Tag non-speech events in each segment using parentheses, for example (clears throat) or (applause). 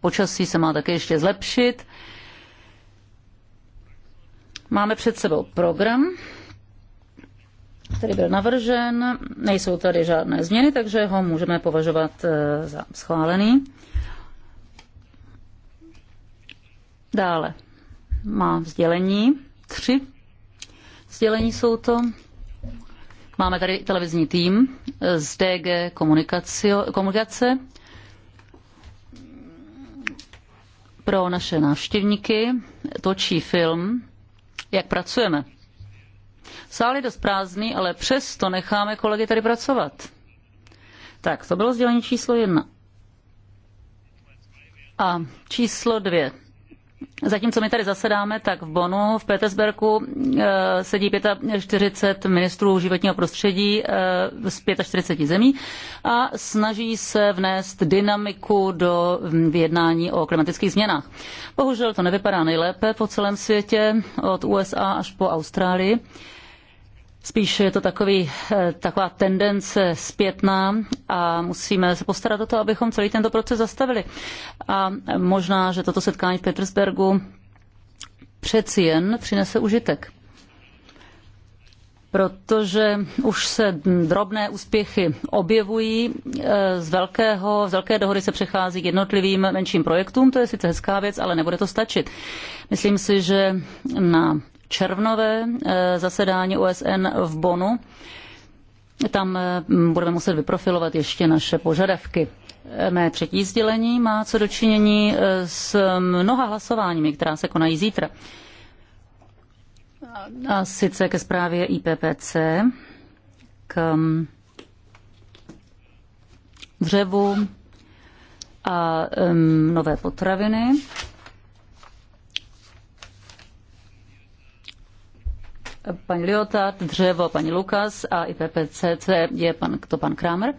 Počasí se má také ještě zlepšit. Máme před sebou program, který byl navržen. Nejsou tady žádné změny, takže ho můžeme považovat eh, za schválený. Dále má vzdělení. Tři Vzdělení jsou to. Máme tady televizní tým eh, z DG komunikace. pro naše návštěvníky, točí film, jak pracujeme. Sál je dost prázdný, ale přesto necháme kolegy tady pracovat. Tak, to bylo sdělení číslo jedna. A číslo dvě. Zatímco my tady zasedáme, tak v Bonu, v Petersburgu eh, sedí 45 ministrů životního prostředí eh, z 45 zemí a snaží se vnést dynamiku do mm, vyjednání o klimatických změnách. Bohužel to nevypadá nejlépe po celém světě, od USA až po Austrálii. Spíš je to takový, eh, taková tendence zpětná a musíme se postarat o to, abychom celý tento proces zastavili. A možná, že toto setkání v Petersbergu přeci jen přinese užitek protože už se drobné úspěchy objevují. Eh, z, velkého, z velké dohody se přechází k jednotlivým menším projektům, to je sice hezká věc, ale nebude to stačit. Myslím si, že na červnové eh, zasedání OSN v Bonu. Tam eh, budeme muset vyprofilovat ještě naše požadavky. Eh, mé třetí sdělení má co dočinění s mnoha hlasováními, která se konají zítra. A sice ke zprávě IPPC, k mm, dřevu a mm, nové potraviny. paní Liotard, Dřevo, paní Lukas a i PPCC je pan, to pan Kramer.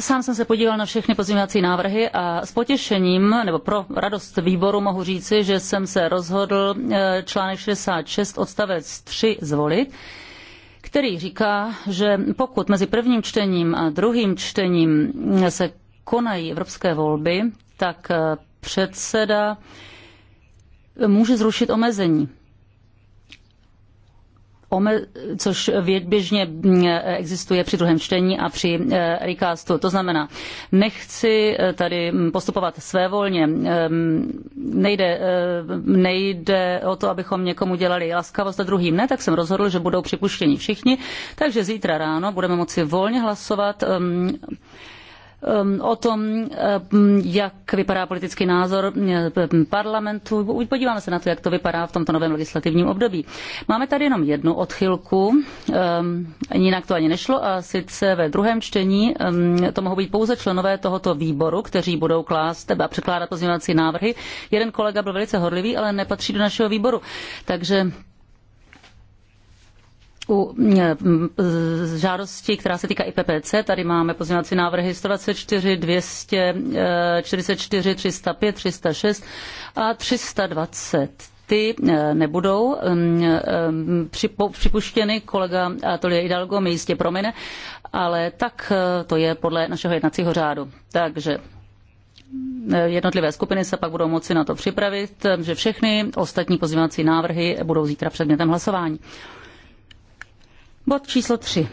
Sám jsem se podíval na všechny pozměňovací návrhy a s potěšením, nebo pro radost výboru mohu říci, že jsem se rozhodl eh, článek 66 odstavec 3 zvolit, který říká, že pokud mezi prvním čtením a druhým čtením se konají evropské volby, tak eh, předseda může zrušit omezení což běžně mm, existuje při druhém čtení a při eh, recastu. To znamená, nechci eh, tady mm, postupovat svévolně. Ehm, nejde, eh, nejde o to, abychom někomu dělali laskavost a druhým ne, tak jsem rozhodl, že budou připuštěni všichni. Takže zítra ráno budeme moci volně hlasovat ehm, Um, o tom, um, jak vypadá politický názor um, parlamentu. Podíváme se na to, jak to vypadá v tomto novém legislativním období. Máme tady jenom jednu odchylku, jinak to ani nešlo, a sice ve druhém čtení to mohou být pouze členové tohoto výboru, kteří budou klást a překládat pozměňovací návrhy. Jeden kolega byl velice horlivý, ale nepatří do našeho výboru. Takže u žádosti, která se týká IPPC, tady máme pozměňovací návrhy 124, 244, 305, 306 a 320 ty eh, nebudou mm, eh, připuštěny. Kolega Atolie Hidalgo mi jistě promine, ale tak eh, to je podle našeho jednacího řádu. Takže jednotlivé skupiny se pak budou moci na to připravit, že všechny ostatní pozměňovací návrhy budou zítra předmětem hlasování. Bod číslo 3.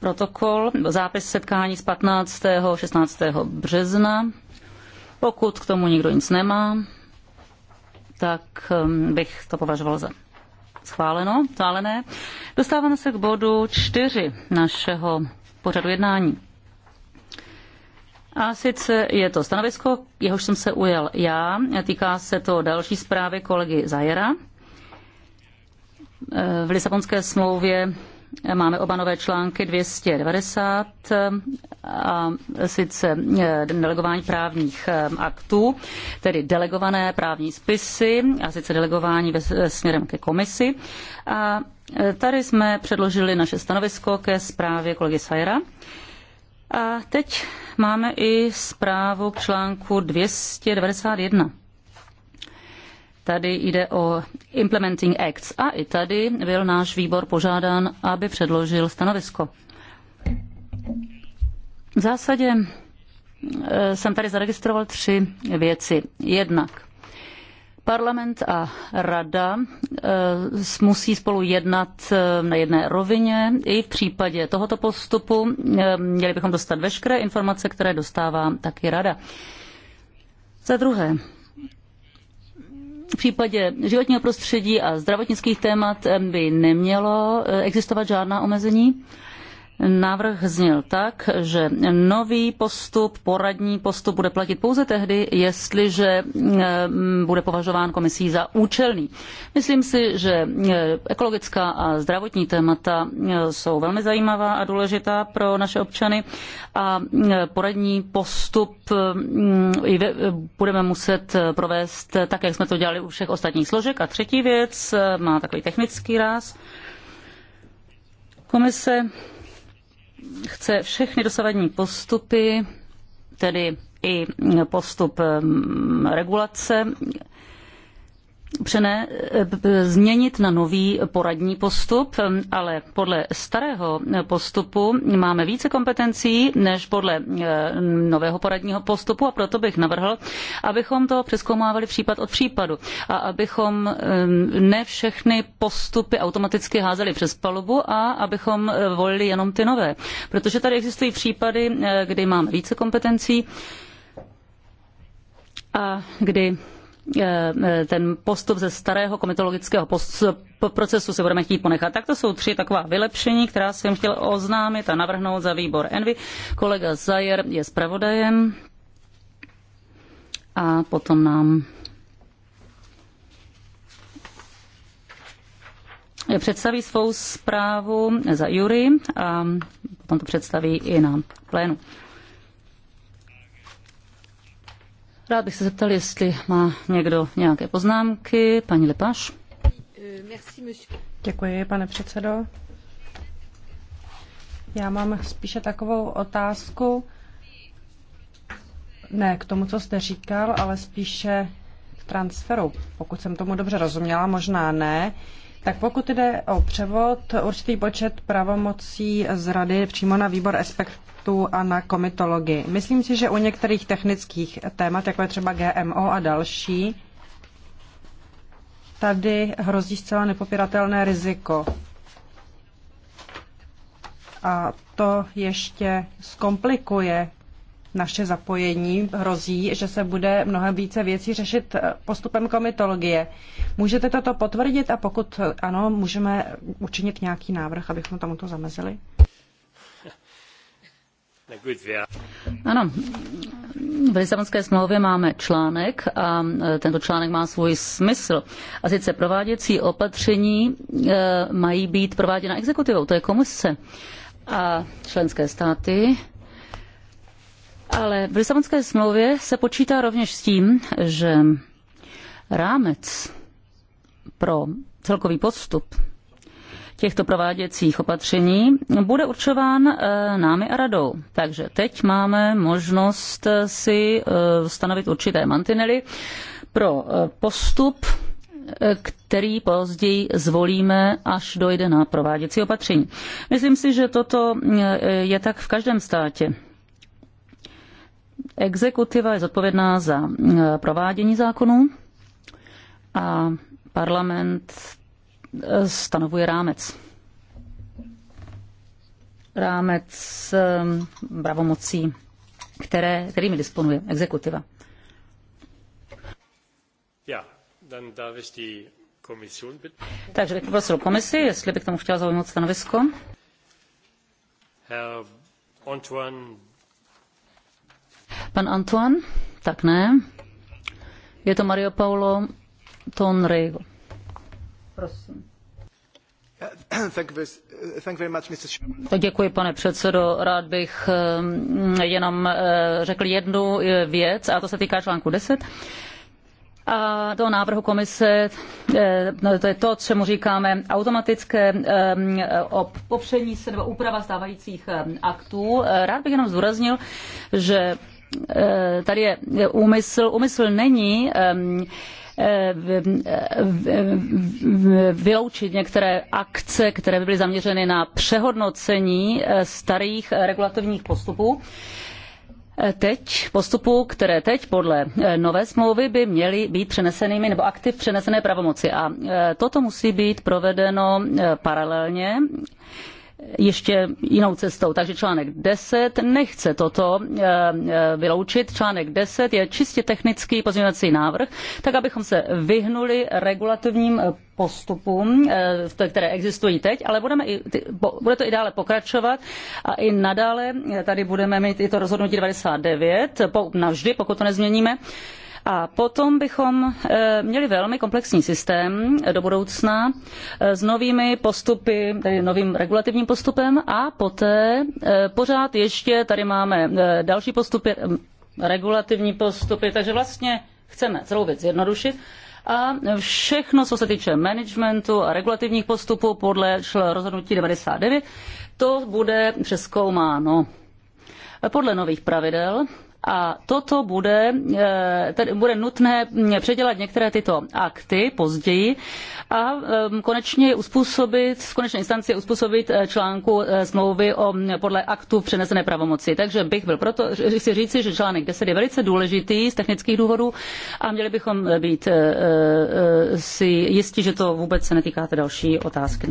Protokol, zápis setkání z 15. 16. března. Pokud k tomu nikdo nic nemá, tak um, bych to považoval za schváleno, schválené. Dostáváme se k bodu 4 našeho pořadu jednání. A sice je to stanovisko, jehož jsem se ujel já, týká se to další zprávy kolegy Zajera Eh, v Lisabonské smlouvě máme oba nové články 290 eh, a sice eh, delegování právních aktů, tedy delegované právní spisy a sice delegování ve, směrem ke komisi. A tady jsme předložili naše stanovisko ke zprávě kolegy Sajera. A teď máme i zprávu k článku 291 tady jde o Implementing Acts a i tady byl náš výbor požádán, aby předložil stanovisko. V zásadě eh, jsem tady zaregistroval tři věci. Jednak Parlament a rada eh, musí spolu jednat eh, na jedné rovině. I v případě tohoto postupu měli bychom dostat veškeré informace, které dostává taky rada. Za druhé, v případě životního prostředí a zdravotnických témat by nemělo eh, existovat žádná omezení. Návrh zněl tak, že nový postup, poradní postup bude platit pouze tehdy, jestliže eh, bude považován komisí za účelný. Myslím si, že eh, ekologická a zdravotní témata eh, jsou velmi zajímavá a důležitá pro naše občany a poradní postup budeme muset provést tak, jak jsme to dělali u všech ostatních složek. A třetí věc má takový technický ráz. Komise chce všechny dosavadní postupy, tedy i postup mm, regulace, přené, eh, změnit na nový poradní postup, eh, ale podle starého postupu máme více kompetencí než podle eh, nového poradního postupu a proto bych navrhl, abychom to přeskoumávali případ od případu a abychom ne všechny postupy automaticky házeli přes palubu a abychom volili jenom ty nové. Protože tady existují případy, kdy máme více kompetencí a kdy Eh, eh, ten postup ze starého komitologického procesu si budeme chtít ponechat. Tak to jsou tři taková vylepšení, která jsem chtěl oznámit a navrhnout za výbor Envy. Kolega Zajer je zpravodajem a potom nám představí svou zprávu za jury a potom to představí i na plénu. Rád bych se zeptal, jestli má někdo nějaké poznámky. Paní Lepáš. Děkuji, pane předsedo. Já mám spíše takovou otázku, ne k tomu, co jste říkal, ale spíše k transferu. Pokud jsem tomu dobře rozuměla, možná ne. Tak pokud jde o převod, určitý počet pravomocí z rady přímo na výbor aktů a na komitologii. Myslím si, že u některých technických témat, jako je třeba GMO a další, tady hrozí zcela nepopiratelné riziko. A to ještě zkomplikuje naše zapojení. Hrozí, že se bude mnohem více věcí řešit eh, postupem komitologie. Můžete toto potvrdit a pokud ano, můžeme učinit nějaký návrh, abychom tomuto zamezili? Ano, v Lisabonské smlouvě máme článek a e, tento článek má svůj smysl. A sice prováděcí opatření e, mají být prováděna exekutivou, to je komise a členské státy. Ale v Lisabonské smlouvě se počítá rovněž s tím, že rámec pro celkový postup těchto prováděcích opatření bude určován eh, námi a radou. Takže teď máme možnost eh, si eh, stanovit určité mantinely pro postup, který později zvolíme, až dojde na prováděcí opatření. Myslím si, že toto je tak v každém státě. Exekutiva je zodpovědná za provádění zákonů a parlament stanovuje rámec. Rámec ehm, pravomocí, které, kterými disponuje exekutiva. Ja, dann darf ich die Kommission Takže bych poprosil komisi, jestli by k tomu chtěla zaujmout stanovisko. Herr Antoine. Pan Antoine? Tak ne. Je to Mario Paolo Tonrego. Prosím. Děkuji, pane předsedo. Rád bych um, jenom uh, řekl jednu uh, věc, a to se týká článku 10 a do návrhu komise, uh, no, to je to, čemu říkáme automatické um, popření se nebo úprava stávajících um, aktů. Rád bych jenom zdůraznil, že tady je úmysl. Úmysl není Eh, eh, eh, vyloučit některé akce, které by byly zaměřeny na přehodnocení starých regulativních postupů teď postupů, které teď podle nové smlouvy by měly být přenesenými nebo aktiv přenesené pravomoci. A toto musí být provedeno paralelně ještě jinou cestou. Takže článek 10 nechce toto eh, eh, vyloučit. Článek 10 je čistě technický pozměňovací návrh, tak abychom se vyhnuli regulativním postupům, eh, které existují teď, ale budeme i, bude to i dále pokračovat a i nadále tady budeme mít i to rozhodnutí 99 po, navždy, pokud to nezměníme. A potom bychom eh, měli velmi komplexní systém do budoucna eh, s novými postupy, tedy novým regulativním postupem a poté eh, pořád ještě tady máme další postupy, regulativní postupy, takže vlastně chceme celou věc zjednodušit a všechno, co se týče managementu a regulativních postupů podle rozhodnutí 99, to bude přeskoumáno podle nových pravidel a toto bude, eh, tedy bude nutné mm, předělat některé tyto akty později a ehm, konečně uspůsobit, v konečné instanci uspůsobit eh, článku eh, smlouvy o, mm, podle aktu přenesené pravomoci. Takže bych byl proto, chci říci, že článek 10 je velice důležitý z technických důvodů a měli bychom být si jistí, že to vůbec se netýká té další otázky.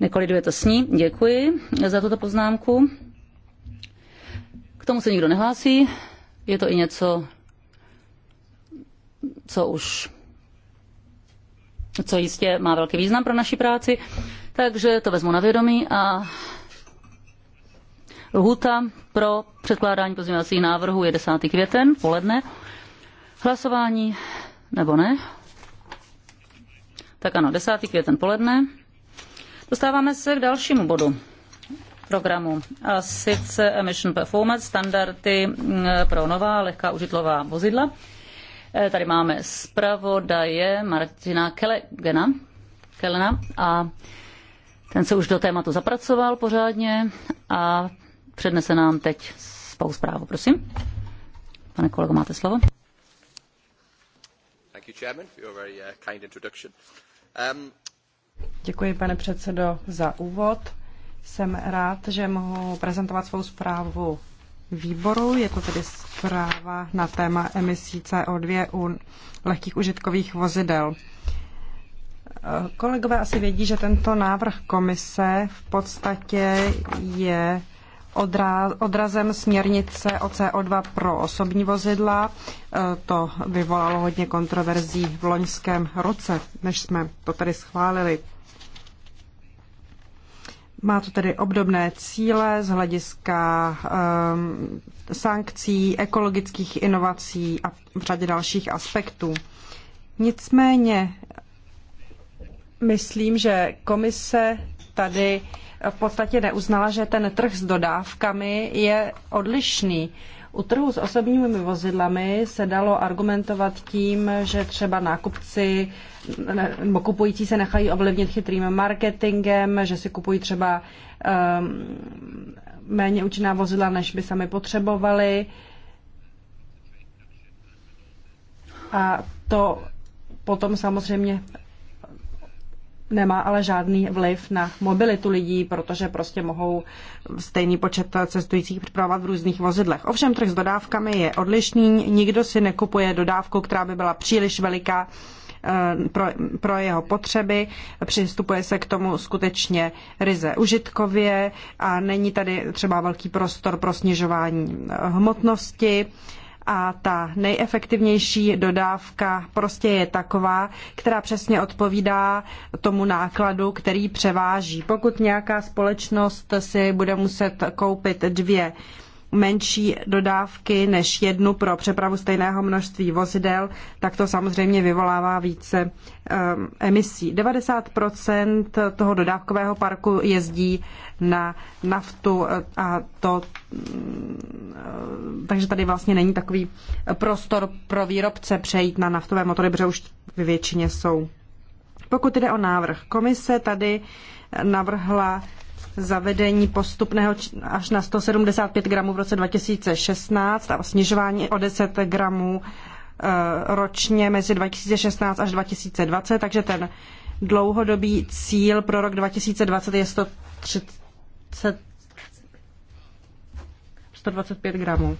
Nekoliduje to s ní. Děkuji za tuto poznámku tomu se nikdo nehlásí. Je to i něco, co už co jistě má velký význam pro naši práci, takže to vezmu na vědomí a lhuta pro předkládání pozměňovacích návrhů je 10. květen, poledne. Hlasování nebo ne? Tak ano, 10. květen poledne. Dostáváme se k dalšímu bodu programu. A sice Emission Performance, standardy mm, pro nová lehká užitlová vozidla. E, tady máme zpravodaje Martina Kelegena, Kelena a ten se už do tématu zapracoval pořádně a přednese nám teď spolu zprávu, prosím. Pane kolego, máte slovo. Uh, um, Děkuji, pane předsedo, za úvod. Jsem rád, že mohu prezentovat svou zprávu výboru. Je to tedy zpráva na téma emisí CO2 u lehkých užitkových vozidel. Kolegové asi vědí, že tento návrh komise v podstatě je odrazem směrnice o CO2 pro osobní vozidla. To vyvolalo hodně kontroverzí v loňském roce, než jsme to tady schválili. Má to tedy obdobné cíle z hlediska um, sankcí, ekologických inovací a v řadě dalších aspektů. Nicméně myslím, že komise tady v podstatě neuznala, že ten trh s dodávkami je odlišný. Uh, u trhu s osobními vozidlami se dalo argumentovat tím, že třeba nákupci nebo kupující se nechají ovlivnit chytrým marketingem, že si kupují třeba um, méně účinná vozidla, než by sami potřebovali. A to potom samozřejmě nemá ale žádný vliv na mobilitu lidí, protože prostě mohou stejný počet cestujících připravovat v různých vozidlech. Ovšem trh s dodávkami je odlišný, nikdo si nekupuje dodávku, která by byla příliš veliká eh, pro, pro jeho potřeby, přistupuje se k tomu skutečně ryze užitkově a není tady třeba velký prostor pro snižování hmotnosti a ta nejefektivnější dodávka prostě je taková, která přesně odpovídá tomu nákladu, který převáží. Pokud nějaká společnost si bude muset koupit dvě menší dodávky než jednu pro přepravu stejného množství vozidel, tak to samozřejmě vyvolává více um, emisí. 90 toho dodávkového parku jezdí na naftu eh, a to, mm, eh, takže tady vlastně není takový prostor pro výrobce přejít na naftové motory, protože už ve většině jsou. Pokud jde o návrh komise, tady navrhla zavedení postupného až na 175 gramů v roce 2016 a snižování o 10 gramů e, ročně mezi 2016 až 2020, takže ten dlouhodobý cíl pro rok 2020 je 130, 125 gramů.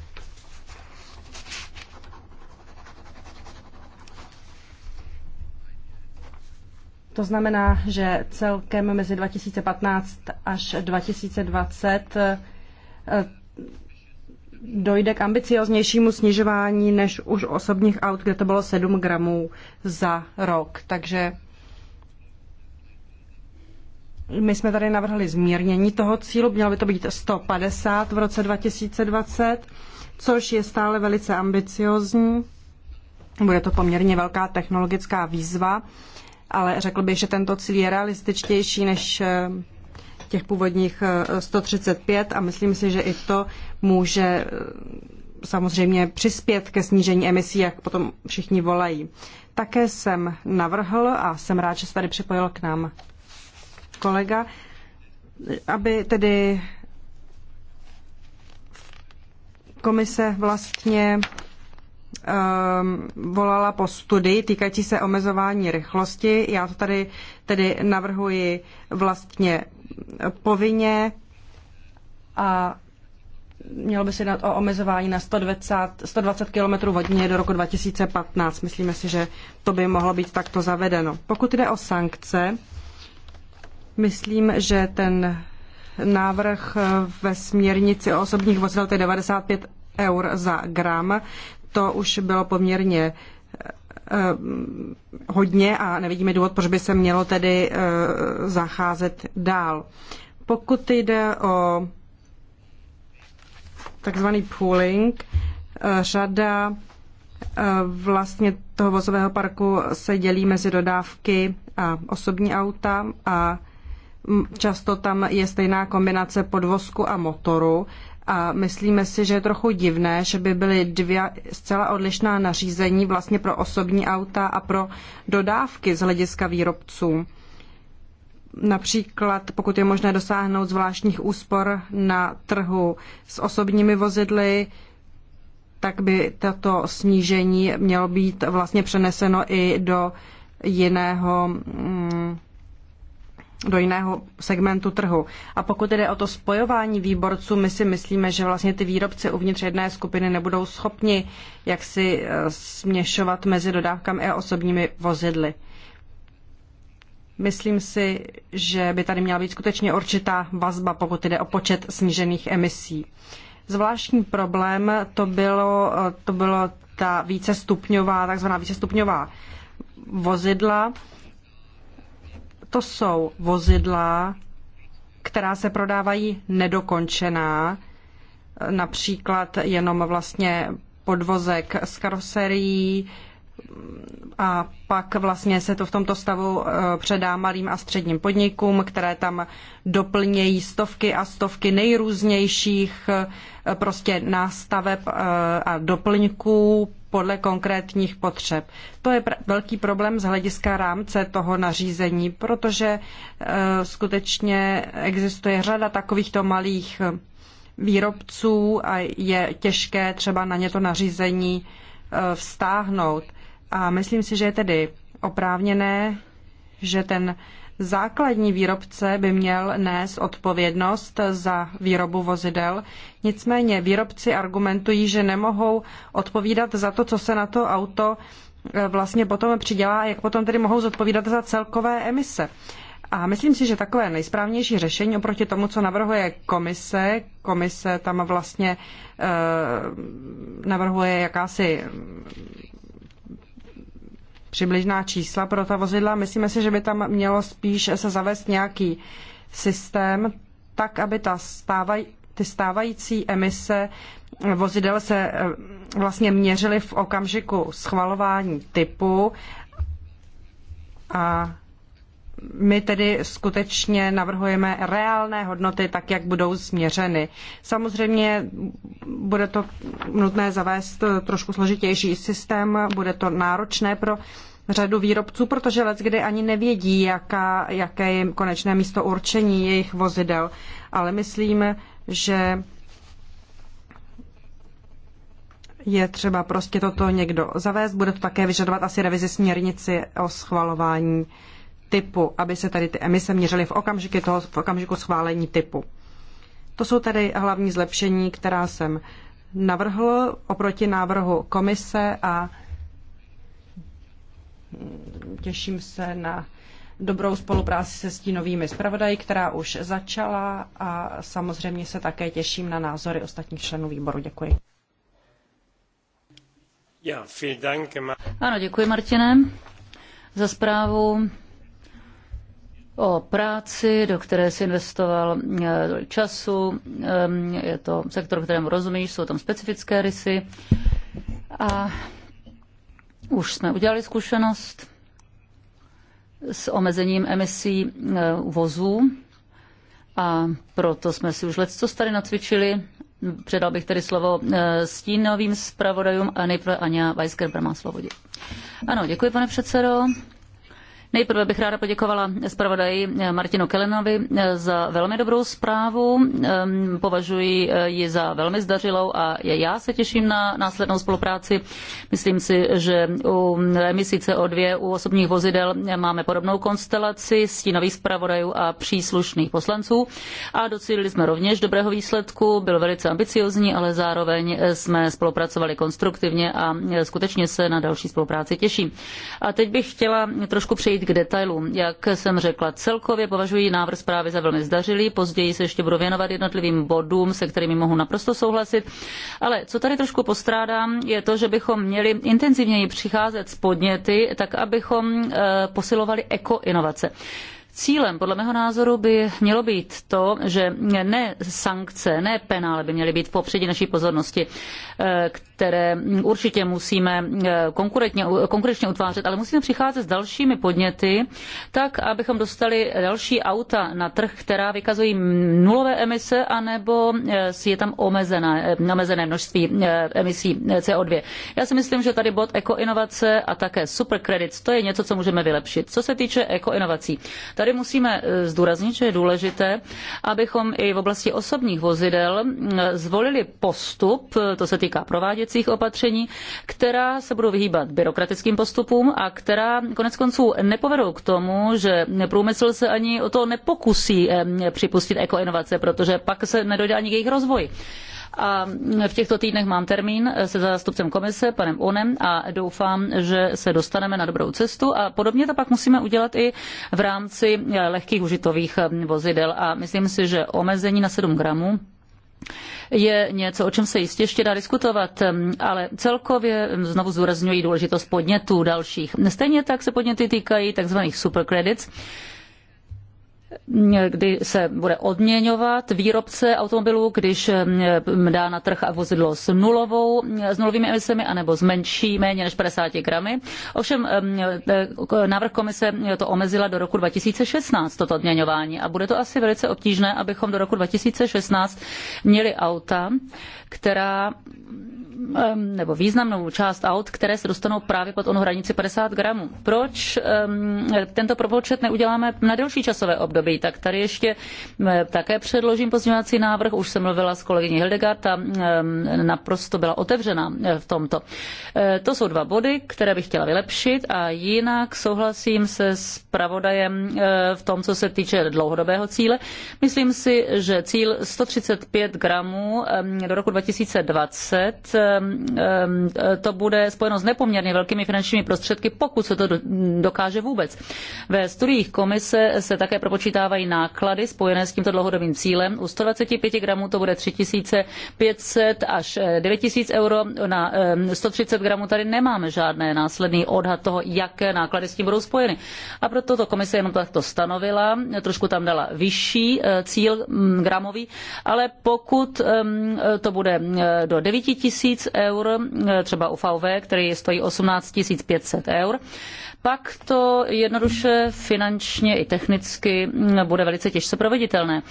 To znamená, že celkem mezi 2015 až 2020 eh, dojde k ambicioznějšímu snižování než už osobních aut, kde to bylo 7 gramů za rok. Takže my jsme tady navrhli zmírnění toho cílu, mělo by to být 150 v roce 2020, což je stále velice ambiciozní. Bude to poměrně velká technologická výzva ale řekl bych, že tento cíl je realističtější než eh, těch původních 135 eh, a myslím si, že i to může eh, samozřejmě přispět ke snížení emisí, jak potom všichni volají. Také jsem navrhl a jsem rád, že se tady připojil k nám kolega, aby tedy komise vlastně Um, volala po studii týkající se omezování rychlosti. Já to tady tedy navrhuji vlastně povinně a mělo by se jednat o omezování na 120, 120 km hodině do roku 2015. Myslíme si, že to by mohlo být takto zavedeno. Pokud jde o sankce, myslím, že ten návrh ve směrnici o osobních vozidel, to je 95 eur za gram, to už bylo poměrně eh, eh, hodně a nevidíme důvod, proč by se mělo tedy eh, zacházet dál. Pokud jde o takzvaný pooling, řada vlastně toho vozového parku se dělí mezi dodávky a osobní auta a často tam je stejná kombinace podvozku a motoru a myslíme si, že je trochu divné, že by byly dvě zcela odlišná nařízení vlastně pro osobní auta a pro dodávky z hlediska výrobců. Například pokud je možné dosáhnout zvláštních úspor na trhu s osobními vozidly, tak by tato snížení mělo být vlastně přeneseno i do jiného mm, do jiného segmentu trhu. A pokud jde o to spojování výborců, my si myslíme, že vlastně ty výrobce uvnitř jedné skupiny nebudou schopni jak si eh, směšovat mezi dodávkami a osobními vozidly. Myslím si, že by tady měla být skutečně určitá vazba, pokud jde o počet snížených emisí. Zvláštní problém to bylo, eh, to bylo ta vícestupňová, takzvaná vícestupňová vozidla, to jsou vozidla, která se prodávají nedokončená, například jenom vlastně podvozek s karoserií a pak vlastně se to v tomto stavu e, předá malým a středním podnikům, které tam doplnějí stovky a stovky nejrůznějších e, prostě nástaveb e, a doplňků podle konkrétních potřeb. To je velký problém z hlediska rámce toho nařízení, protože e, skutečně existuje řada takovýchto malých e, výrobců a je těžké třeba na ně to nařízení e, vztáhnout. A myslím si, že je tedy oprávněné, že ten základní výrobce by měl nést odpovědnost za výrobu vozidel. Nicméně výrobci argumentují, že nemohou odpovídat za to, co se na to auto eh, vlastně potom přidělá jak potom tedy mohou zodpovídat za celkové emise. A myslím si, že takové nejsprávnější řešení oproti tomu, co navrhuje komise, komise tam vlastně e, navrhuje jakási přibližná čísla pro ta vozidla. Myslíme si, že by tam mělo spíš se zavést nějaký systém, tak aby ta stávaj, ty stávající emise vozidel se eh, vlastně měřily v okamžiku schvalování typu a my tedy skutečně navrhujeme reálné hodnoty, tak jak budou změřeny. Samozřejmě bude to nutné zavést trošku složitější systém, bude to náročné pro řadu výrobců, protože let, kdy ani nevědí, jaká, jaké je konečné místo určení jejich vozidel. Ale myslím, že je třeba prostě toto někdo zavést. Bude to také vyžadovat asi revizi směrnici o schvalování uh, typu, aby se tady ty emise měřily v, okamžiky toho, v okamžiku schválení typu. To jsou tady hlavní zlepšení, která jsem navrhl oproti návrhu komise a těším se na dobrou spolupráci se stínovými zpravodaji, která už začala a samozřejmě se také těším na názory ostatních členů výboru. Děkuji. Ano, děkuji Martinem za zprávu o práci, do které si investoval eh, času. Eh, je to sektor, kterému rozumíš, jsou tam specifické rysy. A už jsme udělali zkušenost s omezením emisí eh, vozů a proto jsme si už lecco tady nacvičili. Předal bych tedy slovo stínovým zpravodajům a nejprve Aňa Weisgerber má slovo. Ano, děkuji pane předsedo. Nejprve bych ráda poděkovala zpravodaji Martinu Kelenovi eh, za velmi dobrou zprávu. Ehm, považuji eh, ji za velmi zdařilou a já se těším na následnou spolupráci. Myslím si, že u emisí CO2 u osobních vozidel eh, máme podobnou konstelaci stínových zpravodajů a příslušných poslanců a docílili jsme rovněž dobrého výsledku. Byl velice ambiciozní, ale zároveň jsme spolupracovali konstruktivně a skutečně se na další spolupráci těším. A teď bych chtěla trošku přejít přejít k detailům. Jak jsem řekla, celkově považuji návrh zprávy za velmi zdařilý, později se ještě budu věnovat jednotlivým bodům, se kterými mohu naprosto souhlasit. Ale co tady trošku postrádám, je to, že bychom měli intenzivněji přicházet s podněty, tak abychom eh, posilovali ekoinovace. Cílem podle mého názoru by mělo být to, že ne sankce, ne penále by měly být v popředí naší pozornosti, eh, které určitě musíme eh, konkurenčně utvářet, ale musíme přicházet s dalšími podněty, tak abychom dostali další auta na trh, která vykazují nulové emise, anebo eh, je tam omezené, eh, omezené množství emisí CO2. Já si myslím, že tady bod ekoinovace a také superkredit, to je něco, co můžeme vylepšit. Co se týče ekoinovací, tady musíme zdůraznit, že je důležité, abychom i v oblasti osobních vozidel zvolili postup, to se týká provádět prováděcích opatření, která se budou vyhýbat byrokratickým postupům a která konec konců nepovedou k tomu, že průmysl se ani o to nepokusí eh, připustit ekoinovace, protože pak se nedojde ani k jejich rozvoji. A v těchto týdnech mám termín eh, se zástupcem komise, panem Onem, a doufám, že se dostaneme na dobrou cestu. A podobně to pak musíme udělat i v rámci eh, lehkých užitových vozidel. A myslím si, že omezení na 7 gramů je něco, o čem se jistě ještě dá diskutovat, ale celkově znovu zdůrazňuji důležitost podnětů dalších. Stejně tak se podněty týkají tzv. supercredits, kdy se bude odměňovat výrobce automobilů, když mm, mm, dá na trh vozidlo s, nulovou, mm, s nulovými emisemi anebo s menší, méně než 50 gramy. Ovšem e, návrh komise to omezila do roku 2016, toto odměňování. A bude to asi velice obtížné, abychom do roku 2016 měli auta, která nebo významnou část aut, které se dostanou právě pod onu hranici 50 gramů. Proč tento propočet neuděláme na delší časové období? Tak tady ještě také předložím pozměňovací návrh. Už jsem mluvila s kolegyní Hildegard a naprosto byla otevřená eh, v tomto. Eh, to jsou dva body, které bych chtěla vylepšit a jinak souhlasím se s pravodajem eh, v tom, co se týče dlouhodobého cíle. Myslím si, že cíl 135 gramů do roku 2020 Ehm, ehm, to bude spojeno s nepoměrně velkými finančními prostředky, pokud se to dokáže vůbec. Ve studiích komise se také propočítávají náklady spojené s tímto dlouhodobým cílem. U 125 gramů to bude 3500 až 9000 eh, euro. Na 130 ehm, gramů tady nemáme žádné následný odhad toho, jaké náklady s tím budou spojeny. A proto to komise jenom takto stanovila, trošku tam dala vyšší eh, cíl mm, gramový, ale pokud to bude eh, do 9000, tisíc eur, e, třeba u VV, který stojí 18 500 eur, pak to jednoduše finančně i technicky bude velice těžce proveditelné.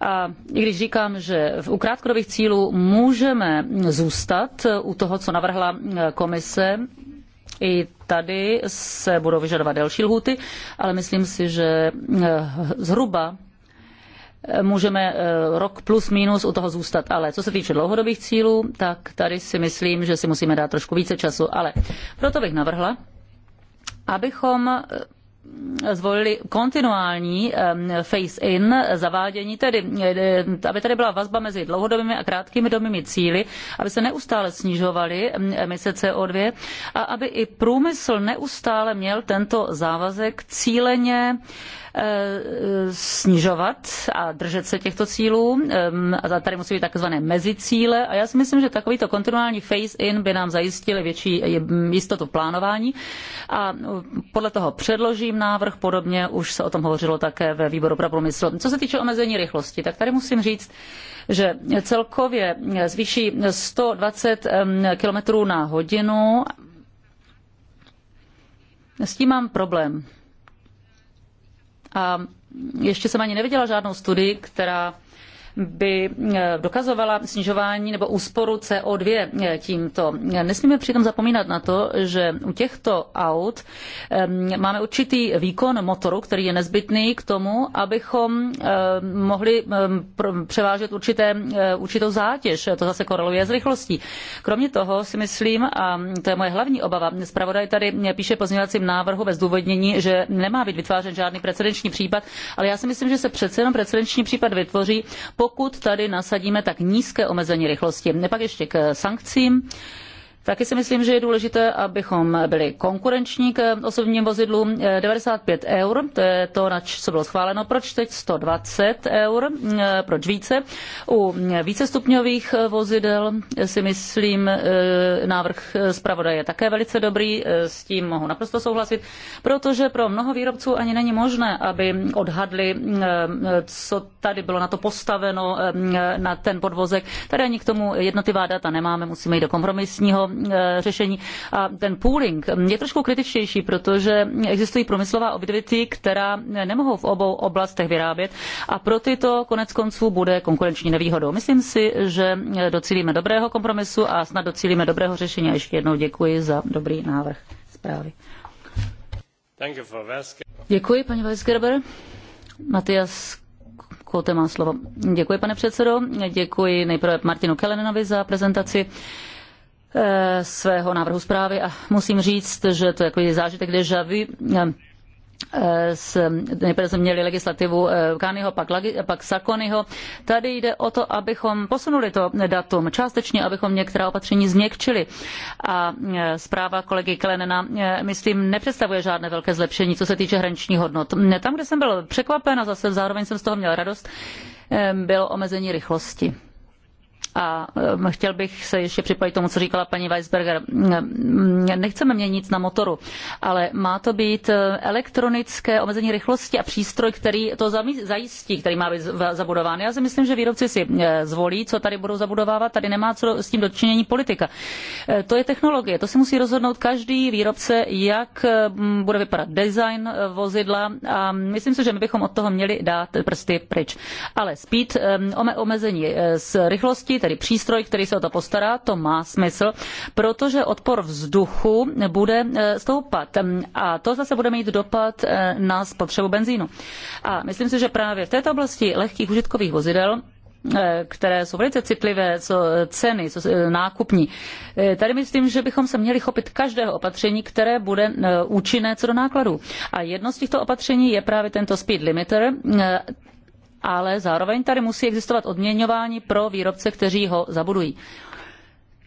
A i když říkám, že u krátkodobých cílů můžeme zůstat e, u toho, co navrhla komise, i tady se budou vyžadovat delší lhuty, ale myslím si, že zhruba můžeme eh, rok plus minus u toho zůstat. Ale co se týče dlouhodobých cílů, tak tady si myslím, že si musíme dát trošku více času. Ale proto bych navrhla, abychom eh, zvolili kontinuální eh, phase-in zavádění, tedy aby tady byla vazba mezi dlouhodobými a krátkými dobými cíly, aby se neustále snižovaly mm, emise CO2 a aby i průmysl neustále měl tento závazek cíleně uh, Eh, snižovat a držet se těchto cílů. Ehm, a tady musí být takzvané mezicíle. A já si myslím, že takovýto kontinuální phase-in by nám zajistil větší eh, jistotu plánování. A eh, podle toho předložím návrh, podobně už se o tom hovořilo také ve výboru pro průmysl. Co se týče omezení rychlosti, tak tady musím říct, že celkově zvýší 120 ehm, km na hodinu. S tím mám problém a ještě jsem ani neviděla žádnou studii, která by eh, dokazovala snižování nebo úsporu CO2 eh, tímto. Nesmíme přitom zapomínat na to, že u těchto aut eh, máme určitý výkon motoru, který je nezbytný k tomu, abychom mohli převážet určité, určitou zátěž. To zase koreluje s rychlostí. Kromě toho si myslím, a to je moje hlavní obava, zpravodaj tady píše pozměňovacím návrhu bez důvodnění, že nemá být vytvářen žádný precedenční případ, ale já si myslím, že se přece jenom precedenční případ vytvoří, pokud tady nasadíme tak nízké omezení rychlosti. Pak ještě k sankcím. Uh, Taky si myslím, že je důležité, abychom byli konkurenční k osobním vozidlům. 95 eh, eur, to je to, na co bylo schváleno. Proč teď 120 eur? Eh, proč více? U vícestupňových vozidel eh, si myslím, návrh zpravodaje je také velice dobrý, s tím mohu naprosto souhlasit, protože pro mnoho výrobců ani není možné, aby odhadli, co tady bylo na to postaveno, na ten podvozek. Tady ani k tomu jednotlivá data nemáme, musíme jít do kompromisního Eh, řešení. A ten pooling je trošku kritičtější, protože existují průmyslová odvětví, která nemohou v obou oblastech vyrábět a pro tyto konec konců bude konkurenční nevýhodou. Myslím si, že docílíme dobrého kompromisu a snad docílíme dobrého řešení. A ještě jednou děkuji za dobrý návrh zprávy. Děkuji, paní Weisgerber. Matias Kote má slovo. Děkuji, pane předsedo. Děkuji nejprve Martinu Kelenenovi za prezentaci. Eh, svého návrhu zprávy a musím říct, že to je jako zážitek deja vu, eh, s, nejprve jsme měli legislativu eh, Kányho, pak, pak Sakonyho. Tady jde o to, abychom posunuli to datum, částečně, abychom některá opatření změkčili. A zpráva kolegy Klenena, myslím, nepředstavuje žádné velké zlepšení, co se týče hraničních hodnot. Tam, kde jsem byl překvapen a zase zároveň jsem z toho měl radost, bylo omezení rychlosti. A um, chtěl bych se ještě připojit tomu, co říkala paní Weisberger. Mm, nechceme měnit na motoru, ale má to být eh, elektronické omezení rychlosti a přístroj, který to zajistí, který má být zabudován. Já si myslím, že výrobci si eh, zvolí, co tady budou zabudovávat. Tady nemá co s tím dočinění politika. Eh, to je technologie. To si musí rozhodnout každý výrobce, jak bude vypadat design vozidla. A myslím si, že my bychom od toho měli dát prsty pryč. Ale speed, omezení z rychlosti, tedy přístroj, který se o to postará, to má smysl, protože odpor vzduchu bude e, stoupat mm, a to zase bude mít dopad e, na spotřebu benzínu. A myslím si, že právě v této oblasti lehkých užitkových vozidel e, které jsou velice citlivé, co ceny, co nákupní. Tady myslím, že bychom se měli chopit každého opatření, které bude účinné co do nákladů. A jedno z těchto opatření je právě tento speed limiter ale zároveň tady musí existovat odměňování pro výrobce, kteří ho zabudují.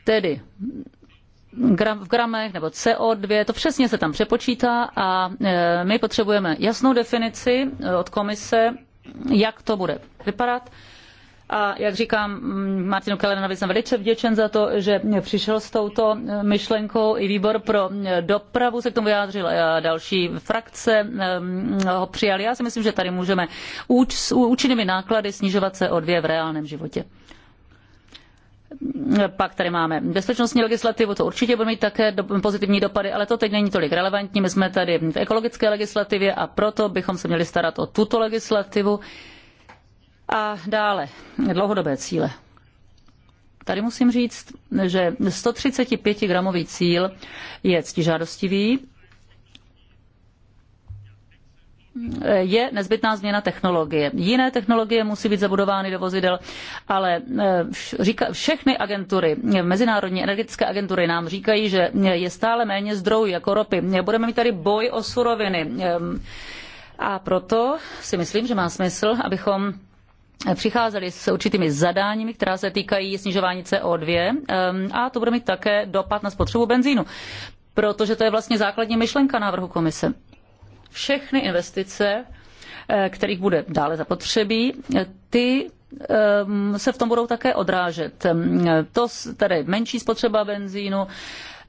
Tedy v gramech nebo CO2, to přesně se tam přepočítá a e, my potřebujeme jasnou definici od komise, jak to bude vypadat. A jak říkám, Martinu Kellernovi jsem velice vděčen za to, že přišel s touto myšlenkou. I výbor pro dopravu se k tomu vyjádřil a další frakce ehm, ho přijali. Já si myslím, že tady můžeme úč, s účinnými náklady snižovat se o dvě v reálném životě. Pak tady máme bezpečnostní legislativu, to určitě bude mít také do, pozitivní dopady, ale to teď není tolik relevantní. My jsme tady v ekologické legislativě a proto bychom se měli starat o tuto legislativu. A dále, dlouhodobé cíle. Tady musím říct, že 135 gramový cíl je ctižádostivý. Je nezbytná změna technologie. Jiné technologie musí být zabudovány do vozidel, ale eh, všechny agentury, mezinárodní energetické agentury nám říkají, že je stále méně zdrojů jako ropy. Budeme mít tady boj o suroviny. Ehm, a proto si myslím, že má smysl, abychom přicházeli s určitými zadáními, která se týkají snižování CO2 ehm, a to bude mít také dopad na spotřebu benzínu, protože to je vlastně základní myšlenka návrhu komise. Všechny investice, eh, kterých bude dále zapotřebí, eh, ty ehm, se v tom budou také odrážet. Ehm, to tedy menší spotřeba benzínu,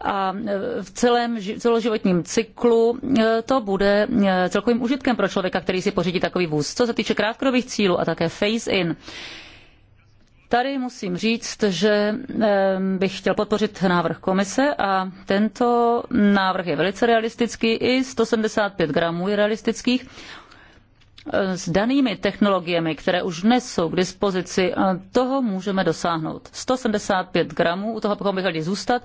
a e, v celém celoživotním cyklu e, to bude e, celkovým užitkem pro člověka, který si pořídí takový vůz. Co se týče krátkodobých cílů a také phase-in, Tady musím říct, že bych chtěl podpořit návrh komise a tento návrh je velice realistický, i 175 gramů je realistických s danými technologiemi, které už dnes jsou k dispozici, toho můžeme dosáhnout. 175 gramů, u toho bychom měli zůstat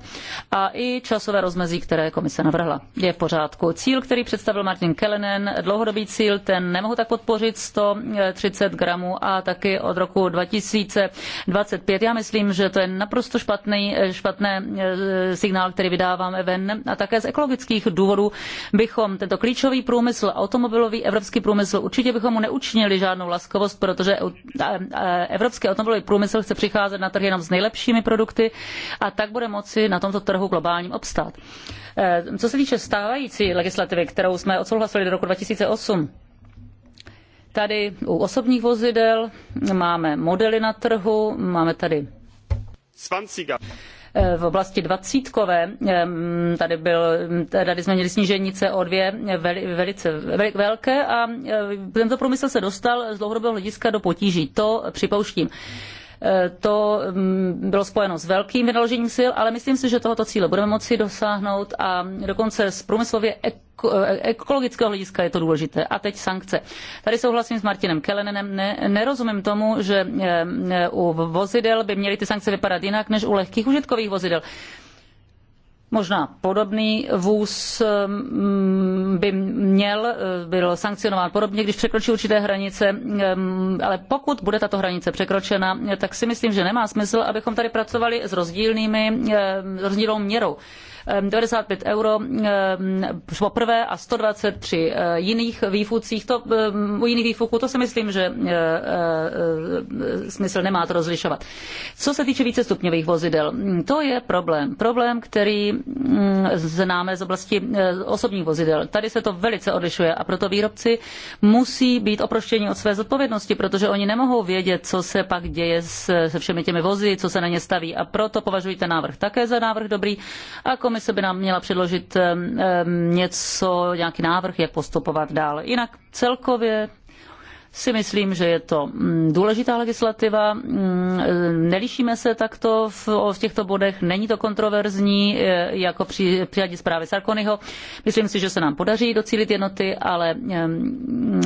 a i časové rozmezí, které komise navrhla. Je v pořádku. Cíl, který představil Martin Kellenen, dlouhodobý cíl, ten nemohu tak podpořit, 130 gramů a taky od roku 2025. Já myslím, že to je naprosto špatný, špatné e, signál, který vydáváme ven a také z ekologických důvodů bychom tento klíčový průmysl, automobilový evropský průmysl určitě určitě bychom mu neučinili žádnou laskovost, protože evropský automobilový průmysl chce přicházet na trh jenom s nejlepšími produkty a tak bude moci na tomto trhu globálním obstát. E, co se týče stávající legislativy, kterou jsme odsouhlasili do roku 2008, Tady u osobních vozidel máme modely na trhu, máme tady 20 v oblasti dvacítkové, tady, byl, tady jsme měli snížení co dvě velice velké a e, tento průmysl se dostal z dlouhodobého hlediska do potíží. To připouštím. To mm, bylo spojeno s velkým vynaložením sil, ale myslím si, že tohoto cíle budeme moci dosáhnout a dokonce z průmyslově ekologického hlediska je to důležité. A teď sankce. Tady souhlasím s Martinem Kelenenem. Ne, nerozumím tomu, že eh, u vozidel by měly ty sankce vypadat jinak než u lehkých užitkových vozidel. Možná podobný vůz mm, by měl, eh, byl sankcionován podobně, když překročí určité hranice, mm, ale pokud bude tato hranice překročena, eh, tak si myslím, že nemá smysl, abychom tady pracovali s rozdílnými, eh, rozdílnou měrou. 95 ehm, euro poprvé ehm, a 120 při eh, jiných výfucích. To, ehm, u jiných výfuků to si myslím, že eh, eh, smysl nemá to rozlišovat. Co se týče vícestupňových vozidel, hm, to je problém. Problém, který hm, známe z oblasti osobních vozidel. Tady se to velice odlišuje a proto výrobci musí být oproštěni od své zodpovědnosti, protože oni nemohou vědět, co se pak děje se všemi těmi vozy, co se na ně staví. A proto považuji ten návrh také za návrh dobrý. A komise by nám měla předložit něco, nějaký návrh, jak postupovat dál. Jinak celkově si myslím, že je to mm, důležitá legislativa. Mm, e, nelišíme se takto v, v těchto bodech, není to kontroverzní, e, jako při přijatí zprávy Sarkonyho. Myslím si, že se nám podaří docílit jednoty, ale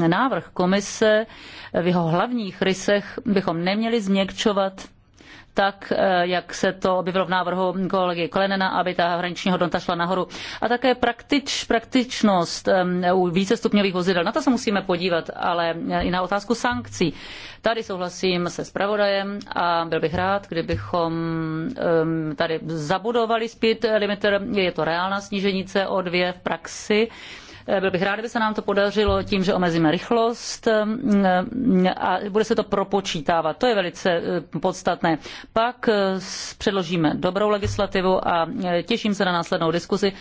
návrh komise v jeho hlavních rysech bychom neměli změkčovat tak, eh, jak se to objevilo v návrhu kolegy Kolenena, aby ta hraniční hodnota šla nahoru. A také praktič, praktičnost eh, u vícestupňových vozidel. Na to se musíme podívat, ale eh, i na otázku sankcí. Tady souhlasím se zpravodajem a byl bych rád, kdybychom tady zabudovali speed limiter. Je to reálná snížení CO2 v praxi. Eh, byl bych rád, kdyby se nám to podařilo tím, že omezíme rychlost eh, a bude se to propočítávat. To je velice eh, podstatné. Pak předložíme dobrou legislativu a těším se na následnou diskusi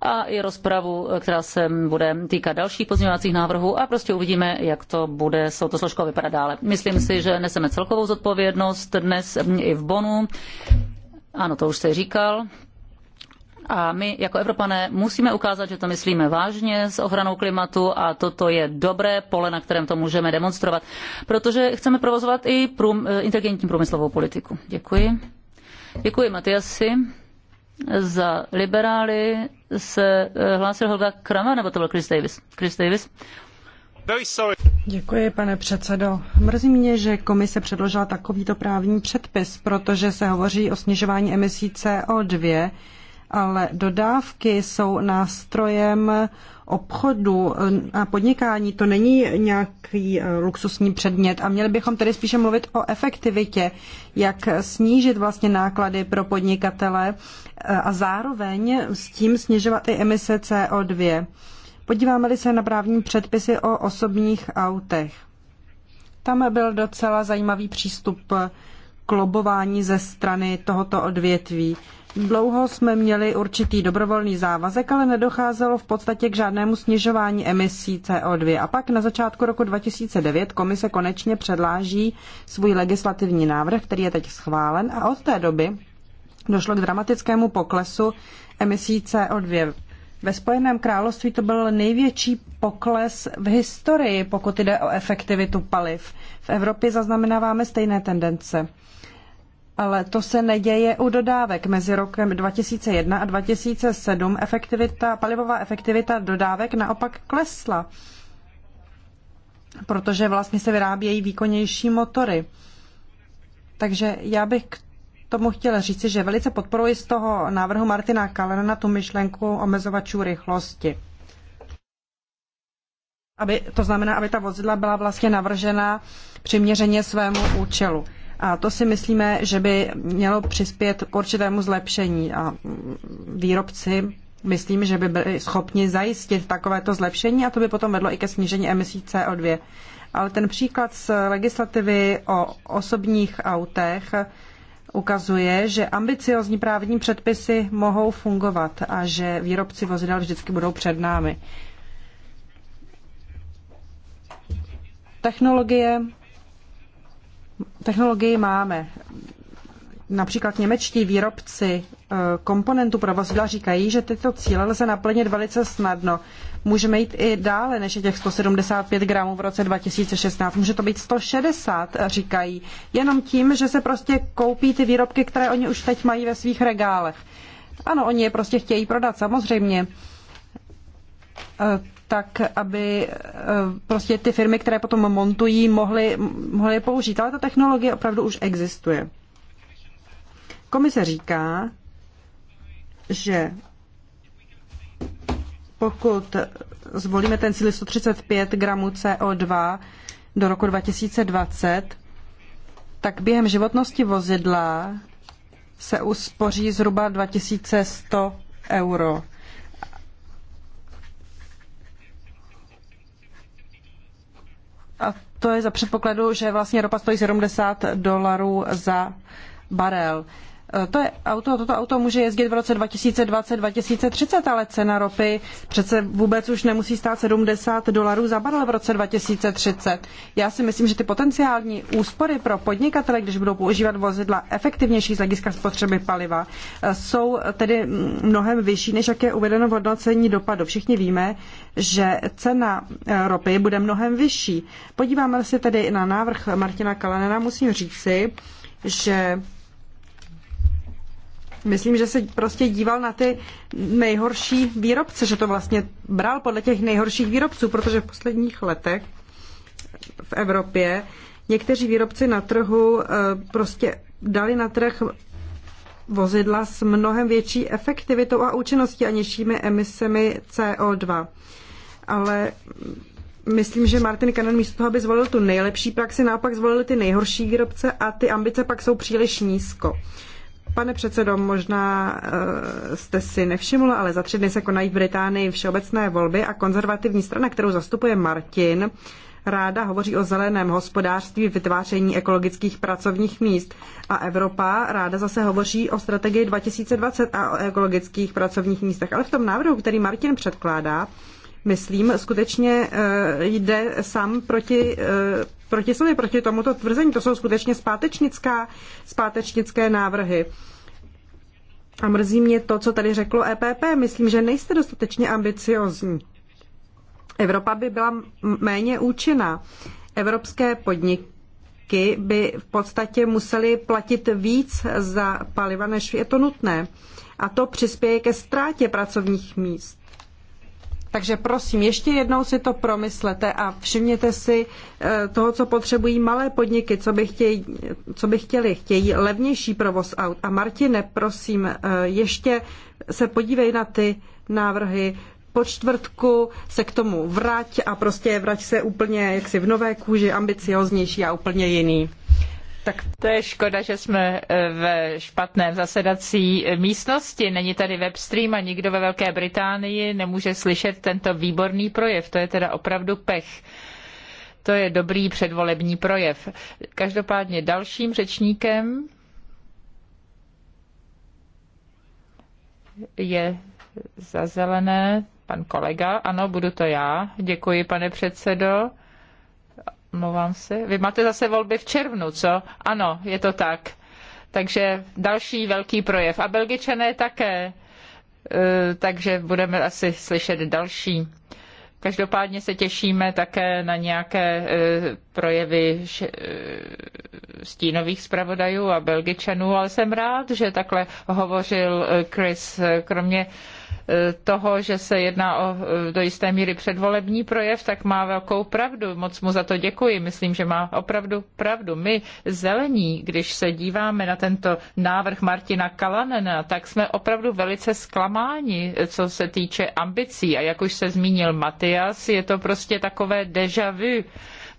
a i rozpravu, která se bude týkat dalších pozměňovacích návrhů a prostě uvidíme, jak to bude s touto složkou vypadat dále. Myslím si, že neseme celkovou zodpovědnost dnes i v Bonu. Ano, to už jste říkal a my jako Evropané musíme ukázat, že to myslíme vážně s ochranou klimatu a toto je dobré pole, na kterém to můžeme demonstrovat, protože chceme provozovat i prům, inteligentní průmyslovou politiku. Děkuji. Děkuji Matiasi. Za liberály se eh, hlásil Holga Krama, nebo to byl Chris Davis? Chris Davis. Děkuji, pane předsedo. Mrzí mě, že komise předložila takovýto právní předpis, protože se hovoří o snižování emisí CO2 ale dodávky jsou nástrojem obchodu a podnikání. To není nějaký eh, luxusní předmět a měli bychom tedy spíše mluvit o efektivitě, jak snížit vlastně náklady pro podnikatele eh, a zároveň s tím snižovat i emise CO2. Podíváme-li se na právní předpisy o osobních autech. Tam byl docela zajímavý přístup k lobování ze strany tohoto odvětví. Dlouho jsme měli určitý dobrovolný závazek, ale nedocházelo v podstatě k žádnému snižování emisí CO2. A pak na začátku roku 2009 komise konečně předláží svůj legislativní návrh, který je teď schválen a od té doby došlo k dramatickému poklesu emisí CO2. Ve Spojeném království to byl největší pokles v historii, pokud jde o efektivitu paliv. V Evropě zaznamenáváme stejné tendence ale to se neděje u dodávek. Mezi rokem 2001 a 2007 efektivita, palivová efektivita dodávek naopak klesla, protože vlastně se vyrábějí výkonnější motory. Takže já bych k tomu chtěla říci, že velice podporuji z toho návrhu Martina Kalena na tu myšlenku omezovačů rychlosti. Aby, to znamená, aby ta vozidla byla vlastně navržena přiměřeně svému účelu. A to si myslíme, že by mělo přispět k určitému zlepšení. A výrobci myslím, že by byli schopni zajistit takovéto zlepšení a to by potom vedlo i ke snížení emisí CO2. Ale ten příklad z legislativy o osobních autech ukazuje, že ambiciozní právní předpisy mohou fungovat a že výrobci vozidel vždycky budou před námi. Technologie technologii máme. Například němečtí výrobci eh, komponentů pro vozidla říkají, že tyto cíle lze naplnit velice snadno. Můžeme jít i dále než je těch 175 gramů v roce 2016. Může to být 160, eh, říkají. Jenom tím, že se prostě koupí ty výrobky, které oni už teď mají ve svých regálech. Ano, oni je prostě chtějí prodat, samozřejmě eh, tak aby eh, prostě ty firmy, které potom montují, mohly, mohly je použít. Ale ta technologie opravdu už existuje. Komise říká, že pokud zvolíme ten cíl 135 gramů CO2 do roku 2020, tak během životnosti vozidla se uspoří zhruba 2100 euro. A to je za předpokladu, že vlastně ropa stojí 70 dolarů za barel. Eh, to je auto, toto auto může jezdit v roce 2020, 2030, ale cena ropy přece vůbec už nemusí stát 70 dolarů za barel v roce 2030. Já si myslím, že ty potenciální úspory pro podnikatele, když budou používat vozidla efektivnější z hlediska spotřeby paliva, eh, jsou tedy mnohem vyšší, než jak je uvedeno v hodnocení dopadu. Všichni víme, že cena eh, ropy bude mnohem vyšší. Podíváme se tedy na návrh Martina Kalenena, musím říci, že myslím, že se prostě díval na ty nejhorší výrobce, že to vlastně bral podle těch nejhorších výrobců, protože v posledních letech v Evropě někteří výrobci na trhu eh, prostě dali na trh vozidla s mnohem větší efektivitou a účinností a nižšími emisemi CO2. Ale myslím, že Martin Cannon místo toho, aby zvolil tu nejlepší praxi, naopak zvolil ty nejhorší výrobce a ty ambice pak jsou příliš nízko. Pane předsedo, možná eh, jste si nevšiml, ale za tři dny se konají v Británii všeobecné volby a konzervativní strana, kterou zastupuje Martin, ráda hovoří o zeleném hospodářství, vytváření ekologických pracovních míst. A Evropa ráda zase hovoří o strategii 2020 a o ekologických pracovních místech. Ale v tom návrhu, který Martin předkládá, myslím, skutečně eh, jde sám proti eh, proti sobě, proti tomuto tvrzení. To jsou skutečně zpátečnická, zpátečnické návrhy. A mrzí mě to, co tady řeklo EPP. Myslím, že nejste dostatečně ambiciozní. Evropa by byla méně účinná. Evropské podniky by v podstatě museli platit víc za paliva, než je to nutné. A to přispěje ke ztrátě pracovních míst. Takže prosím, ještě jednou si to promyslete a všimněte si eh, toho, co potřebují malé podniky, co by, chtějí, co by chtěli. Chtějí levnější provoz aut. A Martine, prosím, eh, ještě se podívej na ty návrhy, po čtvrtku se k tomu vrať a prostě vrať se úplně jaksi v nové kůži, ambicioznější a úplně jiný. Tak to je škoda, že jsme eh, ve špatném zasedací místnosti. Není tady webstream a nikdo ve Velké Británii nemůže slyšet tento výborný projev. To je teda opravdu pech. To je dobrý předvolební projev. Každopádně dalším řečníkem je za zelené pan kolega. Ano, budu to já. Děkuji, pane předsedo. Mluvám se. Vy máte zase volby v červnu, co? Ano, je to tak. Takže další velký projev. A Belgičané také. E, takže budeme asi slyšet další. Každopádně se těšíme také na nějaké e, projevy e, stínových zpravodajů a belgičanů, ale jsem rád, že takhle hovořil Chris. Kromě toho, že se jedná o e, do jisté míry předvolební projev, tak má velkou pravdu. Moc mu za to děkuji. Myslím, že má opravdu pravdu. My zelení, když se díváme na tento návrh Martina Kalanena, tak jsme opravdu velice zklamáni, co se týče ambicí. A jak už se zmínil Matias, je to prostě takové deja vu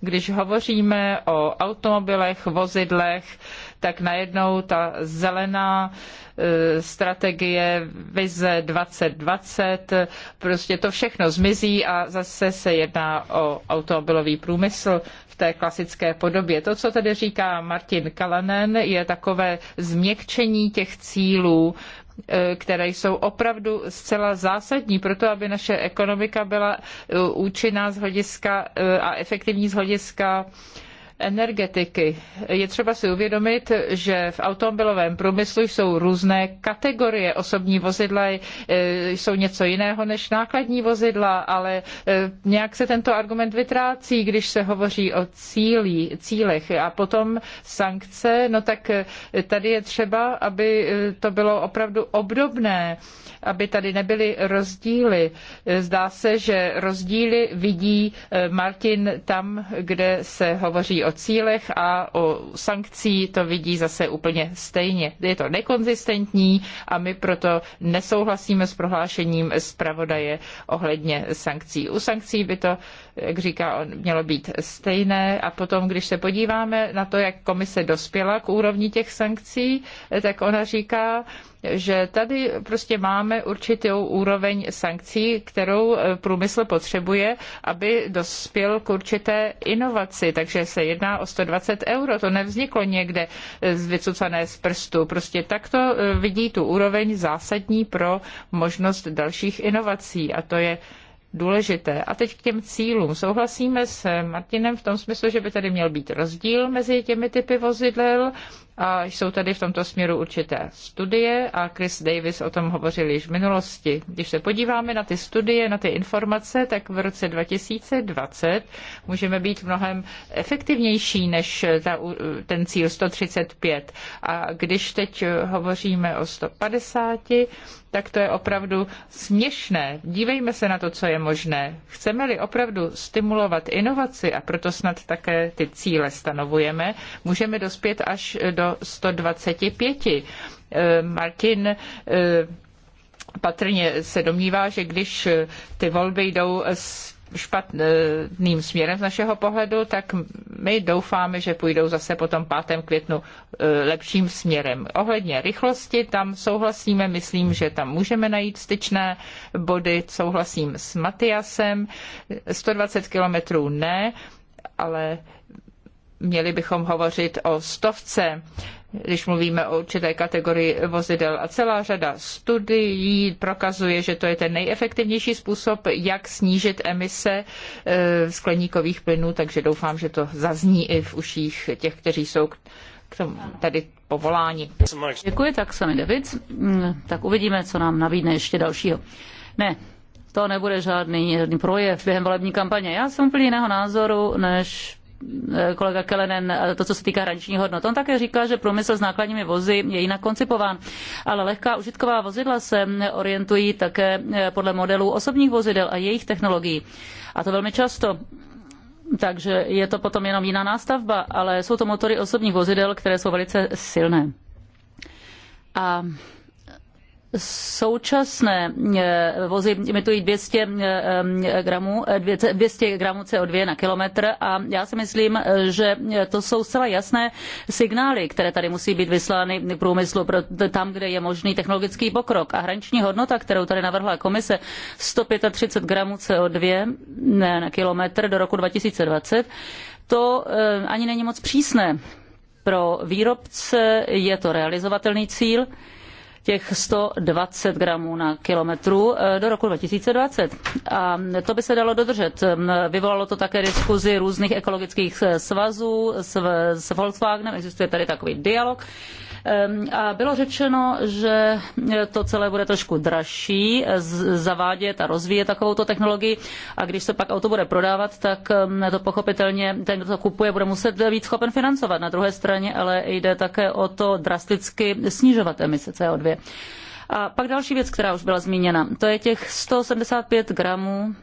když hovoříme o automobilech, vozidlech, tak najednou ta zelená eh, strategie, vize 2020, prostě to všechno zmizí a zase se jedná o automobilový průmysl v té klasické podobě. To, co tady říká Martin Kalanen, je takové změkčení těch cílů, eh, které jsou opravdu zcela zásadní pro to, aby naše ekonomika byla eh, účinná z hlediska a efektivní z hlediska energetiky. Je třeba si uvědomit, že v automobilovém průmyslu jsou různé kategorie. Osobní vozidla eh, jsou něco jiného než nákladní vozidla, ale eh, nějak se tento argument vytrácí, když se hovoří o cílí, cílech. A potom sankce, no tak eh, tady je třeba, aby to bylo opravdu obdobné aby tady nebyly rozdíly. Zdá se, že rozdíly vidí eh, Martin tam, kde se hovoří o cílech a o sankcí to vidí zase úplně stejně. Je to nekonzistentní a my proto nesouhlasíme s prohlášením zpravodaje ohledně sankcí. U sankcí by to, jak říká on, mělo být stejné a potom, když se podíváme na to, jak komise dospěla k úrovni těch sankcí, eh, tak ona říká, že tady prostě máme určitou úroveň sankcí, kterou eh, průmysl potřebuje, aby dospěl k určité inovaci. Takže se jedná o 120 euro. To nevzniklo někde eh, z vycucané z prstu. Prostě takto eh, vidí tu úroveň zásadní pro možnost dalších inovací. A to je důležité. A teď k těm cílům. Souhlasíme s Martinem v tom smyslu, že by tady měl být rozdíl mezi těmi typy vozidel, a jsou tady v tomto směru určité studie a Chris Davis o tom hovořil již v minulosti. Když se podíváme na ty studie, na ty informace, tak v roce 2020 můžeme být mnohem efektivnější než ta, ten cíl 135. A když teď hovoříme o 150, tak to je opravdu směšné. Dívejme se na to, co je možné. Chceme-li opravdu stimulovat inovaci a proto snad také ty cíle stanovujeme, můžeme dospět až do 125. Eh, Martin eh, patrně se domnívá, že když eh, ty volby jdou špatným směrem z našeho pohledu, tak my doufáme, že půjdou zase po tom 5. květnu lepším směrem. Ohledně rychlosti, tam souhlasíme, myslím, že tam můžeme najít styčné body, souhlasím s Matiasem, 120 kilometrů ne, ale měli bychom hovořit o stovce, když mluvíme o určité kategorii vozidel. A celá řada studií prokazuje, že to je ten nejefektivnější způsob, jak snížit emise e, skleníkových plynů, takže doufám, že to zazní i v uších těch, kteří jsou k tomu tady povolání. Děkuji, tak sami David. Mm, tak uvidíme, co nám nabídne ještě dalšího. Ne, to nebude žádný, žádný projev během volební kampaně. Já jsem úplně jiného názoru než kolega Kelenen, to, co se týká hraničních hodnot. On také říká, že průmysl s nákladními vozy je jinak koncipován, ale lehká užitková vozidla se orientují také eh, podle modelů osobních vozidel a jejich technologií. A to velmi často. Takže je to potom jenom jiná nástavba, ale jsou to motory osobních vozidel, které jsou velice silné. A Současné eh, vozy emitují 200 eh, eh, gramů, 200 gramů CO2 na kilometr a já si myslím, že to jsou zcela jasné signály, které tady musí být vyslány k průmyslu tam, kde je možný technologický pokrok. A hraniční hodnota, kterou tady navrhla komise, 135 gramů CO2 na kilometr do roku 2020, to ani není moc přísné. Pro výrobce je to realizovatelný cíl, těch 120 gramů na kilometru eh, do roku 2020. A to by se dalo dodržet. Ehm, vyvolalo to také diskuzi různých ekologických eh, svazů s, s Volkswagenem, existuje tady takový dialog. Ehm, a bylo řečeno, že to celé bude trošku dražší zavádět a rozvíjet takovouto technologii a když se pak auto bude prodávat, tak ehm, to pochopitelně ten, kdo to kupuje, bude muset být schopen financovat. Na druhé straně ale jde také o to drasticky snižovat emise CO2. A pak další věc, která už byla zmíněna, to je těch 175 gramů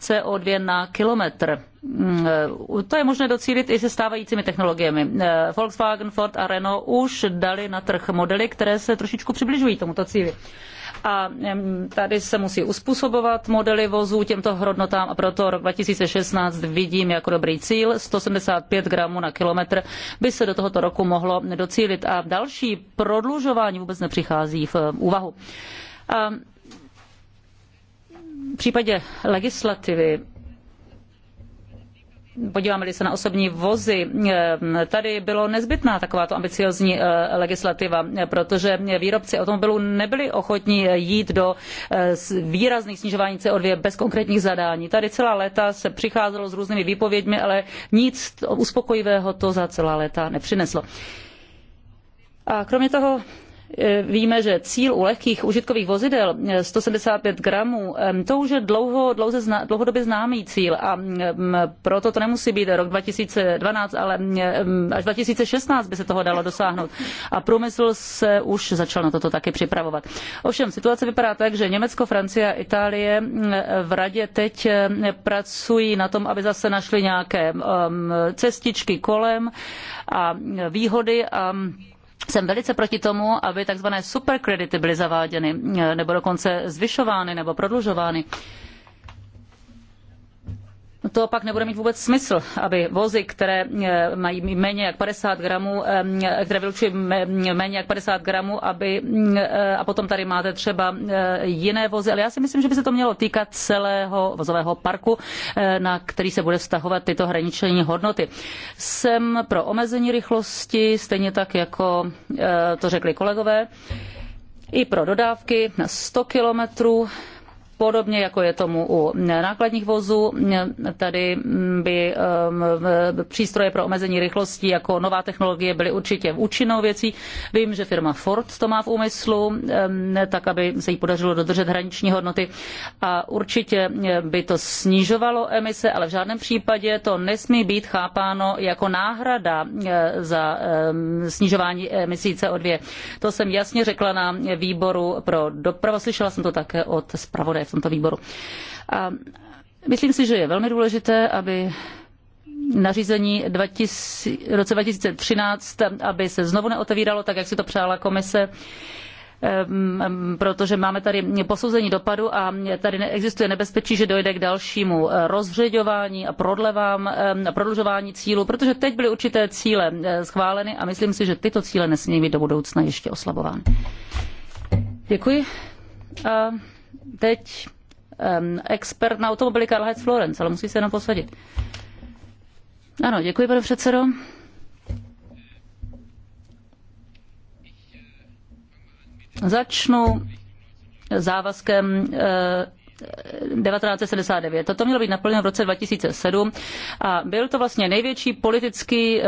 CO2 na kilometr. Mm, e, to je možné docílit i se stávajícími technologiemi. E, Volkswagen, Ford a Renault už dali na trh modely, které se trošičku přibližují tomuto cíli a tady se musí uspůsobovat modely vozů těmto hodnotám a proto rok 2016 vidím jako dobrý cíl. 175 gramů na kilometr by se do tohoto roku mohlo docílit a další prodlužování vůbec nepřichází v e, úvahu. A v případě legislativy podíváme-li se na osobní vozy, eh, tady bylo nezbytná takováto ambiciozní eh, legislativa, protože výrobci automobilů nebyli ochotní jít do eh, výrazných snižování CO2 bez konkrétních zadání. Tady celá léta se přicházelo s různými výpověďmi, ale nic uspokojivého to za celá léta nepřineslo. A kromě toho Eh, víme, že cíl u lehkých užitkových vozidel 175 eh, gramů, to už je dlouho, dlouze, dlouhodobě známý cíl a mm, mm, proto to nemusí být rok 2012, ale mm, až 2016 by se toho dalo dosáhnout. A průmysl se už začal na toto taky připravovat. Ovšem, situace vypadá tak, že Německo, Francie a Itálie v radě teď pracují na tom, aby zase našli nějaké cestičky kolem a výhody a jsem velice proti tomu, aby tzv. superkredity byly zaváděny, eh, nebo dokonce zvyšovány, nebo prodlužovány. No to pak nebude mít vůbec smysl, aby vozy, které eh, mají méně jak 50 gramů, eh, které vylučují méně jak 50 gramů, aby, eh, a potom tady máte třeba jiné vozy, ale já si myslím, že by se to mělo týkat celého vozového parku, na který se bude vztahovat tyto hraniční hodnoty. Jsem pro omezení rychlosti, stejně tak, jako to řekli kolegové, i pro dodávky na 100 kilometrů Podobně jako je tomu u nákladních vozů, tady by um, přístroje pro omezení rychlostí jako nová technologie byly určitě účinnou věcí. Vím, že firma Ford to má v úmyslu, um, tak aby se jí podařilo dodržet hraniční hodnoty a určitě by to snižovalo emise, ale v žádném případě to nesmí být chápáno jako náhrada uh, za um, snižování emisí CO2. To jsem jasně řekla na výboru pro dopravu, slyšela jsem to také od zpravodaje tady v tomto výboru. A myslím si, že je velmi důležité, aby nařízení 2000, roce 2013, aby se znovu neotevíralo, tak jak si to přála komise, ehm, protože máme tady posouzení dopadu a tady neexistuje nebezpečí, že dojde k dalšímu rozřeďování a prodlevám, ehm, a prodlužování cílů, protože teď byly určité cíle eh, schváleny a myslím si, že tyto cíle nesmí být do budoucna ještě oslabovány. Děkuji. A teď um, expert na automobily Karl Heinz Florence, ale musí se jenom posadit. Ano, děkuji, pane předsedo. Začnu závazkem eh, 1979. Toto mělo být naplněno v roce 2007 a byl to vlastně největší politický,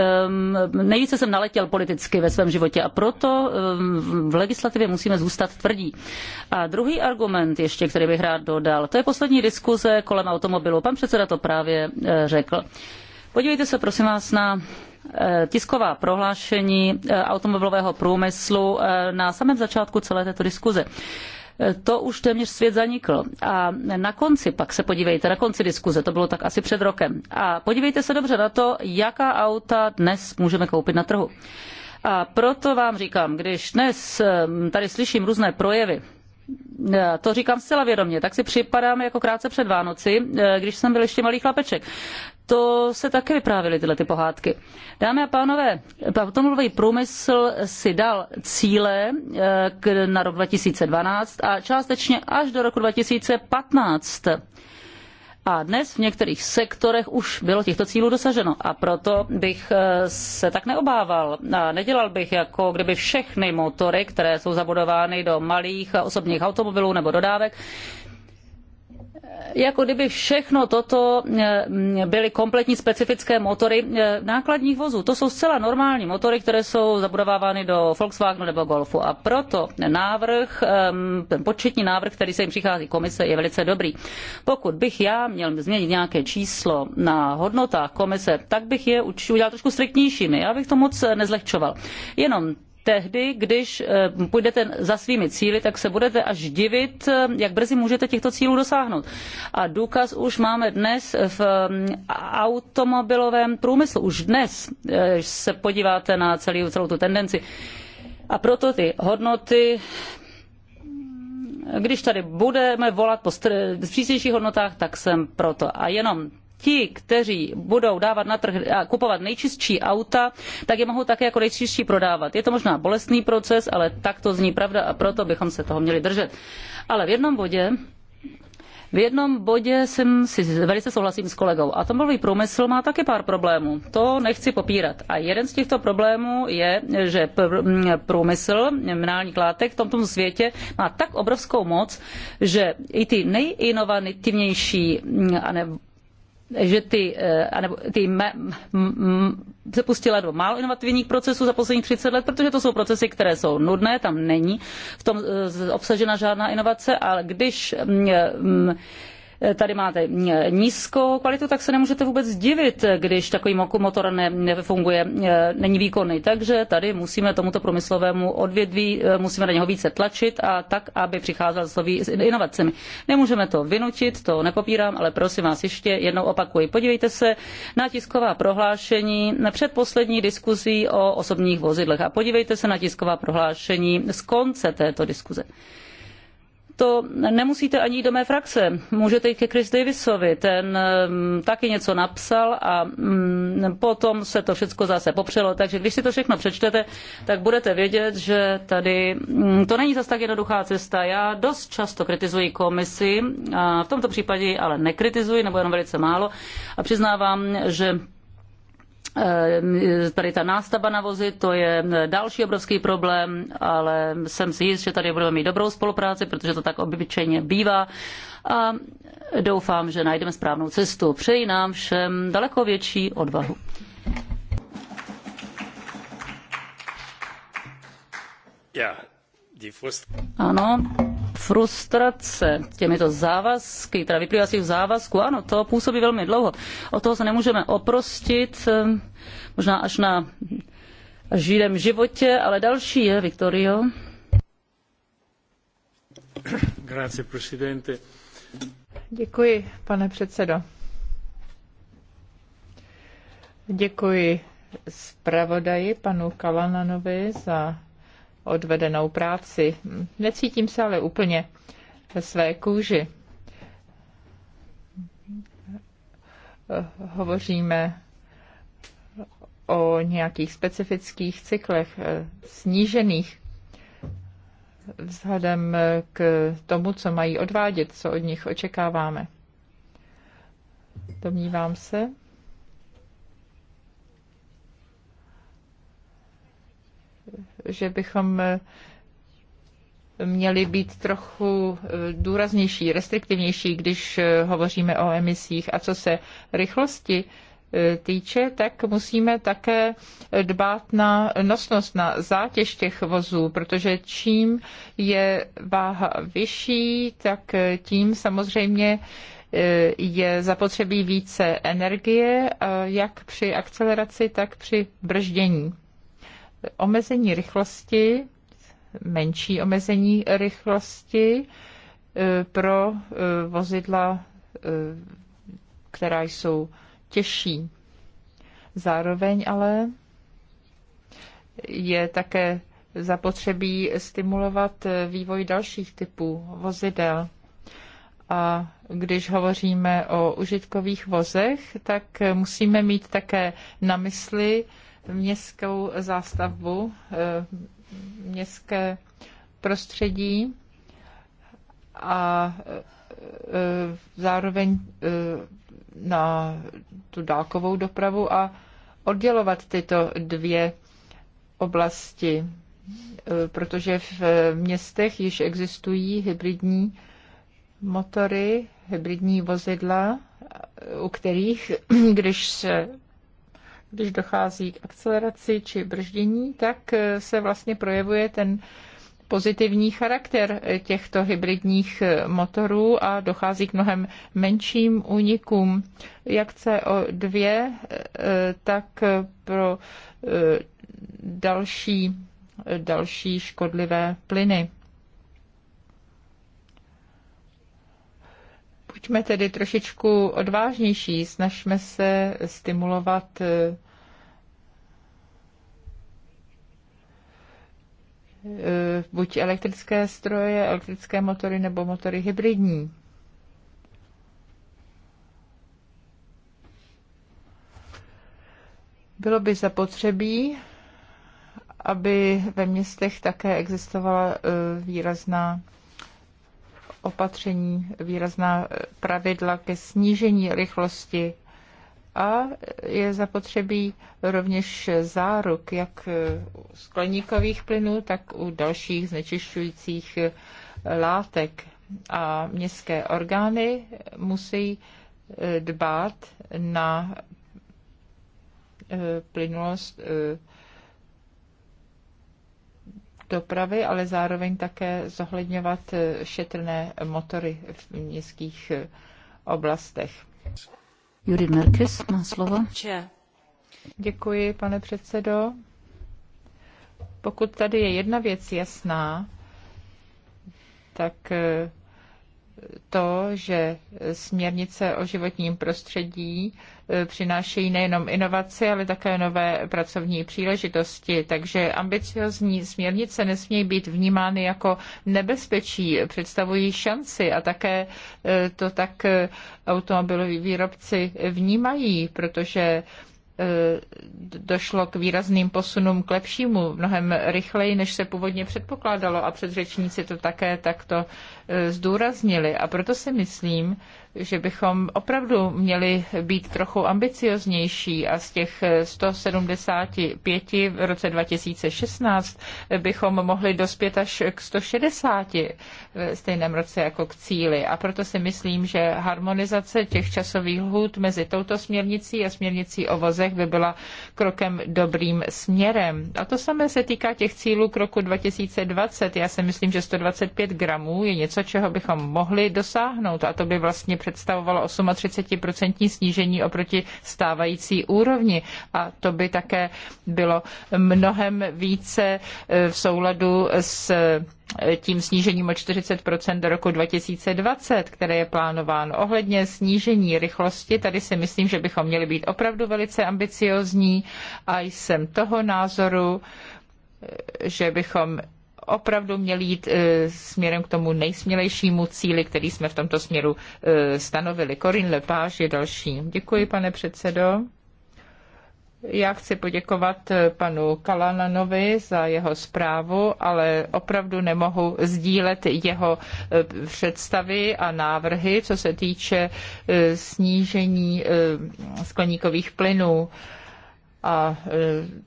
nejvíce jsem naletěl politicky ve svém životě a proto v legislativě musíme zůstat tvrdí. A druhý argument ještě, který bych rád dodal, to je poslední diskuze kolem automobilu. Pan předseda to právě eh, řekl. Podívejte se prosím vás na eh, tisková prohlášení eh, automobilového průmyslu na samém začátku celé této diskuze to už téměř svět zanikl. A na konci, pak se podívejte, na konci diskuze, to bylo tak asi před rokem. A podívejte se dobře na to, jaká auta dnes můžeme koupit na trhu. A proto vám říkám, když dnes mm, tady slyším různé projevy, e, to říkám zcela vědomě, tak si připadám jako krátce před Vánoci, e, když jsem byl ještě malý chlapeček to se také vyprávěly tyhle ty pohádky. Dámy a pánové, automobilový průmysl si dal cíle eh, na rok 2012 a částečně až do roku 2015. A dnes v některých sektorech už bylo těchto cílů dosaženo. A proto bych eh, se tak neobával. A nedělal bych, jako kdyby všechny motory, které jsou zabudovány do malých osobních automobilů nebo dodávek, jako kdyby všechno toto eh, byly kompletní specifické motory eh, nákladních vozů. To jsou zcela normální motory, které jsou zabudovávány do Volkswagenu nebo Golfu. A proto návrh, ten početní návrh, který se jim přichází komise, je velice dobrý. Pokud bych já měl změnit nějaké číslo na hodnotách komise, tak bych je udělal trošku striktnějšími. Já bych to moc eh, nezlehčoval. Jenom tehdy, když eh, půjdete za svými cíli, tak se budete až divit, eh, jak brzy můžete těchto cílů dosáhnout. A důkaz už máme dnes v eh, automobilovém průmyslu. Už dnes když se podíváte na celý, celou tu tendenci. A proto ty hodnoty mm, když tady budeme volat po přísnějších hodnotách, tak jsem proto. A jenom ti, kteří budou dávat na trh a kupovat nejčistší auta, tak je mohou také jako nejčistší prodávat. Je to možná bolestný proces, ale tak to zní pravda a proto bychom se toho měli držet. Ale v jednom bodě v jednom bodě jsem si velice souhlasím s kolegou. Atomový průmysl má také pár problémů. To nechci popírat. A jeden z těchto problémů je, že průmysl minerálních látek v tomto světě má tak obrovskou moc, že i ty nejinovativnější a že ty, eh, anebo ty me, m, m, se pustila do málo inovativních procesů za posledních 30 let, protože to jsou procesy, které jsou nudné, tam není v tom eh, obsažena žádná inovace, ale když m, mm, eh, Eh, tady máte nízkou kvalitu, tak se nemůžete vůbec divit, eh, když takový motor nefunguje, eh, není výkonný. Takže tady musíme tomuto průmyslovému odvětví, musíme na něho více tlačit a tak, aby přicházel s inovacemi. Nemůžeme to vynutit, to nepopírám, ale prosím vás ještě jednou opakuji. Podívejte se na tisková prohlášení na předposlední diskuzí o osobních vozidlech a podívejte se na tisková prohlášení z konce této diskuze to nemusíte ani jít do mé frakce. Můžete jít ke Chris Davisovi, ten mm, taky něco napsal a mm, potom se to všechno zase popřelo. Takže když si to všechno přečtete, tak budete vědět, že tady mm, to není zas tak jednoduchá cesta. Já dost často kritizuji komisi, a v tomto případě ale nekritizuji, nebo jenom velice málo. A přiznávám, že Tady ta nástava na vozy, to je další obrovský problém, ale jsem si jist, že tady budeme mít dobrou spolupráci, protože to tak obyčejně bývá. A doufám, že najdeme správnou cestu. Přeji nám všem daleko větší odvahu. Yeah. Ano, frustrace těmito závazky, která vyplývá z těch závazků, ano, to působí velmi dlouho. Od toho se nemůžeme oprostit, ehm, možná až na živém životě, ale další je, Viktorio. Grazie, presidente. Děkuji, pane předsedo. Děkuji zpravodaji panu Kalananovi za odvedenou práci. Necítím se ale úplně ve své kůži. Hovoříme o nějakých specifických cyklech eh, snížených vzhledem k tomu, co mají odvádět, co od nich očekáváme. Domnívám se, že bychom eh, měli být trochu eh, důraznější, restriktivnější, když eh, hovoříme o emisích. A co se rychlosti týče, tak musíme také dbát na nosnost, na zátěž těch vozů, protože čím je váha vyšší, tak tím samozřejmě je zapotřebí více energie, jak při akceleraci, tak při brždění omezení rychlosti, menší omezení rychlosti e, pro e, vozidla, e, která jsou těžší. Zároveň ale je také zapotřebí stimulovat vývoj dalších typů vozidel. A když hovoříme o užitkových vozech, tak musíme mít také na mysli městskou zástavbu, eh, městské prostředí a eh, eh, zároveň na tu dálkovou dopravu a oddělovat tyto dvě oblasti, protože v městech již existují hybridní motory, hybridní vozidla, u kterých, (clears throat) když se když dochází k akceleraci či brždění, tak eh, se vlastně projevuje ten pozitivní charakter eh, těchto hybridních eh, motorů a dochází k mnohem menším únikům, jak CO2, tak pro další, další škodlivé plyny. Buďme tedy trošičku odvážnější, snažme se stimulovat eh, buď elektrické stroje, elektrické motory nebo motory hybridní. Bylo by zapotřebí, aby ve městech také existovala eh, výrazná opatření, výrazná eh, pravidla ke snížení rychlosti a je zapotřebí rovněž záruk jak eh, u skleníkových plynů, tak u dalších znečišťujících eh, látek. A městské orgány musí dbát na plynulost dopravy, ale zároveň také zohledňovat eh, šetrné motory v městských eh, oblastech. Judith Merkis má slovo. Děkuji, pane předsedo. Pokud tady je jedna věc jasná, tak eh, to, že směrnice o životním prostředí e, přinášejí nejenom inovaci, ale také nové pracovní příležitosti. Takže ambiciozní směrnice nesmějí být vnímány jako nebezpečí, představují šanci a také e, to tak e, automobiloví výrobci vnímají, protože Eh, došlo k výrazným posunům k lepšímu, mnohem rychleji, než se původně předpokládalo a předřečníci to také takto eh, zdůraznili. A proto si myslím, že bychom opravdu měli být trochu ambicioznější a z těch 175 v roce 2016 bychom mohli dospět až k 160 v stejném roce jako k cíli. A proto si myslím, že harmonizace těch časových lhůt mezi touto směrnicí a směrnicí o vozech by byla krokem dobrým směrem. A to samé se týká těch cílů k roku 2020. Já si myslím, že 125 gramů je něco, čeho bychom mohli dosáhnout a to by vlastně představovalo 38% snížení oproti stávající úrovni a to by také bylo mnohem více e, v souladu s e, tím snížením o 40 do roku 2020, které je plánováno. Ohledně snížení rychlosti, tady si myslím, že bychom měli být opravdu velice ambiciozní a jsem toho názoru, e, že bychom opravdu měli jít e, směrem k tomu nejsmělejšímu cíli, který jsme v tomto směru e, stanovili. Corinne Lepage je další. Děkuji, pane předsedo. Já chci poděkovat e, panu Kalananovi za jeho zprávu, ale opravdu nemohu sdílet jeho představy a návrhy, co se týče snížení skleníkových plynů a e,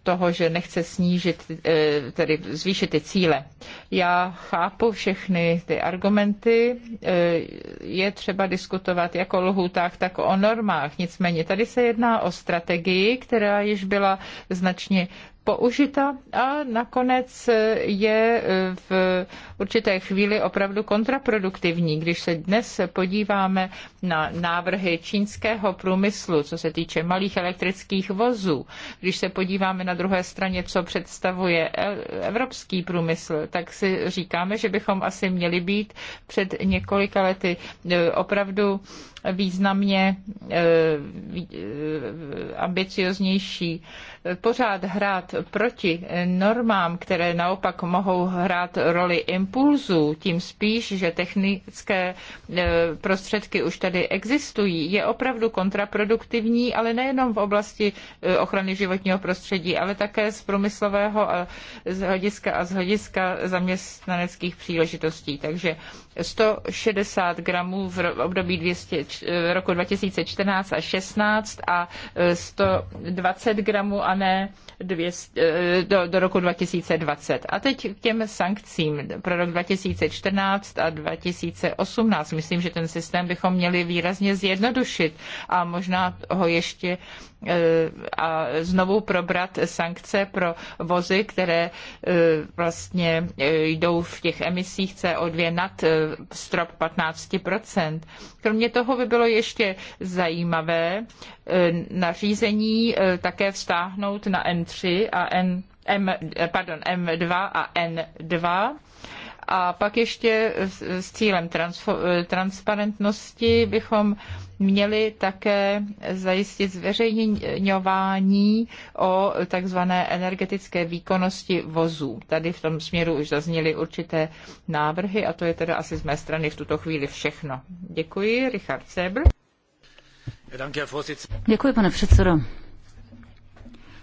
toho, že nechce snížit, e, tedy zvýšit ty cíle. Já chápu všechny ty argumenty, e, je třeba diskutovat jak o lhůtách, tak o normách. Nicméně tady se jedná o strategii, která již byla značně použita a nakonec je e, v určité chvíli opravdu kontraproduktivní. Když se dnes podíváme na návrhy čínského průmyslu, co se týče malých elektrických vozů, když se podíváme na druhé straně, co představuje e, evropský průmysl, tak si říkáme, že bychom asi měli být před několika lety e, opravdu významně eh, eh, ambicioznější. Pořád hrát proti normám, které naopak mohou hrát roli impulzu, tím spíš, že technické eh, prostředky už tady existují, je opravdu kontraproduktivní, ale nejenom v oblasti ochrany životního prostředí, ale také z průmyslového a z hlediska a z hlediska zaměstnaneckých příležitostí. Takže 160 gramů v období 200 Eh, roku 2014 a 16 a 120 eh, gramů a ne 200, eh, do, do roku 2020. A teď k těm sankcím pro rok 2014 a 2018. Myslím, že ten systém bychom měli výrazně zjednodušit a možná ho ještě a znovu probrat sankce pro vozy, které vlastně jdou v těch emisích CO2 nad strop 15%. Kromě toho by bylo ještě zajímavé eh, nařízení eh, také vztáhnout na N3 a N, M, eh, pardon, M2 a N2 a pak ještě s cílem transparentnosti hmm. bychom měli také zajistit zveřejňování o takzvané energetické výkonnosti vozů. Tady v tom směru už zazněly určité návrhy a to je teda asi z mé strany v tuto chvíli všechno. Děkuji, Richard Sebr. Děkuji, pane předsedo.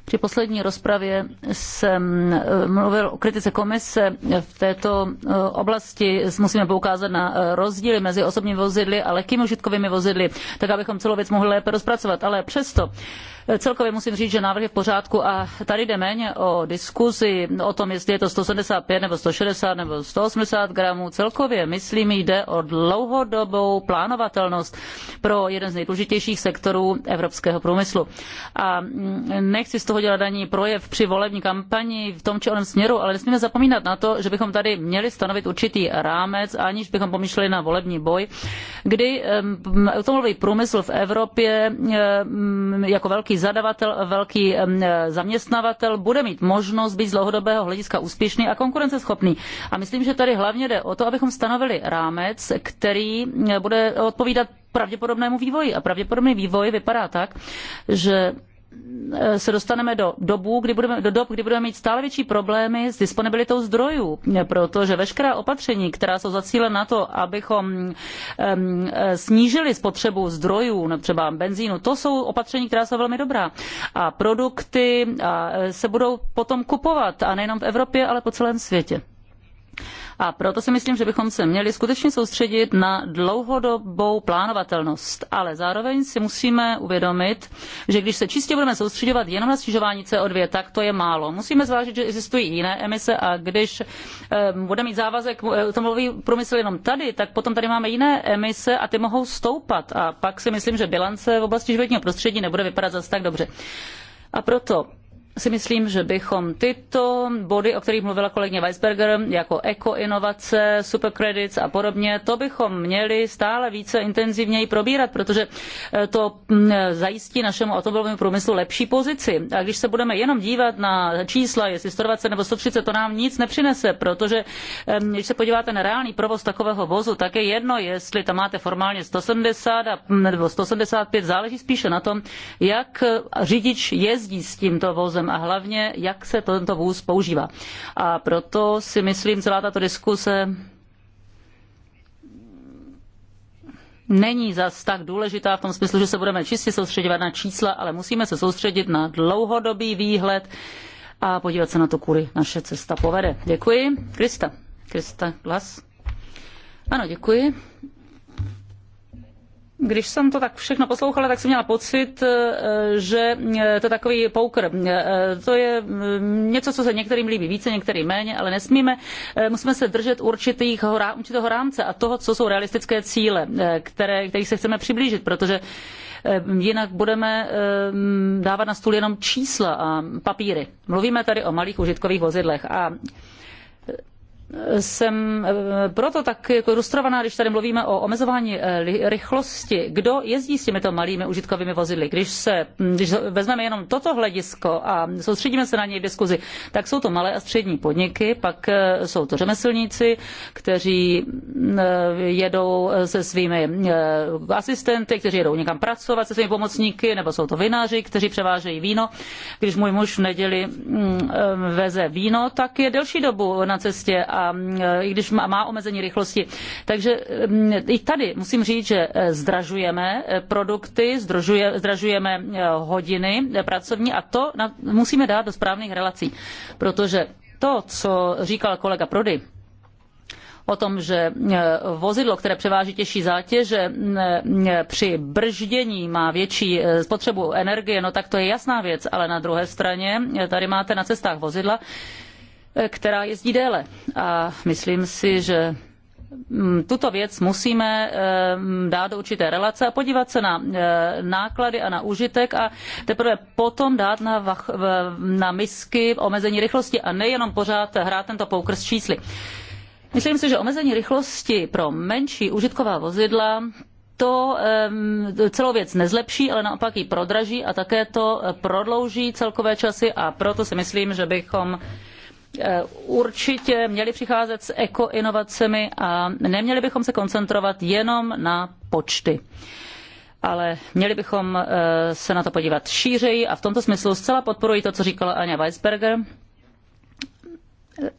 Při poslední rozpravě jsem eh, mluvil o kritice komise v této eh, oblasti. Musíme poukázat na eh, rozdíly mezi osobními vozidly a lehkými užitkovými vozidly, tak abychom celou věc mohli lépe rozpracovat. Ale přesto Celkově musím říct, že návrh je v pořádku a tady jde méně o diskuzi o tom, jestli je to 175 nebo 160 nebo 180 gramů. Celkově, myslím, jde o dlouhodobou plánovatelnost pro jeden z nejdůležitějších sektorů evropského průmyslu. A mm, nechci z toho dělat ani projev při volební kampani v tom či onem směru, ale nesmíme zapomínat na to, že bychom tady měli stanovit určitý rámec, aniž bychom pomýšleli na volební boj, kdy mm, automobilový průmysl v Evropě mm, jako velký zadavatel, velký e, zaměstnavatel bude mít možnost být z dlouhodobého hlediska úspěšný a konkurenceschopný. A myslím, že tady hlavně jde o to, abychom stanovili rámec, který e, bude odpovídat pravděpodobnému vývoji. A pravděpodobný vývoj vypadá tak, že Eh, se dostaneme do, dobu, kdy budeme, do dob, kdy budeme mít stále větší problémy s disponibilitou zdrojů, protože veškerá opatření, která jsou zacílena na to, abychom um, snížili spotřebu zdrojů, no třeba benzínu, to jsou opatření, která jsou velmi dobrá. A produkty a, eh, se budou potom kupovat, a nejenom v Evropě, ale po celém světě. A proto si myslím, že bychom se měli skutečně soustředit na dlouhodobou plánovatelnost. Ale zároveň si musíme uvědomit, že když se čistě budeme soustředovat jenom na snižování CO2, tak to je málo. Musíme zvážit, že existují jiné emise a když eh, bude mít závazek eh, automobilový průmysl jenom tady, tak potom tady máme jiné emise a ty mohou stoupat. A pak si myslím, že bilance v oblasti životního prostředí nebude vypadat zase tak dobře. A proto si myslím, že bychom tyto body, o kterých mluvila kolegyně Weisberger, jako ekoinovace, supercredits a podobně, to bychom měli stále více intenzivněji probírat, protože eh, to mm, zajistí našemu automobilovému průmyslu lepší pozici. A když se budeme jenom dívat na čísla, jestli 120 nebo 130, to nám nic nepřinese, protože když se podíváte na reálný provoz takového vozu, tak je jedno, jestli tam máte formálně 170 a, nebo 175, záleží spíše na tom, jak eh, řidič jezdí s tímto vozem způsobem a hlavně, jak se tento vůz používá. A proto si myslím, celá tato diskuse není zas tak důležitá v tom smyslu, že se budeme čistě soustředit na čísla, ale musíme se soustředit na dlouhodobý výhled a podívat se na to, kudy naše cesta povede. Děkuji. Krista. Krista hlas. Ano, děkuji. Když jsem to tak všechno poslouchala, tak jsem měla pocit, eh, že eh, to je takový poker. Eh, to je mm, něco, co se některým líbí více, některým méně, ale nesmíme. Musíme se držet určitých, určitého rámce a toho, co jsou realistické cíle, které, které se chceme přiblížit, protože jinak budeme dávat na stůl jenom čísla a papíry. Mluvíme tady o malých užitkových vozidlech a jsem eh, proto tak jako ilustrovaná, když tady mluvíme o omezování eh, rychlosti. Kdo jezdí s těmito malými užitkovými vozidly? Když, se, hm, když vezmeme jenom toto hledisko a soustředíme se na něj v diskuzi, tak jsou to malé a střední podniky, pak eh, jsou to řemeslníci, kteří hm, jedou se svými asistenty, kteří jedou někam pracovat se svými pomocníky, nebo jsou to vináři, kteří převážejí víno. Když můj muž v neděli hm, veze víno, tak je delší dobu na cestě a mm, i když má omezení rychlosti. Takže mm, i tady musím říct, že e, zdražujeme e, produkty, zdražuje, zdražujeme e, hodiny pracovní a to na, musíme dát do správných relací, protože to, co říkal kolega Prody, o tom, že vozidlo, které převáží těžší zátěže, při brždění má větší spotřebu energie, no tak to je jasná věc, ale na druhé straně tady máte na cestách vozidla, která jezdí déle. A myslím si, že mm, tuto věc musíme eh, dát do určité relace a podívat se na eh, náklady a na užitek a teprve potom dát na, vach, na misky omezení rychlosti a nejenom pořád hrát tento poukr s čísly. Myslím si, že omezení rychlosti pro menší užitková vozidla to eh, celou věc nezlepší, ale naopak ji prodraží a také to prodlouží celkové časy a proto si myslím, že bychom Eh, určitě měli přicházet s ekoinovacemi a neměli bychom se koncentrovat jenom na počty ale měli bychom eh, se na to podívat šířeji a v tomto smyslu zcela podporuji to, co říkala Anja Weisberger,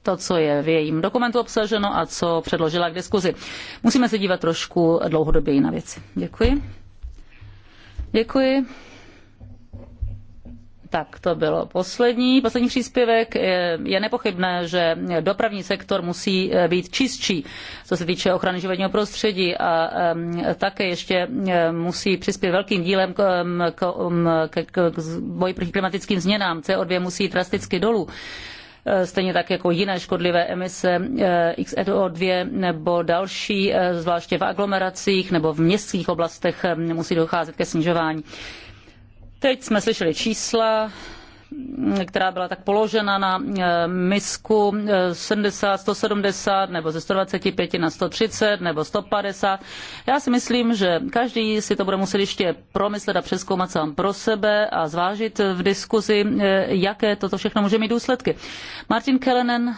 to, co je v jejím dokumentu obsaženo a co předložila k diskuzi. Musíme se dívat trošku dlouhodoběji na věci. Děkuji. Děkuji. Tak to bylo poslední. Poslední příspěvek je nepochybné, že dopravní sektor musí eh, být čistší, co se týče ochrany životního prostředí a také ještě eh, musí přispět velkým dílem k, k, k, k boji proti klimatickým změnám. CO2 musí drasticky dolů eh, stejně tak jako jiné škodlivé emise XO2 nebo další, zvláště v aglomeracích nebo v městských oblastech musí docházet ke snižování. Teď jsme slyšeli čísla, která byla tak položena na eh, misku 70, eh, 170 nebo ze 125 na 130 nebo 150. Já si myslím, že každý si to bude muset ještě promyslet a přeskoumat sám pro sebe a zvážit v diskuzi, eh, jaké toto všechno může mít důsledky. Martin Kellenen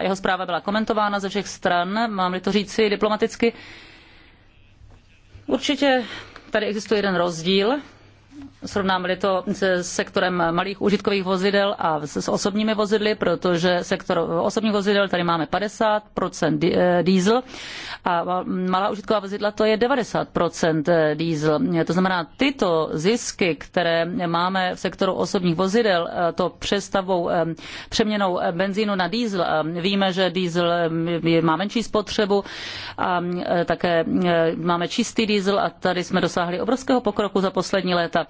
jeho zpráva byla komentována ze všech stran, mám-li to říci diplomaticky. Určitě Tady existuje jeden rozdíl srovnáme-li to se sektorem malých užitkových vozidel a s osobními vozidly, protože sektor osobních vozidel tady máme 50% eh, diesel a malá užitková vozidla to je 90% eh, diesel. To znamená, tyto zisky, které máme v sektoru osobních vozidel, eh, to přestavou, přeměnou benzínu na diesel. Víme, že diesel má menší spotřebu a také máme čistý diesel a tady jsme dosáhli obrovského pokroku za poslední léta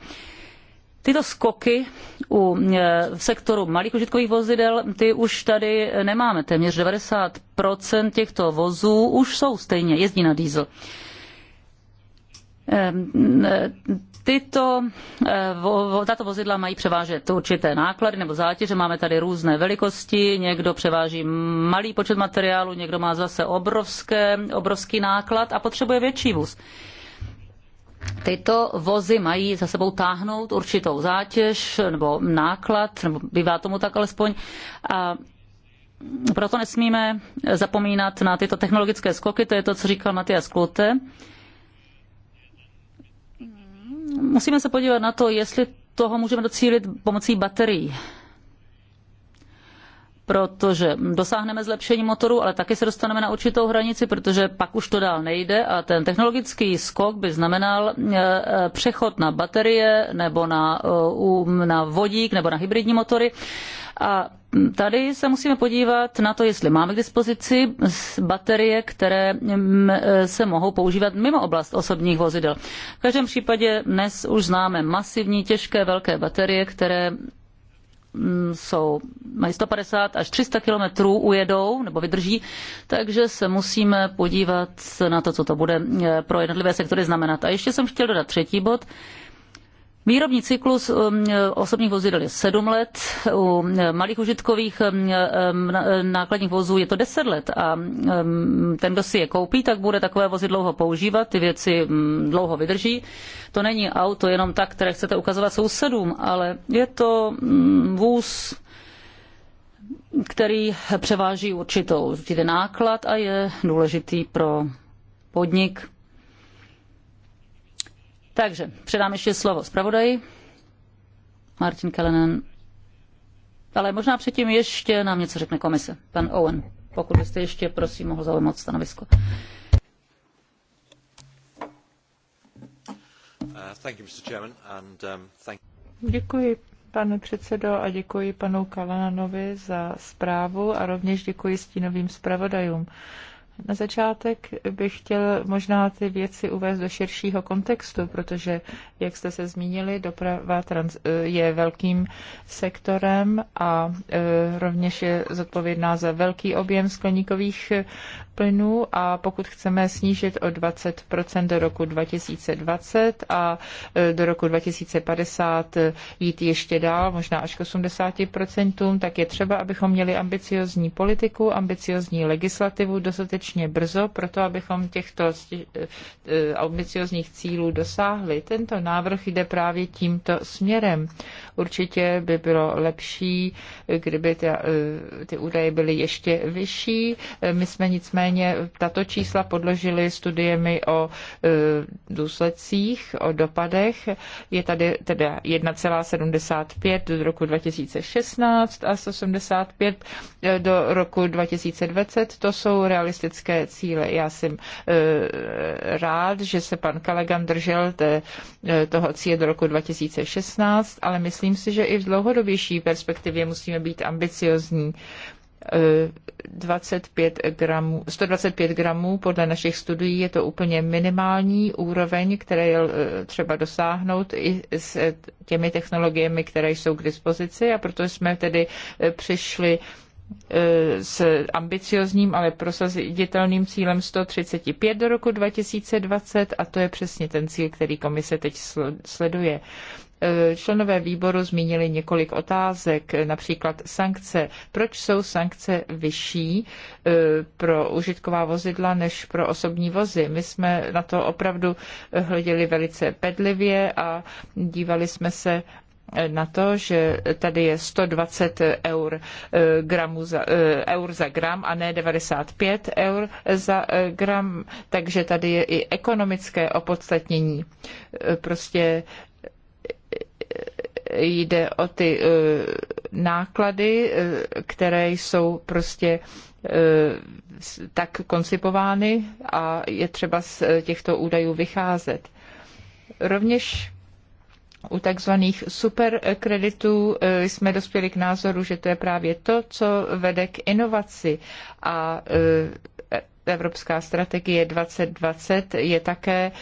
Tyto skoky u e, sektoru malých užitkových vozidel, ty už tady nemáme. Téměř 90% těchto vozů už jsou stejně, jezdí na diesel. E, e, tyto, tato vozidla mají převážet určité náklady nebo zátěže. Máme tady různé velikosti. Někdo převáží malý počet materiálu, někdo má zase obrovské, obrovský náklad a potřebuje větší vůz. Tyto vozy mají za sebou táhnout určitou zátěž nebo náklad, nebo bývá tomu tak alespoň. A proto nesmíme zapomínat na tyto technologické skoky, to je to, co říkal Matias Klute. Musíme se podívat na to, jestli toho můžeme docílit pomocí baterií protože dosáhneme zlepšení motoru, ale taky se dostaneme na určitou hranici, protože pak už to dál nejde a ten technologický skok by znamenal eh, eh, přechod na baterie nebo na, eh, na vodík nebo na hybridní motory. A tady se musíme podívat na to, jestli máme k dispozici baterie, které mm, se mohou používat mimo oblast osobních vozidel. V každém případě dnes už známe masivní, těžké, velké baterie, které Mm, jsou, mají 150 až 300 kilometrů ujedou nebo vydrží, takže se musíme podívat na to, co to bude eh, pro jednotlivé sektory znamenat. A ještě jsem chtěl dodat třetí bod. Výrobní cyklus um, osobních vozidel je 7 let, u um, malých užitkových um, nákladních vozů je to 10 let a ten, kdo si je koupí, tak bude takové vozy dlouho používat, ty věci dlouho vydrží. To není auto jenom tak, které chcete ukazovat sousedům, ale je to vůz, který převáží určitou, určitý náklad a je důležitý pro podnik takže předám ještě slovo zpravodaji. Martin Kellenen. Ale možná předtím ještě nám něco řekne komise. Pan Owen, pokud byste ještě, prosím, mohl zaujmout stanovisko. Uh, um, děkuji, pane předsedo, a děkuji panu Kalananovi za zprávu a rovněž děkuji stínovým zpravodajům. Na začátek bych chtěl možná ty věci uvést do širšího kontextu, protože, jak jste se zmínili, doprava trans- je velkým sektorem a e, rovněž je zodpovědná za velký objem skleníkových plynů a pokud chceme snížit o 20 do roku 2020 a e, do roku 2050 e, jít ještě dál, možná až k 80 tak je třeba, abychom měli ambiciozní politiku, ambiciozní legislativu dostatečně brzo, proto abychom těchto e, ambiciozních cílů dosáhli. Tento návrh jde právě tímto směrem. Určitě by bylo lepší, kdyby ty, eh, ty údaje byly ještě vyšší. Eh, my jsme nicméně tato čísla podložili studiemi o eh, důsledcích, o dopadech. Je tady teda 1,75 do roku 2016 a 85 do roku 2020. To jsou realistické cíle. Já jsem rád, že se pan Kalegan držel té, toho cíle do roku 2016, ale myslím, myslím si, že i v dlouhodobější perspektivě musíme být ambiciozní. 25 eh, gramů, 125 gramů, podle našich studií je to úplně minimální úroveň, které je eh, třeba dosáhnout i s eh, těmi technologiemi, které jsou k dispozici a proto jsme tedy přišli s ambiciozním, ale prosaditelným cílem 135 do roku 2020 a to je přesně ten cíl, který komise teď sleduje. Eh, členové výboru zmínili několik otázek, například sankce. Proč jsou sankce vyšší eh, pro užitková vozidla než pro osobní vozy? My jsme na to opravdu hleděli velice pedlivě a dívali jsme se eh, na to, že tady je 120 eur, gramu za, eur za gram a ne 95 eur za gram, takže tady je i ekonomické opodstatnění. Prostě jde o ty e, náklady, e, které jsou prostě e, tak koncipovány a je třeba z těchto údajů vycházet. Rovněž u takzvaných superkreditů jsme dospěli k názoru, že to je právě to, co vede k inovaci a Evropská strategie 2020 je také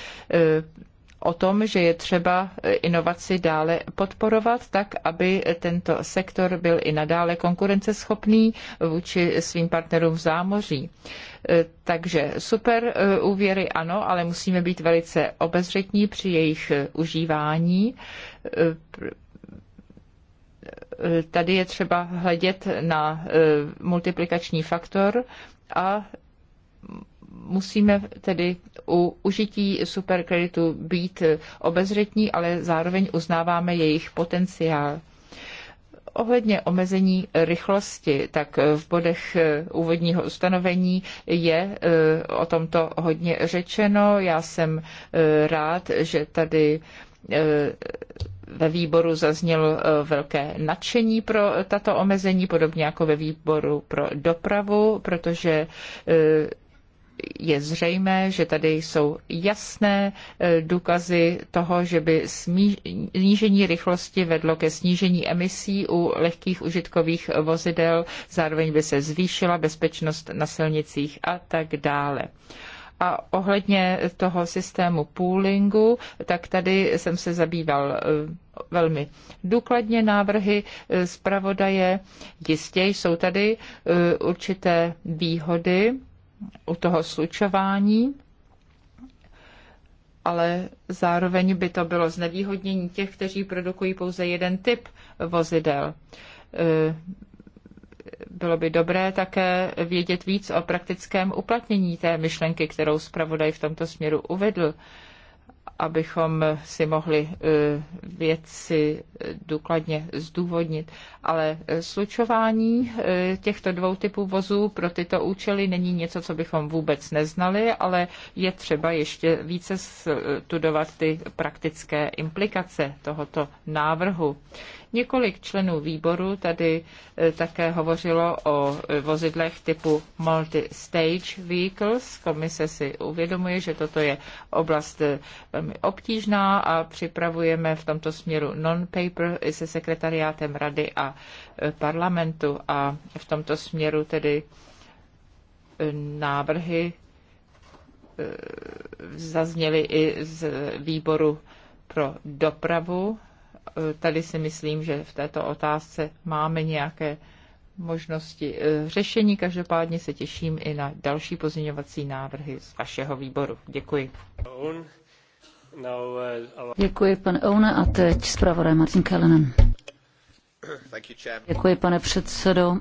o tom, že je třeba e, inovaci dále podporovat tak, aby tento sektor byl i nadále konkurenceschopný vůči svým partnerům v zámoří. E, takže super e, úvěry ano, ale musíme být velice obezřetní při jejich užívání tady je třeba hledět na multiplikační faktor a musíme tedy u užití superkreditu být obezřetní, ale zároveň uznáváme jejich potenciál. Ohledně omezení rychlosti, tak v bodech eh, úvodního ustanovení je eh, o tomto hodně řečeno. Já jsem eh, rád, že tady ve výboru zaznělo velké nadšení pro tato omezení, podobně jako ve výboru pro dopravu, protože je zřejmé, že tady jsou jasné e, důkazy toho, že by snížení rychlosti vedlo ke snížení emisí u lehkých užitkových vozidel, zároveň by se zvýšila bezpečnost na silnicích a tak dále. A ohledně toho systému poolingu, tak tady jsem se zabýval e, velmi důkladně návrhy e, zpravodaje. Jistě jsou tady určité výhody u toho slučování, ale zároveň by to bylo znevýhodnění těch, kteří produkují pouze jeden typ vozidel e, bylo by dobré také vědět víc o praktickém uplatnění té myšlenky, kterou zpravodaj v tomto směru uvedl abychom si mohli e, věci důkladně zdůvodnit. Ale e, slučování e, těchto dvou typů vozů pro tyto účely není něco, co bychom vůbec neznali, ale je třeba ještě více studovat ty praktické implikace tohoto návrhu. Několik členů výboru tady eh, také hovořilo o eh, vozidlech typu multi-stage vehicles. Komise si uvědomuje, že toto je oblast eh, velmi obtížná a připravujeme v tomto směru non-paper se sekretariátem rady a parlamentu a v tomto směru tedy návrhy zazněly i z výboru pro dopravu tady si myslím, že v této otázce máme nějaké možnosti e, řešení. Každopádně se těším i na další pozměňovací návrhy z vašeho výboru. Děkuji. Děkuji, pane Oune, a teď zpravodaj Martin Kellenen. Děkuji, pane předsedo.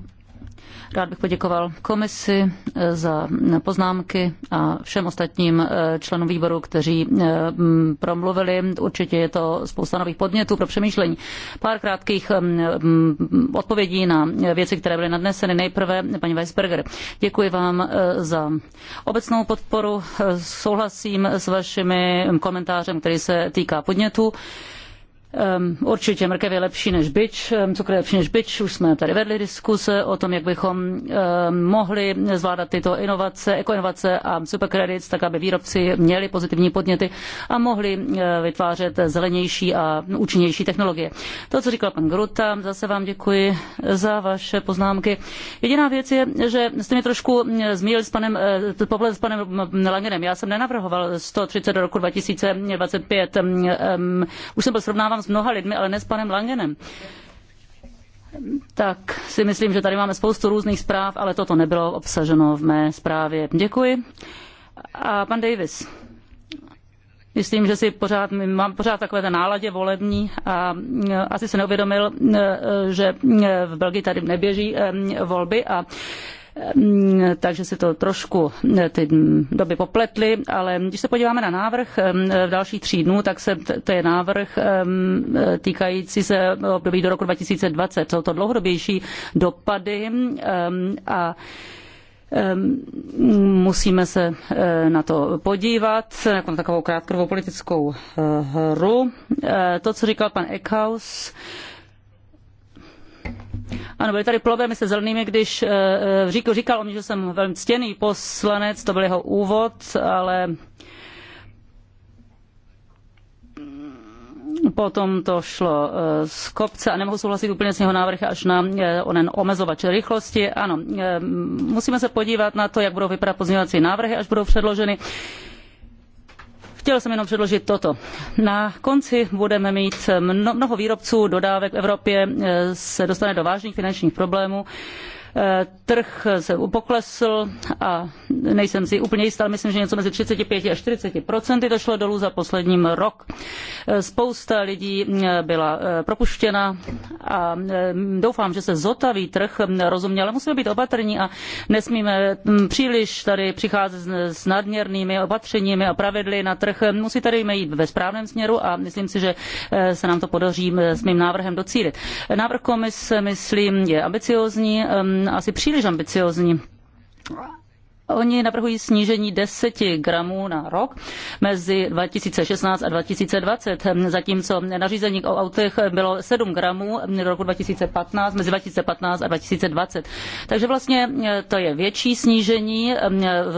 Rád bych poděkoval komisi eh, za poznámky a všem ostatním eh, členům výboru, kteří eh, mm, promluvili. Určitě je to spousta nových podnětů pro přemýšlení. Pár krátkých mm, odpovědí na věci, které byly nadneseny. Nejprve paní Weisberger. Děkuji vám za obecnou podporu. Souhlasím s vašimi komentářem, který se týká podnětů. Ehm, určitě mrkev je lepší než byč, ehm, cukr je lepší než byč, už jsme tady vedli diskuse o tom, jak bychom ehm, mohli zvládat tyto inovace, ekoinovace a superkredit, tak aby výrobci měli pozitivní podněty a mohli eh, vytvářet zelenější a účinnější technologie. To, co říkal pan Gruta, zase vám děkuji za vaše poznámky. Jediná věc je, že jste mě trošku eh, zmíjeli s panem, eh, pohled s panem mm, Langenem. Já jsem nenavrhoval 130 do roku 2025. Už jsem byl srovnáván s mnoha lidmi, ale ne s panem Langenem. Tak si myslím, že tady máme spoustu různých zpráv, ale toto nebylo obsaženo v mé zprávě. Děkuji. A pan Davis. Myslím, že si pořád, mám pořád takové té náladě volební a asi se neuvědomil, že v Belgii tady neběží volby a Ehm, takže se to trošku eh, ty doby popletly, ale když se podíváme na návrh ehm, v dalších tří dnů, tak se to je návrh ehm, eh, týkající se období do roku 2020. Jsou to dlouhodobější dopady a musíme se eh, na to podívat, jako na takovou krátkou politickou hru. To, co říkal pan Eckhaus, ano, byly tady problémy se zelenými, když eh, eh, říkal, říkal o že jsem velmi ctěný poslanec, to byl jeho úvod, ale potom to šlo eh, z kopce a nemohu souhlasit úplně s jeho návrhy až na onen omezovač rychlosti. Ano, musíme se podívat na to, jak budou vypadat pozměňovací návrhy, až budou předloženy. Uh, chtěla jsem jenom předložit toto. Na konci budeme mít mnoho výrobců dodávek v Evropě eh, se dostane do vážných finančních problémů Eh, trh se poklesl a nejsem si úplně jistá, ale myslím, že něco mezi 35 a 40 procenty to šlo dolů za posledním rok. Eh, spousta lidí eh, byla propuštěna a doufám, že se zotaví trh hm, rozumně, ale musíme být opatrní a nesmíme hm, příliš tady přicházet s nadměrnými opatřeními a pravidly na trh. Musí tady jít ve správném směru a myslím si, že se nám to podaří hm, s mým návrhem docílit. Návrh komise, myslím, je ambiciózní asi příliš ambiciozní. Oni navrhují snížení 10 gramů na rok mezi 2016 a 2020, zatímco nařízení o autech bylo 7 gramů do roku 2015, mezi 2015 a 2020. Takže vlastně eh, to je větší snížení eh,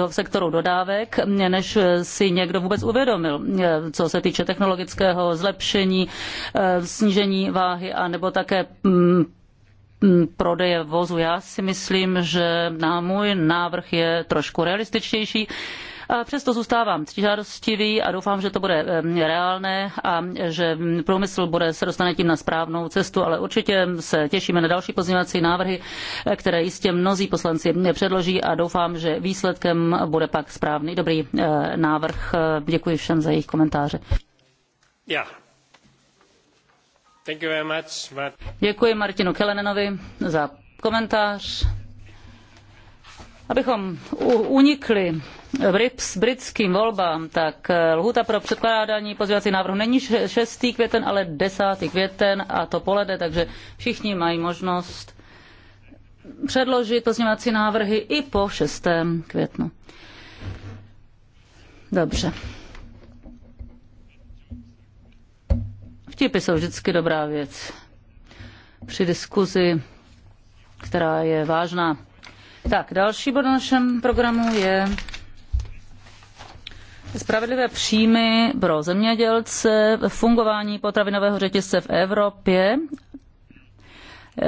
v sektoru dodávek, eh, než si někdo vůbec uvědomil, co se týče technologického zlepšení, snížení váhy a nebo také mm, Mm, prodeje vozu. Já si myslím, že na můj návrh je trošku realističtější. A přesto zůstávám ctižádostivý a doufám, že to bude mm, reálné a že mm, průmysl bude se dostane tím na správnou cestu, ale určitě se těšíme na další pozměňovací návrhy, které jistě mnozí poslanci předloží a doufám, že výsledkem bude pak správný dobrý eh, návrh. Děkuji všem za jejich komentáře. Já. Děkuji Martinu Kelenenovi za komentář. Abychom unikli s britským volbám, tak eh, lhuta pro předkládání pozvěvací návrhu není 6. květen, ale 10. květen a to polede, takže všichni mají možnost předložit pozměňovací návrhy i po 6. květnu. Dobře. Vtipy jsou vždycky dobrá věc. Při diskuzi, která je vážná. Tak, další bod na našem programu je Spravedlivé příjmy pro zemědělce, fungování potravinového řetězce v Evropě,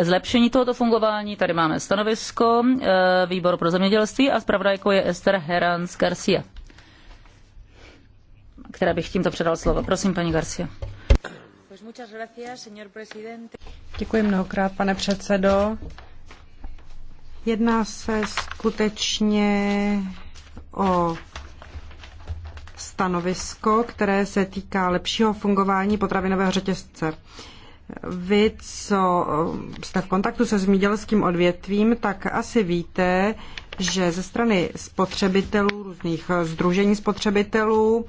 zlepšení tohoto fungování, tady máme stanovisko, eh, výbor pro zemědělství a zpravodajkou je Esther Herans Garcia, která bych tímto předal slovo. Prosím, paní Garcia. Děkuji mnohokrát, pane předsedo. Jedná se skutečně o stanovisko, které se týká lepšího fungování potravinového řetězce. Vy, co eh, jste v kontaktu se zemědělským odvětvím, tak asi víte, že ze strany spotřebitelů, různých združení eh, spotřebitelů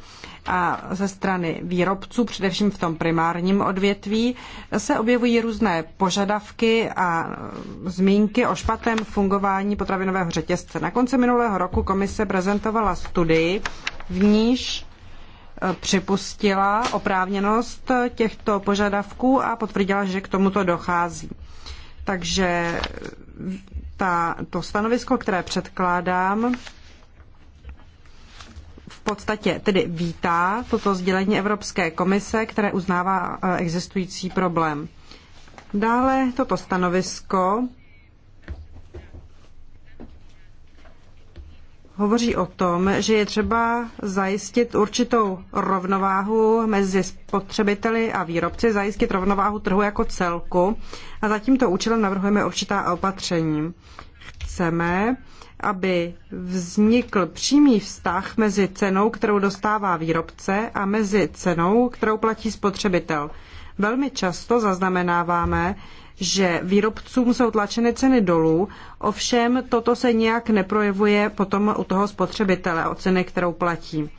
a ze strany výrobců, především v tom primárním odvětví, se objevují různé požadavky a eh, zmínky o špatném fungování potravinového řetězce. Na konci minulého roku komise prezentovala studii, v níž eh, připustila oprávněnost těchto požadavků a potvrdila, že k tomuto dochází. Takže ta, to stanovisko, které předkládám, v podstatě tedy vítá toto sdělení Evropské komise, které uznává eh, existující problém. Dále toto stanovisko hovoří o tom, že je třeba zajistit určitou rovnováhu mezi spotřebiteli a výrobci, zajistit rovnováhu trhu jako celku a za tímto účelem navrhujeme určitá opatření. Chceme, aby vznikl přímý vztah mezi cenou, kterou dostává výrobce a mezi cenou, kterou platí spotřebitel. Velmi často zaznamenáváme, že výrobcům jsou tlačeny ceny dolů, ovšem toto se nějak neprojevuje potom u toho spotřebitele o ceny, kterou platí.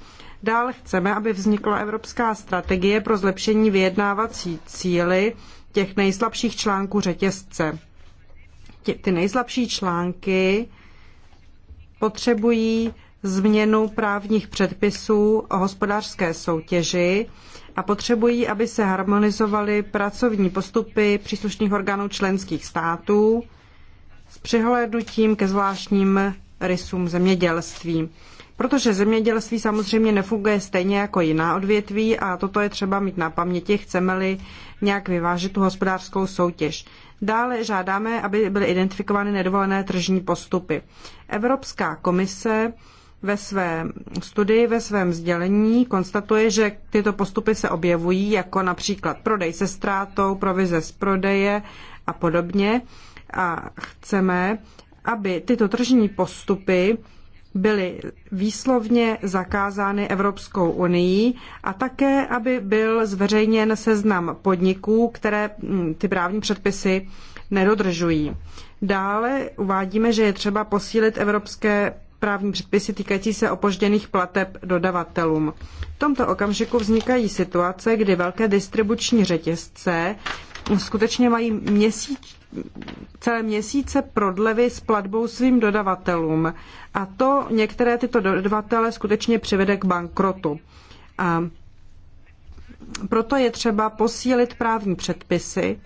Dále chceme, aby vznikla evropská strategie pro zlepšení vyjednávací cíly těch nejslabších článků řetězce. ty nejslabší články potřebují změnu právních předpisů o hospodářské soutěži a potřebují, aby se harmonizovaly pracovní postupy příslušných orgánů členských států s přihlédnutím ke zvláštním rysům zemědělství. Protože zemědělství samozřejmě nefunguje stejně jako jiná odvětví a toto je třeba mít na paměti, chceme-li nějak vyvážit tu hospodářskou soutěž. Dále žádáme, aby byly identifikovány nedovolené tržní postupy. Evropská komise ve své studii, ve svém sdělení konstatuje, že tyto postupy se objevují jako například prodej se ztrátou, provize z prodeje a podobně. A chceme, aby tyto tržní postupy byly výslovně zakázány Evropskou unii a také, aby byl zveřejněn seznam podniků, které hm, ty právní předpisy nedodržují. Dále uvádíme, že je třeba posílit evropské právní předpisy týkající se opožděných plateb dodavatelům. V tomto okamžiku vznikají situace, kdy velké distribuční řetězce skutečně mají měsíc, celé měsíce prodlevy s platbou svým dodavatelům. A to některé tyto dodavatele skutečně přivede k bankrotu. A proto je třeba posílit právní předpisy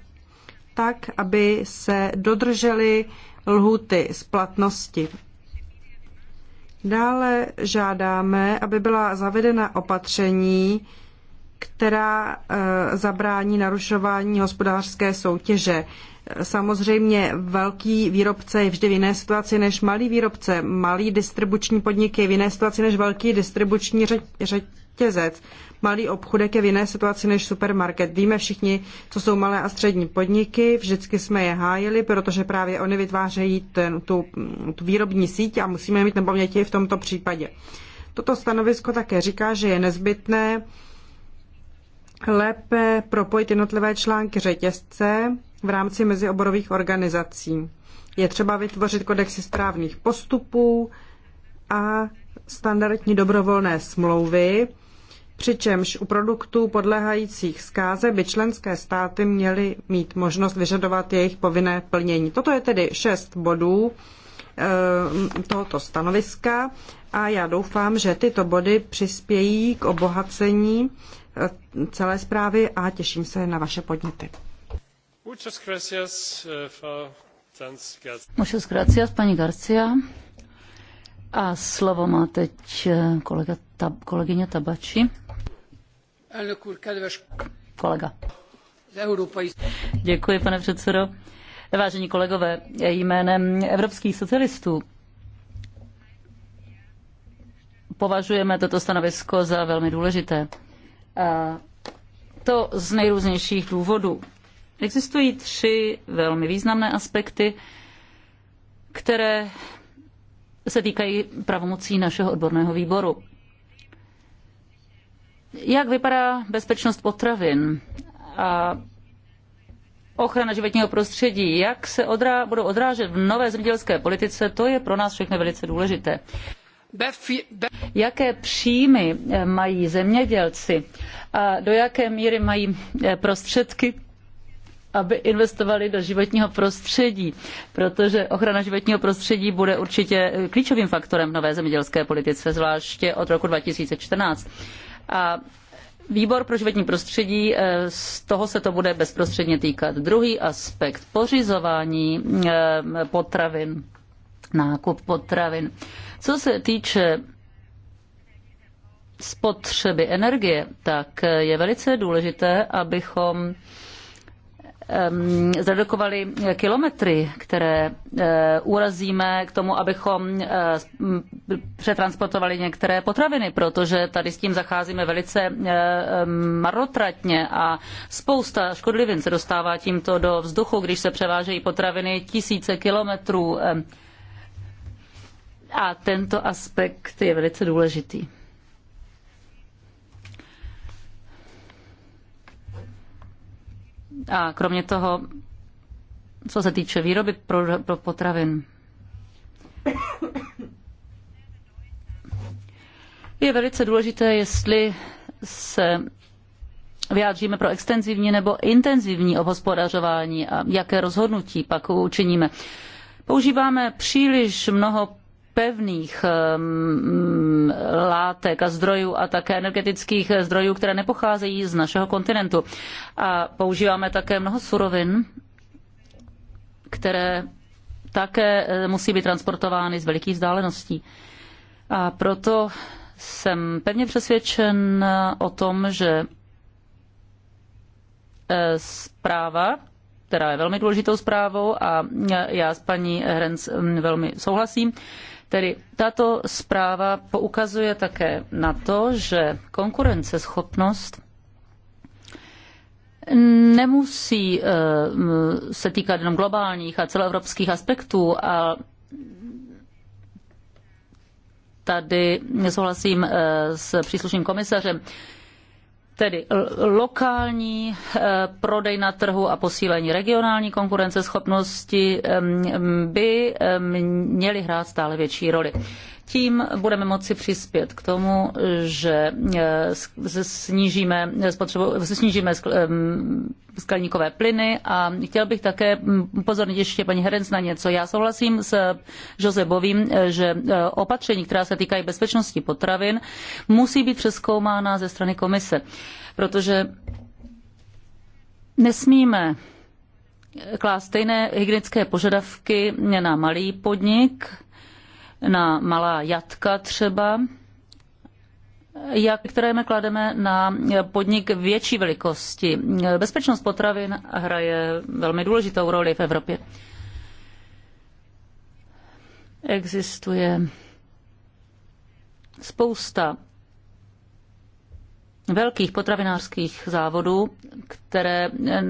tak, aby se dodržely lhuty splatnosti Dále žádáme, aby byla zavedena opatření, která eh, zabrání narušování hospodářské soutěže. Eh, samozřejmě velký výrobce je vždy v jiné situaci než malý výrobce. Malý distribuční podnik je v jiné situaci než velký distribuční řetěz řetězec. Malý obchůdek je v jiné situaci než supermarket. Víme všichni, co jsou malé a střední podniky, vždycky jsme je hájili, protože právě oni vytvářejí ten, tu, tu výrobní síť a musíme mít na paměti v tomto případě. Toto stanovisko také říká, že je nezbytné lépe propojit jednotlivé články řetězce v rámci mezioborových organizací. Je třeba vytvořit kodexy správných postupů a standardní dobrovolné smlouvy, přičemž u produktů podléhajících zkáze by členské státy měly mít možnost vyžadovat jejich povinné plnění. Toto je tedy šest bodů eh, tohoto stanoviska a já doufám, že tyto body přispějí k obohacení eh, celé zprávy a těším se na vaše podněty. Muchas gracias, eh, Muchas gracias, paní Garcia. A slovo má teď kolega, ta, kolegyně Tabači. Kolega. Děkuji, pane předsedo. Vážení kolegové, jménem evropských socialistů považujeme toto stanovisko za velmi důležité. A to z nejrůznějších důvodů. Existují tři velmi významné aspekty, které se týkají pravomocí našeho odborného výboru. Jak vypadá bezpečnost potravin a ochrana životního prostředí, jak se odrá, budou odrážet v nové zemědělské politice, to je pro nás všechny velice důležité. Jaké příjmy eh, mají zemědělci a do jaké míry mají eh, prostředky aby investovali do životního prostředí, protože ochrana životního prostředí bude určitě eh, klíčovým faktorem v nové zemědělské politice, zvláště od roku 2014. A Výbor pro životní prostředí, e, z toho se to bude bezprostředně týkat. Druhý aspekt, pořizování e, potravin, nákup potravin. Co se týče spotřeby energie, tak e, je velice důležité, abychom Ehm, zredukovali kilometry, které eh, urazíme k tomu, abychom eh, přetransportovali některé potraviny, protože tady s tím zacházíme velice eh, ehm, marotratně a spousta škodlivin se dostává tímto do vzduchu, když se převážejí potraviny tisíce kilometrů. Ehm, a tento aspekt je velice důležitý. A kromě toho, co se týče výroby pro, pro potravin, je velice důležité, jestli se vyjádříme pro extenzivní nebo intenzivní obhospodařování a jaké rozhodnutí pak učiníme. Používáme příliš mnoho pevných ehm, mm, látek a zdrojů a také energetických zdrojů, které nepocházejí z našeho kontinentu. A používáme také mnoho surovin, které také eh, musí být transportovány z velikých vzdáleností. A proto jsem pevně přesvědčen eh, o tom, že eh, zpráva, která je velmi důležitou zprávou a já s paní Hrenc mm, velmi souhlasím, Tedy tato zpráva poukazuje také na to, že konkurenceschopnost nemusí eh, se týkat jenom globálních a celoevropských aspektů, a tady souhlasím eh, s příslušným komisařem, Tedy lokální eh, prodej na trhu a posílení regionální konkurenceschopnosti by měly hrát stále větší roli. Tím budeme moci přispět k tomu, že eh, snížíme, spotřebu, snížíme eh, skleníkové plyny a chtěl bych také mm, upozornit ještě paní Herenc na něco. Já souhlasím s Josebovým, eh, že opatření, která se týkají bezpečnosti potravin, musí být přeskoumána ze strany komise, protože nesmíme klást stejné hygienické požadavky na malý podnik, na malá jatka třeba, jak, které my klademe na podnik větší velikosti. Bezpečnost potravin hraje velmi důležitou roli v Evropě. Existuje spousta velkých potravinářských závodů, které eh,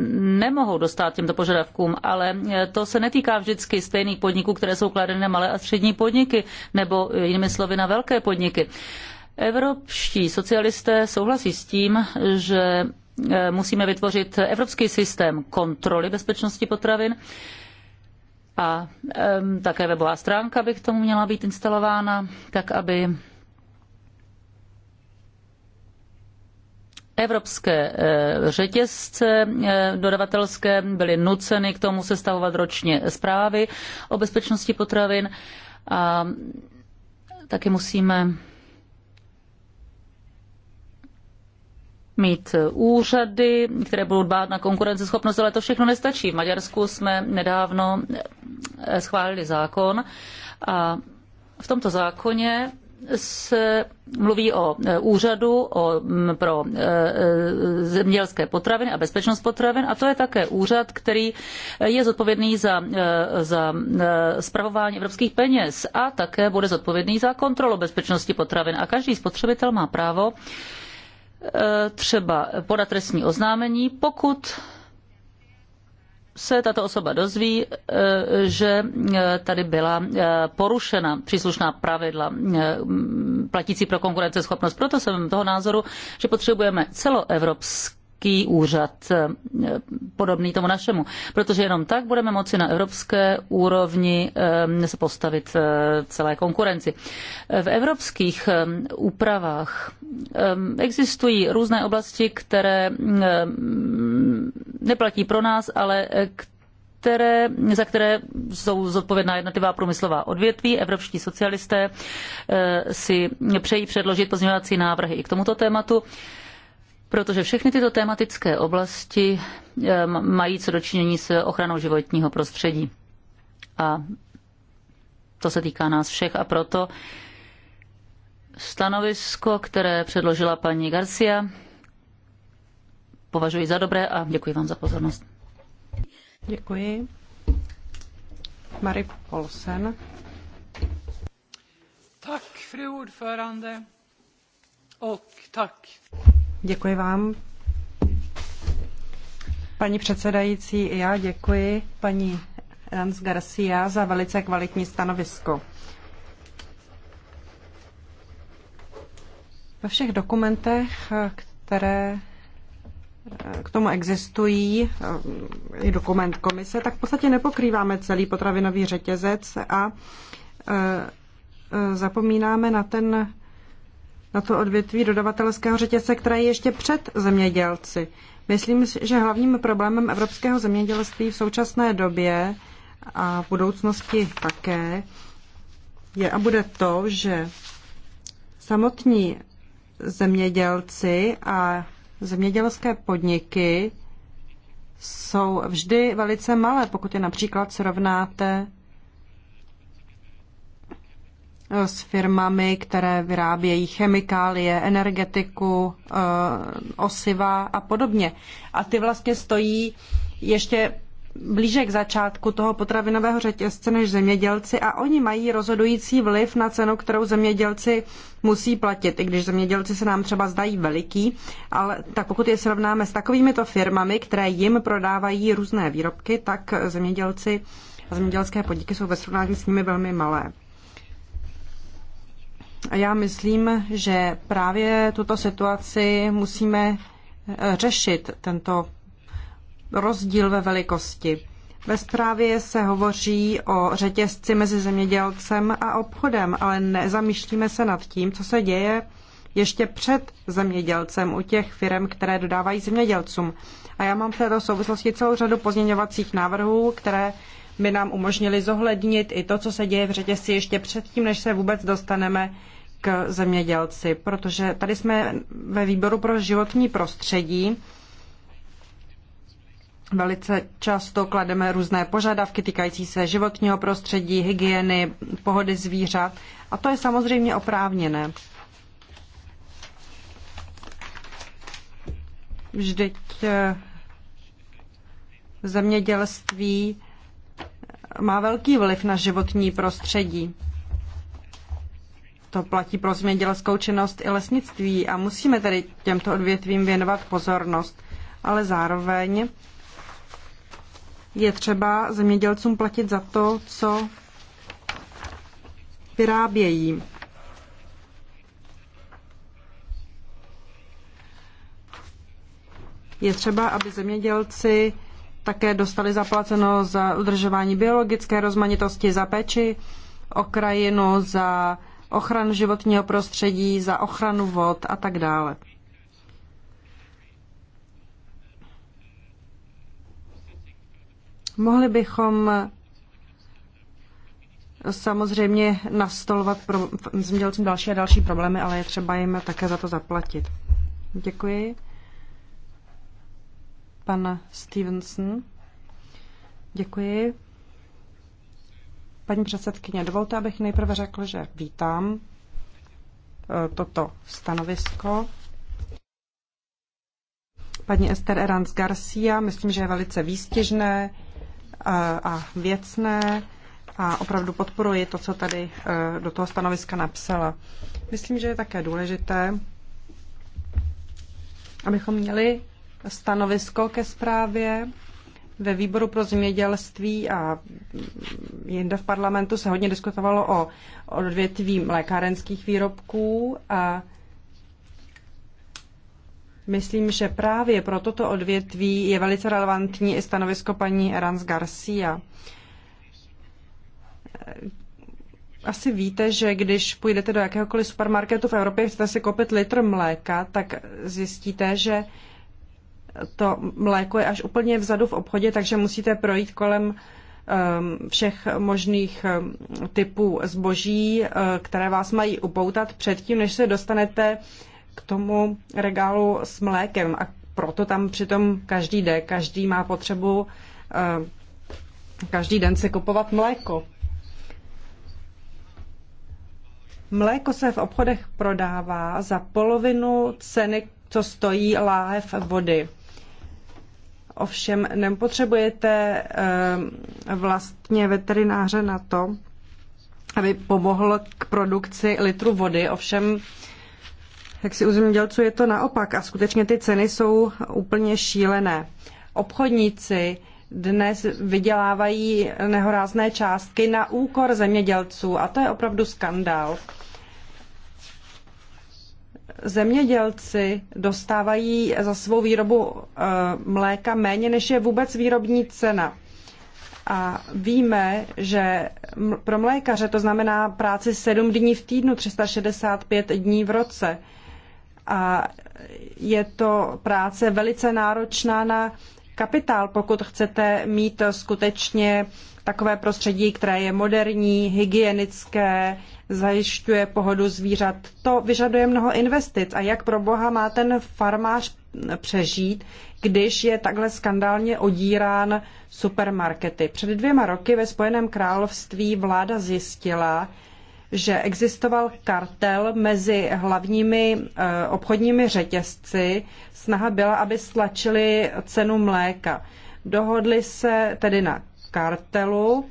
nemohou dostat těmto požadavkům, ale eh, to se netýká vždycky stejných podniků, které jsou kladeny na malé a střední podniky, nebo eh, jinými slovy na velké podniky. Evropští socialisté souhlasí s tím, že musíme vytvořit evropský systém kontroly bezpečnosti potravin a také webová stránka by k tomu měla být instalována, tak aby Evropské eh, řetězce eh, dodavatelské byly nuceny k tomu sestavovat ročně zprávy o bezpečnosti potravin a taky musíme mít úřady, které budou dbát na konkurenceschopnost, ale to všechno nestačí. V Maďarsku jsme nedávno schválili zákon a v tomto zákoně se mluví o e, úřadu o, pro e, e, zemědělské potraviny a bezpečnost potravin a to je také úřad, který je zodpovědný za, za spravování evropských peněz a také bude zodpovědný za kontrolu bezpečnosti potravin a každý spotřebitel má právo třeba podat trestní oznámení, pokud se tato osoba dozví, eh, že eh, tady byla eh, porušena příslušná pravidla platící pro konkurenceschopnost. Proto jsem toho názoru, že potřebujeme celoevropské nějaký úřad eh, podobný tomu našemu. Protože jenom tak budeme moci na evropské úrovni eh, se postavit eh, celé konkurenci. V evropských úpravách existují různé oblasti, které neplatí pro nás, ale které, za které jsou zodpovědná jednotlivá průmyslová odvětví. Evropští socialisté si přejí předložit pozměňovací návrhy i k tomuto tématu protože všechny tyto tematické oblasti mají co dočinění s ochranou životního prostředí. A to se týká nás všech a proto stanovisko, které předložila paní Garcia, považuji za dobré a děkuji vám za pozornost. Děkuji. Marie Polsen. Tak, fru ordförande. Och tack. Děkuji vám. Paní předsedající, i já děkuji paní Rans Garcia za velice kvalitní stanovisko. Ve všech dokumentech, které eh, k tomu existují, eh, i dokument komise, tak v podstatě nepokrýváme celý potravinový řetězec a eh, zapomínáme na ten na to odvětví dodavatelského řetězce, které je ještě před zemědělci. Myslím, že hlavním problémem evropského zemědělství v současné době a v budoucnosti také je a bude to, že samotní zemědělci a zemědělské podniky jsou vždy velice malé, pokud je například srovnáte s firmami, které vyrábějí chemikálie, energetiku, eh, osiva a podobně. A ty vlastně stojí ještě blíže k začátku toho potravinového řetězce než zemědělci a oni mají rozhodující vliv na cenu, kterou zemědělci musí platit. I když zemědělci se nám třeba zdají veliký, ale tak pokud je srovnáme s takovýmito firmami, které jim prodávají různé výrobky, tak zemědělci a zemědělské podniky jsou ve srovnání s nimi velmi malé. A já myslím, že právě tuto situaci musíme eh, řešit, tento rozdíl ve velikosti. Ve zprávě se hovoří o řetězci mezi zemědělcem a obchodem, ale nezamýšlíme se nad tím, co se děje ještě před zemědělcem u těch firm, které dodávají zemědělcům. A já mám v této souvislosti celou řadu pozměňovacích návrhů, které by nám umožnili zohlednit i to, co se děje v řetězci ještě předtím, než se vůbec dostaneme k zemědělci, protože tady jsme ve výboru pro životní prostředí. Velice často klademe různé požadavky týkající se životního prostředí, hygieny, pohody zvířat a to je samozřejmě oprávněné. Vždyť eh, zemědělství má velký vliv na životní prostředí. To platí pro zemědělskou činnost i lesnictví a musíme tedy těmto odvětvím věnovat pozornost, ale zároveň je třeba zemědělcům platit za to, co vyrábějí. Je třeba, aby zemědělci také dostali zaplaceno za udržování biologické rozmanitosti, za péči o krajinu, za ochranu životního prostředí, za ochranu vod a tak dále. Mohli bychom samozřejmě nastolovat pro zemědělcům další a další problémy, ale je třeba jim také za to zaplatit. Děkuji pan Stevenson. Děkuji. Paní předsedkyně, dovolte, abych nejprve řekl, že vítám eh, toto stanovisko. Paní Esther Erans Garcia, myslím, že je velice výstěžné eh, a věcné a opravdu podporuji to, co tady eh, do toho stanoviska napsala. Myslím, že je také důležité, abychom měli stanovisko ke zprávě. Ve výboru pro zemědělství a jinde v parlamentu se hodně diskutovalo o odvětví lékárenských výrobků a Myslím, že právě pro toto odvětví je velice relevantní i stanovisko paní Erans Garcia. Asi víte, že když půjdete do jakéhokoliv supermarketu v Evropě, chcete si koupit litr mléka, tak zjistíte, že to mléko je až úplně vzadu v obchodě, takže musíte projít kolem um, všech možných um, typů zboží, uh, které vás mají upoutat předtím, než se dostanete k tomu regálu s mlékem. A proto tam přitom každý jde, každý má potřebu uh, každý den si kupovat mléko. Mléko se v obchodech prodává za polovinu ceny, co stojí láhev vody. Ovšem nepotřebujete ehm, vlastně veterináře na to, aby pomohl k produkci litru vody. Ovšem, jak si u zemědělců je to naopak a skutečně ty ceny jsou úplně šílené. Obchodníci dnes vydělávají nehorázné částky na úkor zemědělců a to je opravdu skandál zemědělci dostávají za svou výrobu eh, mléka méně, než je vůbec výrobní cena. A víme, že pro mlékaře to znamená práci 7 dní v týdnu, 365 dní v roce. A je to práce velice náročná na kapitál, pokud chcete mít skutečně takové prostředí, které je moderní, hygienické, zajišťuje pohodu zvířat. To vyžaduje mnoho investic. A jak pro boha má ten farmář přežít, když je takhle skandálně odírán supermarkety? Před dvěma roky ve Spojeném království vláda zjistila, že existoval kartel mezi hlavními eh, obchodními řetězci. Snaha byla, aby stlačili cenu mléka. Dohodli se tedy na kartelu,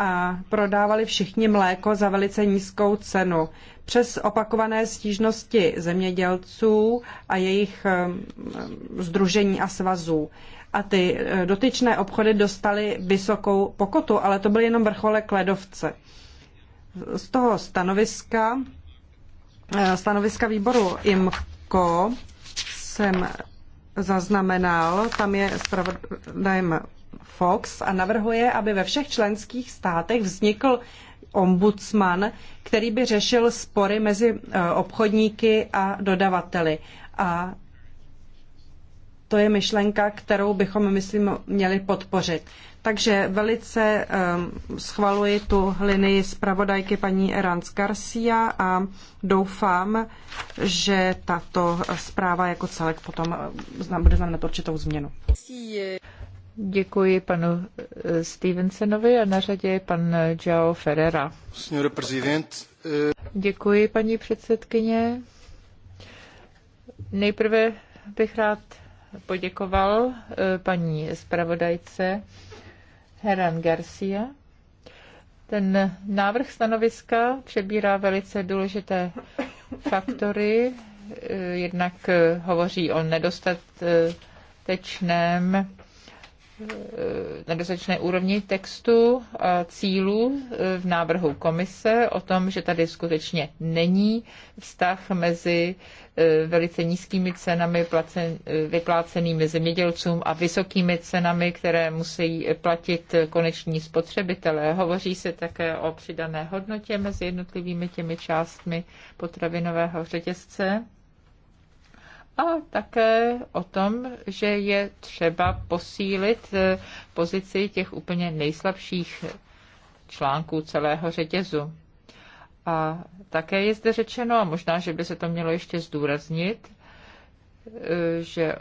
a prodávali všichni mléko za velice nízkou cenu. Přes opakované stížnosti zemědělců a jejich združení a svazů. A ty e, dotyčné obchody dostaly vysokou pokotu, ale to byl jenom vrcholek ledovce. Z toho stanoviska, e, stanoviska výboru IMKO jsem zaznamenal, tam je spravodajem Fox a navrhuje, aby ve všech členských státech vznikl ombudsman, který by řešil spory mezi e, obchodníky a dodavateli. A to je myšlenka, kterou bychom, myslím, měli podpořit. Takže velice schvaluji tu linii zpravodajky paní Erans Garcia a doufám, že tato zpráva jako celek potom e, bude znamenat určitou změnu. Děkuji panu eh, Stevensonovi a na řadě je pan eh, João Ferreira. Eh, Děkuji, paní předsedkyně. Nejprve bych rád poděkoval paní zpravodajce Heran Garcia. Ten návrh stanoviska přebírá velice důležité faktory. Jednak hovoří o nedostatečném Eh, na dostatečné úrovni textu a cílů eh, v návrhu komise o tom, že tady skutečně není vztah mezi eh, velice nízkými cenami placen, vyplácenými zemědělcům a vysokými cenami, které musí platit koneční spotřebitelé. Hovoří se také o přidané hodnotě mezi jednotlivými těmi částmi potravinového řetězce a také o tom, že je třeba posílit eh, pozici těch úplně nejslabších článků celého řetězu. A také je zde řečeno, a možná, že by se to mělo ještě zdůraznit, eh, že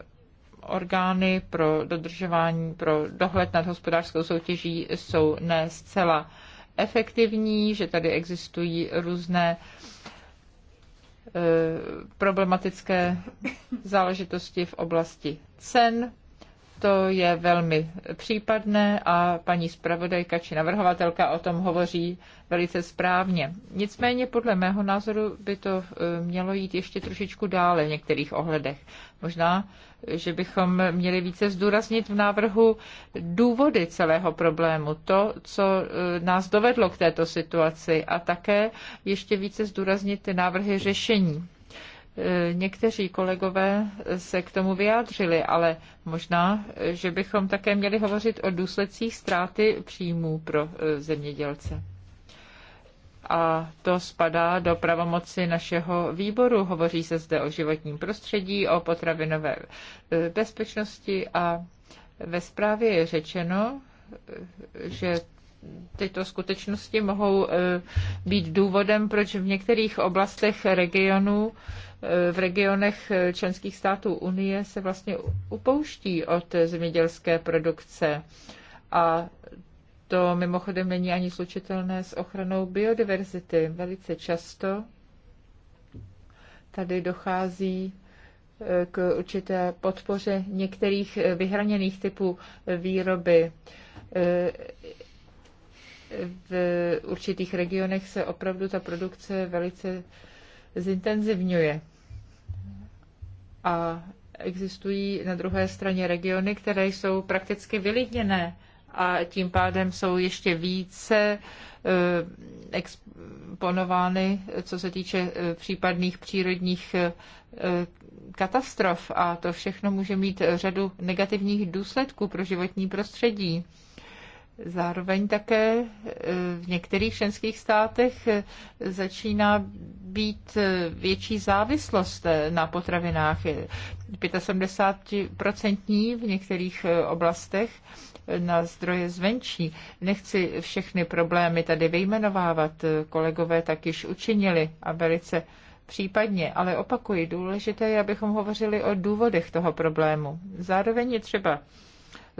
orgány pro dodržování, pro dohled nad hospodářskou soutěží jsou ne zcela efektivní, že tady existují různé Eh, problematické záležitosti v oblasti cen to je velmi případné a paní zpravodajka či navrhovatelka o tom hovoří velice správně. Nicméně podle mého názoru by to e, mělo jít ještě trošičku dále v některých ohledech. Možná, že bychom měli více zdůraznit v návrhu důvody celého problému, to, co e, nás dovedlo k této situaci a také ještě více zdůraznit ty návrhy řešení. Eh, někteří kolegové se k tomu vyjádřili, ale možná, eh, že bychom také měli hovořit o důsledcích ztráty příjmů pro eh, zemědělce. A to spadá do pravomoci našeho výboru. Hovoří se zde o životním prostředí, o potravinové bezpečnosti a ve zprávě je řečeno, že tyto skutečnosti mohou být důvodem, proč v některých oblastech regionu v regionech členských států Unie se vlastně upouští od zemědělské produkce a to mimochodem není ani slučitelné s ochranou biodiverzity. Velice často tady dochází eh, k určité podpoře některých vyhraněných typů výroby. Eh, v určitých regionech se opravdu ta produkce velice zintenzivňuje. A existují na druhé straně regiony, které jsou prakticky vylidněné a tím pádem jsou ještě více e, exponovány, co se týče e, případných přírodních e, katastrof. A to všechno může mít řadu negativních důsledků pro životní prostředí. Zároveň také e, v některých členských státech e, začíná být e, větší závislost na potravinách, 75% v některých oblastech na zdroje zvenčí. Nechci všechny problémy tady vyjmenovávat, kolegové tak již učinili a velice případně, ale opakuji, důležité je, abychom hovořili o důvodech toho problému. Zároveň je třeba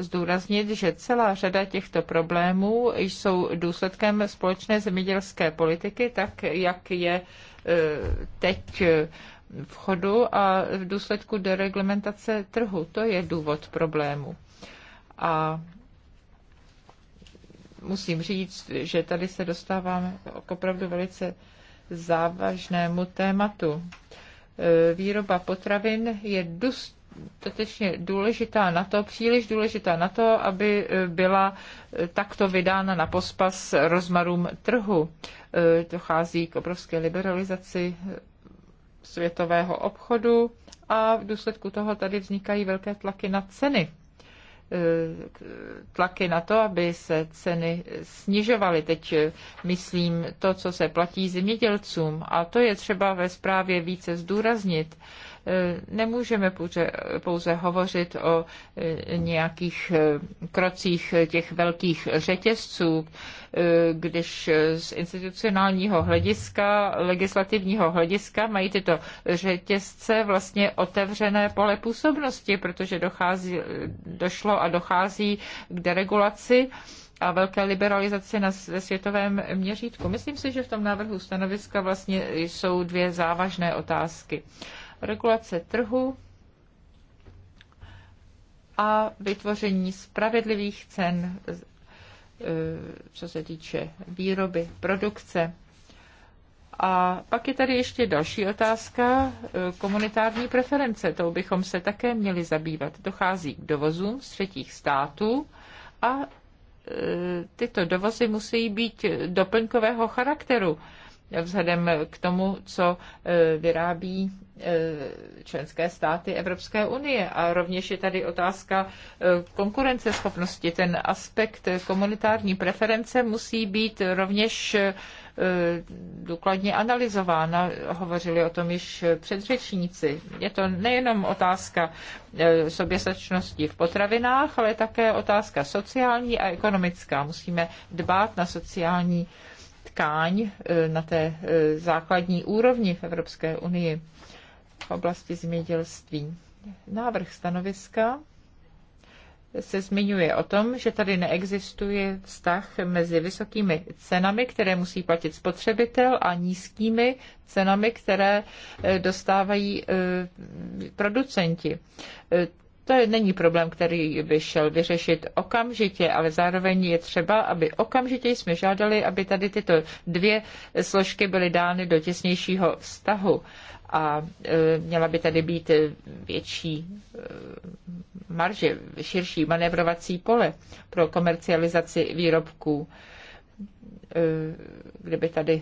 zdůraznit, že celá řada těchto problémů jsou důsledkem společné zemědělské politiky, tak jak je e, teď e, v chodu a v důsledku dereglementace trhu. To je důvod problému. A musím říct, že tady se dostáváme k opravdu velice závažnému tématu. E, výroba potravin je dost dostatečně důležitá na to, příliš důležitá na to, aby eh, byla eh, takto vydána na pospas rozmarům trhu. Eh, dochází k obrovské liberalizaci světového obchodu a v důsledku toho tady vznikají velké tlaky na ceny tlaky na to, aby se ceny snižovaly. Teď myslím to, co se platí zemědělcům a to je třeba ve zprávě více zdůraznit. Eh, nemůžeme pouze, pouze hovořit o eh, nějakých eh, krocích těch velkých řetězců, když z institucionálního hlediska, legislativního hlediska mají tyto řetězce vlastně otevřené pole působnosti, protože dochází, došlo a dochází k deregulaci a velké liberalizaci na, světovém měřítku. Myslím si, že v tom návrhu stanoviska vlastně jsou dvě závažné otázky regulace trhu a vytvoření spravedlivých cen, eh, co se týče výroby, produkce. A pak je tady ještě další otázka, eh, komunitární preference. Tou bychom se také měli zabývat. Dochází k dovozům z třetích států a eh, tyto dovozy musí být doplňkového charakteru vzhledem k tomu, co e, vyrábí e, členské státy Evropské unie. A rovněž je tady otázka e, konkurenceschopnosti. Ten aspekt komunitární preference musí být rovněž důkladně analyzována. Hovořili o tom již předřečníci. Je to nejenom otázka soběstačnosti v potravinách, ale také otázka sociální a ekonomická. Musíme dbát na sociální tkáň e, na té e, základní úrovni v Evropské unii v oblasti zemědělství. Návrh stanoviska se zmiňuje o tom, že tady neexistuje vztah mezi vysokými cenami, které musí platit spotřebitel, a nízkými cenami, které e, dostávají producenti. To není problém, který by šel vyřešit okamžitě, ale zároveň je třeba, aby okamžitě jsme žádali, aby tady tyto dvě složky byly dány do těsnějšího vztahu a e, měla by tady být větší e, marže, širší manévrovací pole pro komercializaci výrobků, e, kdyby tady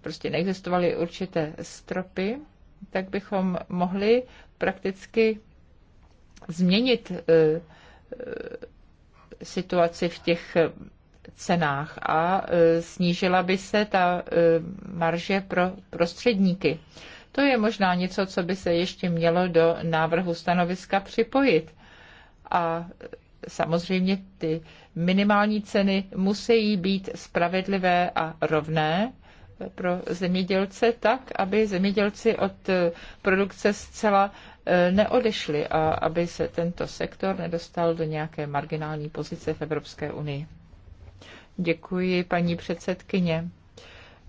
prostě neexistovaly určité stropy, tak bychom mohli prakticky změnit eh, eh, situaci v těch eh, cenách a snížila by se ta marže pro prostředníky. To je možná něco, co by se ještě mělo do návrhu stanoviska připojit. A samozřejmě ty minimální ceny musí být spravedlivé a rovné pro zemědělce tak, aby zemědělci od produkce zcela E, neodešly a aby se tento sektor nedostal do nějaké marginální pozice v Evropské unii. Děkuji, paní předsedkyně.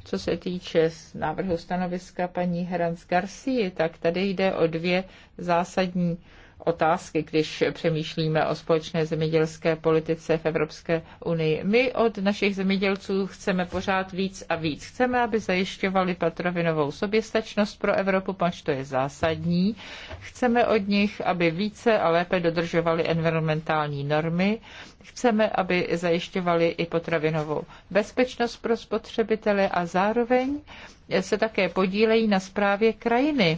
Co se týče návrhu stanoviska paní Herans Garcia, tak tady jde o dvě zásadní otázky, když přemýšlíme o společné zemědělské politice v Evropské unii. My od našich zemědělců chceme pořád víc a víc. Chceme, aby zajišťovali patrovinovou soběstačnost pro Evropu, pač to je zásadní. Chceme od nich, aby více a lépe dodržovali environmentální normy. Chceme, aby zajišťovali i potravinovou bezpečnost pro spotřebitele a zároveň se také podílejí na správě krajiny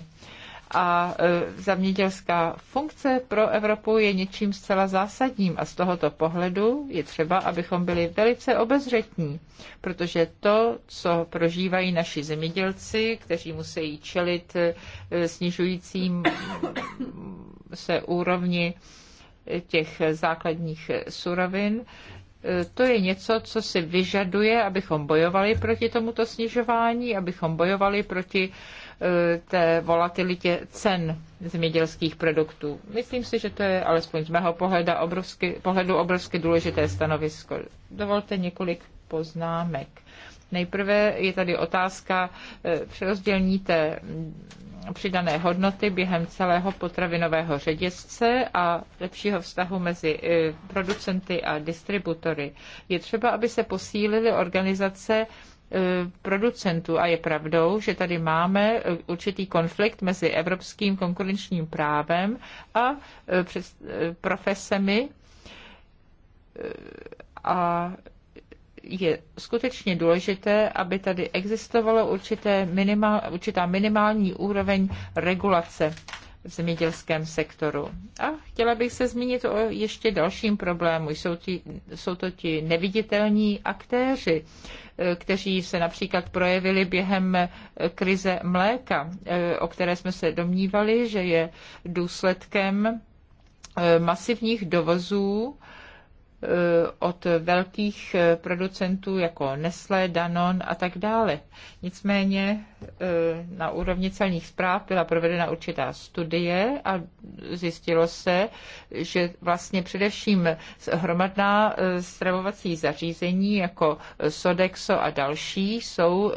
a e, zemědělská funkce pro Evropu je něčím zcela zásadním a z tohoto pohledu je třeba, abychom byli velice obezřetní, protože to, co prožívají naši zemědělci, kteří musí čelit e, snižujícím se úrovni těch základních surovin, e, to je něco, co si vyžaduje, abychom bojovali proti tomuto snižování, abychom bojovali proti uh, Eh, té volatilitě cen zemědělských produktů. Myslím si, že to je alespoň z mého pohledu obrovsky, pohledu obrovsky důležité stanovisko. Dovolte několik poznámek. Nejprve je tady otázka, eh, přerozdělní té přidané hodnoty během celého potravinového řetězce a lepšího vztahu mezi eh, producenty a distributory. Je třeba, aby se posílily organizace Eh, producentů. A je pravdou, že tady máme eh, určitý konflikt mezi evropským konkurenčním právem a eh, profesemi. A je skutečně důležité, aby tady existovalo minimál, určitá minimální úroveň regulace v zemědělském sektoru. A chtěla bych se zmínit o ještě dalším problému. Jsou, ti, jsou to ti neviditelní aktéři, kteří se například projevili během eh, krize mléka, eh, o které jsme se domnívali, že je důsledkem eh, masivních dovozů Eh, od velkých eh, producentů jako Nestlé, Danon a tak dále. Nicméně eh, na úrovni celních zpráv byla provedena určitá studie a zjistilo se, že vlastně především hromadná stravovací zařízení jako Sodexo a další jsou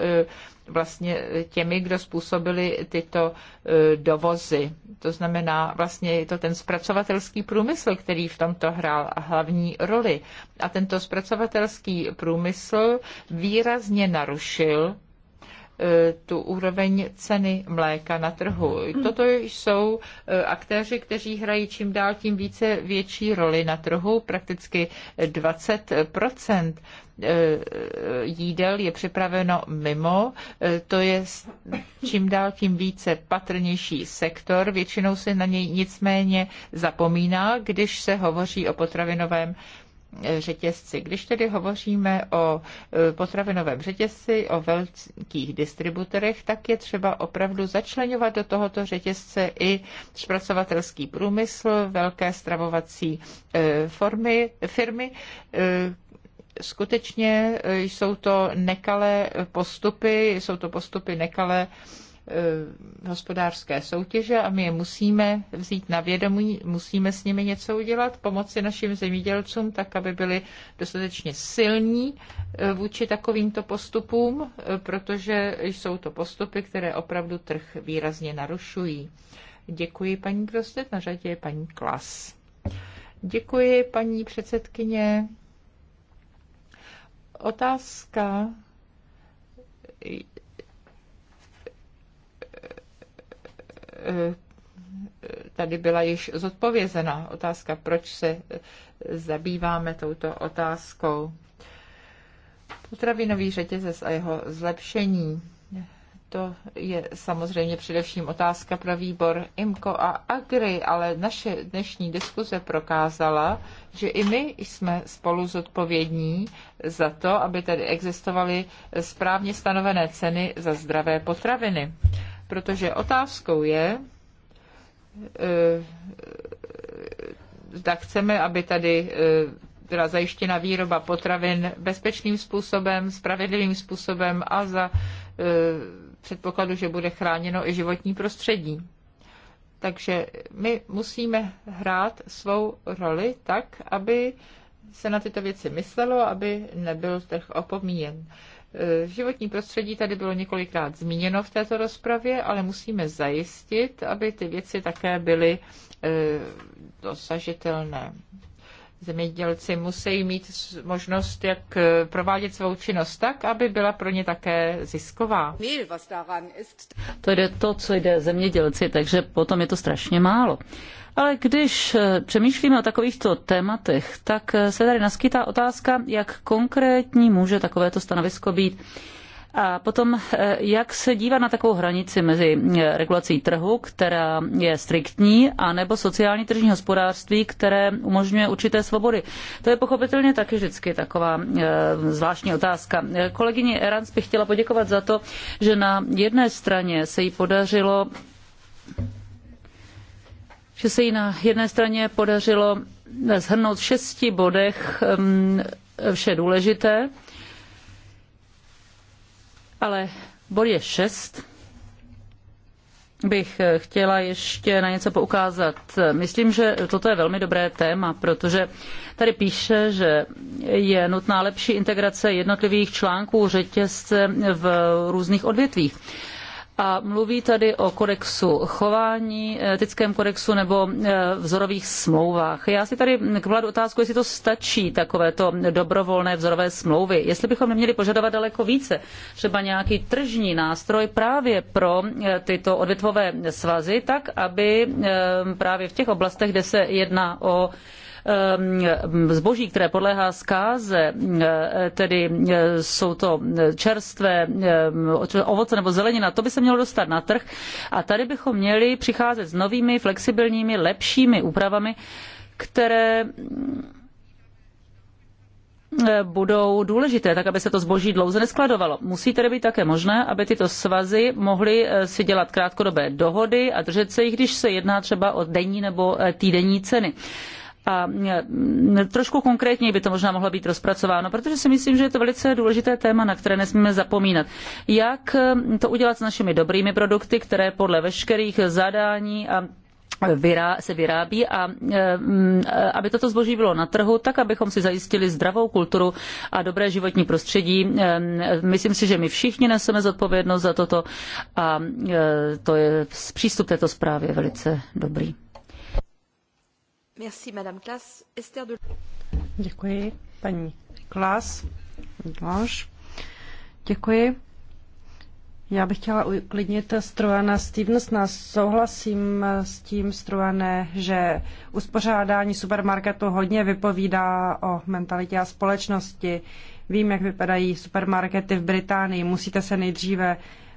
vlastně těmi, kdo způsobili tyto e, dovozy. To znamená, vlastně je to ten zpracovatelský průmysl, který v tomto hrál hlavní roli. A tento zpracovatelský průmysl výrazně narušil Eh, tu úroveň ceny mléka na trhu. Toto jsou eh, aktéři, kteří hrají čím dál tím více větší roli na trhu, prakticky 20 eh, jídel je připraveno mimo. To je čím dál tím více patrnější sektor. Většinou se na něj nicméně zapomíná, když se hovoří o potravinovém řetězci. Když tedy hovoříme o e, potravinovém řetězci, o velkých distributorech, tak je třeba opravdu začlenovat do tohoto řetězce i zpracovatelský průmysl, velké stravovací e, formy, firmy, e, skutečně jsou to nekalé postupy, jsou to postupy nekalé Eh, hospodářské soutěže a my je musíme vzít na vědomí, musíme s nimi něco udělat, pomoci našim zemědělcům tak, aby byli dostatečně silní eh, vůči takovýmto postupům, eh, protože jsou to postupy, které opravdu trh výrazně narušují. Děkuji paní Krostet, na řadě je paní Klas. Děkuji paní předsedkyně. Otázka Eh, tady byla již zodpovězena otázka, proč se eh, zabýváme touto otázkou. Potravinový řetězec a jeho zlepšení. To je samozřejmě především otázka pro výbor IMCO a AGRI, ale naše dnešní diskuze prokázala, že i my jsme spolu zodpovědní za to, aby tady existovaly správně stanovené ceny za zdravé potraviny. Protože otázkou je, eh, zda chceme, aby tady eh, byla zajištěna výroba potravin bezpečným způsobem, spravedlivým způsobem a za eh, předpokladu, že bude chráněno i životní prostředí. Takže my musíme hrát svou roli tak, aby se na tyto věci myslelo, aby nebyl trh opomíjen. Eh, životní prostředí tady bylo několikrát zmíněno v této rozpravě, ale musíme zajistit, aby ty věci také byly eh, dosažitelné. Zemědělci musí mít možnost, jak eh, provádět svou činnost tak, aby byla pro ně také zisková. To jde to, co jde zemědělci, takže potom je to strašně málo. Ale když eh, přemýšlíme o takovýchto tématech, tak eh, se tady naskytá otázka, jak konkrétní může takovéto stanovisko být. A potom, eh, jak se dívat na takovou hranici mezi eh, regulací trhu, která je striktní, a nebo sociální tržní hospodářství, které umožňuje určité svobody. To je pochopitelně taky vždycky taková eh, zvláštní otázka. Kolegyně Erans bych chtěla poděkovat za to, že na jedné straně se jí podařilo že se jí na jedné straně podařilo zhrnout v šesti bodech mm, vše důležité, ale bod je šest. bych eh, chtěla ještě na něco poukázat. Myslím, že toto je velmi dobré téma, protože tady píše, že je nutná lepší integrace jednotlivých článků řetězce v různých odvětvích a mluví tady o kodexu chování, etickém kodexu nebo eh, vzorových smlouvách. Já si tady kladu otázku, jestli to stačí, takovéto dobrovolné vzorové smlouvy. Jestli bychom neměli požadovat daleko více, třeba nějaký tržní nástroj právě pro eh, tyto odvětvové svazy, tak aby eh, právě v těch oblastech, kde se jedná o Ehm, zboží, které podléhá zkáze, eh, tedy eh, jsou to čerstvé ehm, ovoce nebo zelenina, to by se mělo dostat na trh a tady bychom měli přicházet s novými, flexibilními, lepšími úpravami, které eh, budou důležité, tak aby se to zboží dlouze neskladovalo. Musí tedy být také možné, aby tyto svazy mohly si dělat krátkodobé dohody a držet se jich, když se jedná třeba o denní nebo týdenní ceny. A e, trošku konkrétněji by to možná mohlo být rozpracováno, protože si myslím, že je to velice důležité téma, na které nesmíme zapomínat. Jak e, to udělat s našimi dobrými produkty, které podle veškerých zadání a se vyrábí a e, aby toto zboží bylo na trhu, tak abychom si zajistili zdravou kulturu a dobré životní prostředí. Myslím si, že my všichni neseme zodpovědnost za toto a to je přístup této zprávy je velice dobrý. Děkuji, paní Klas. Děkuji. Já bych chtěla uklidnit Struana Stevensona. Souhlasím s tím, Struane, že uspořádání supermarketu hodně vypovídá o mentalitě a společnosti. Vím, jak vypadají supermarkety v Británii. Musíte se nejdříve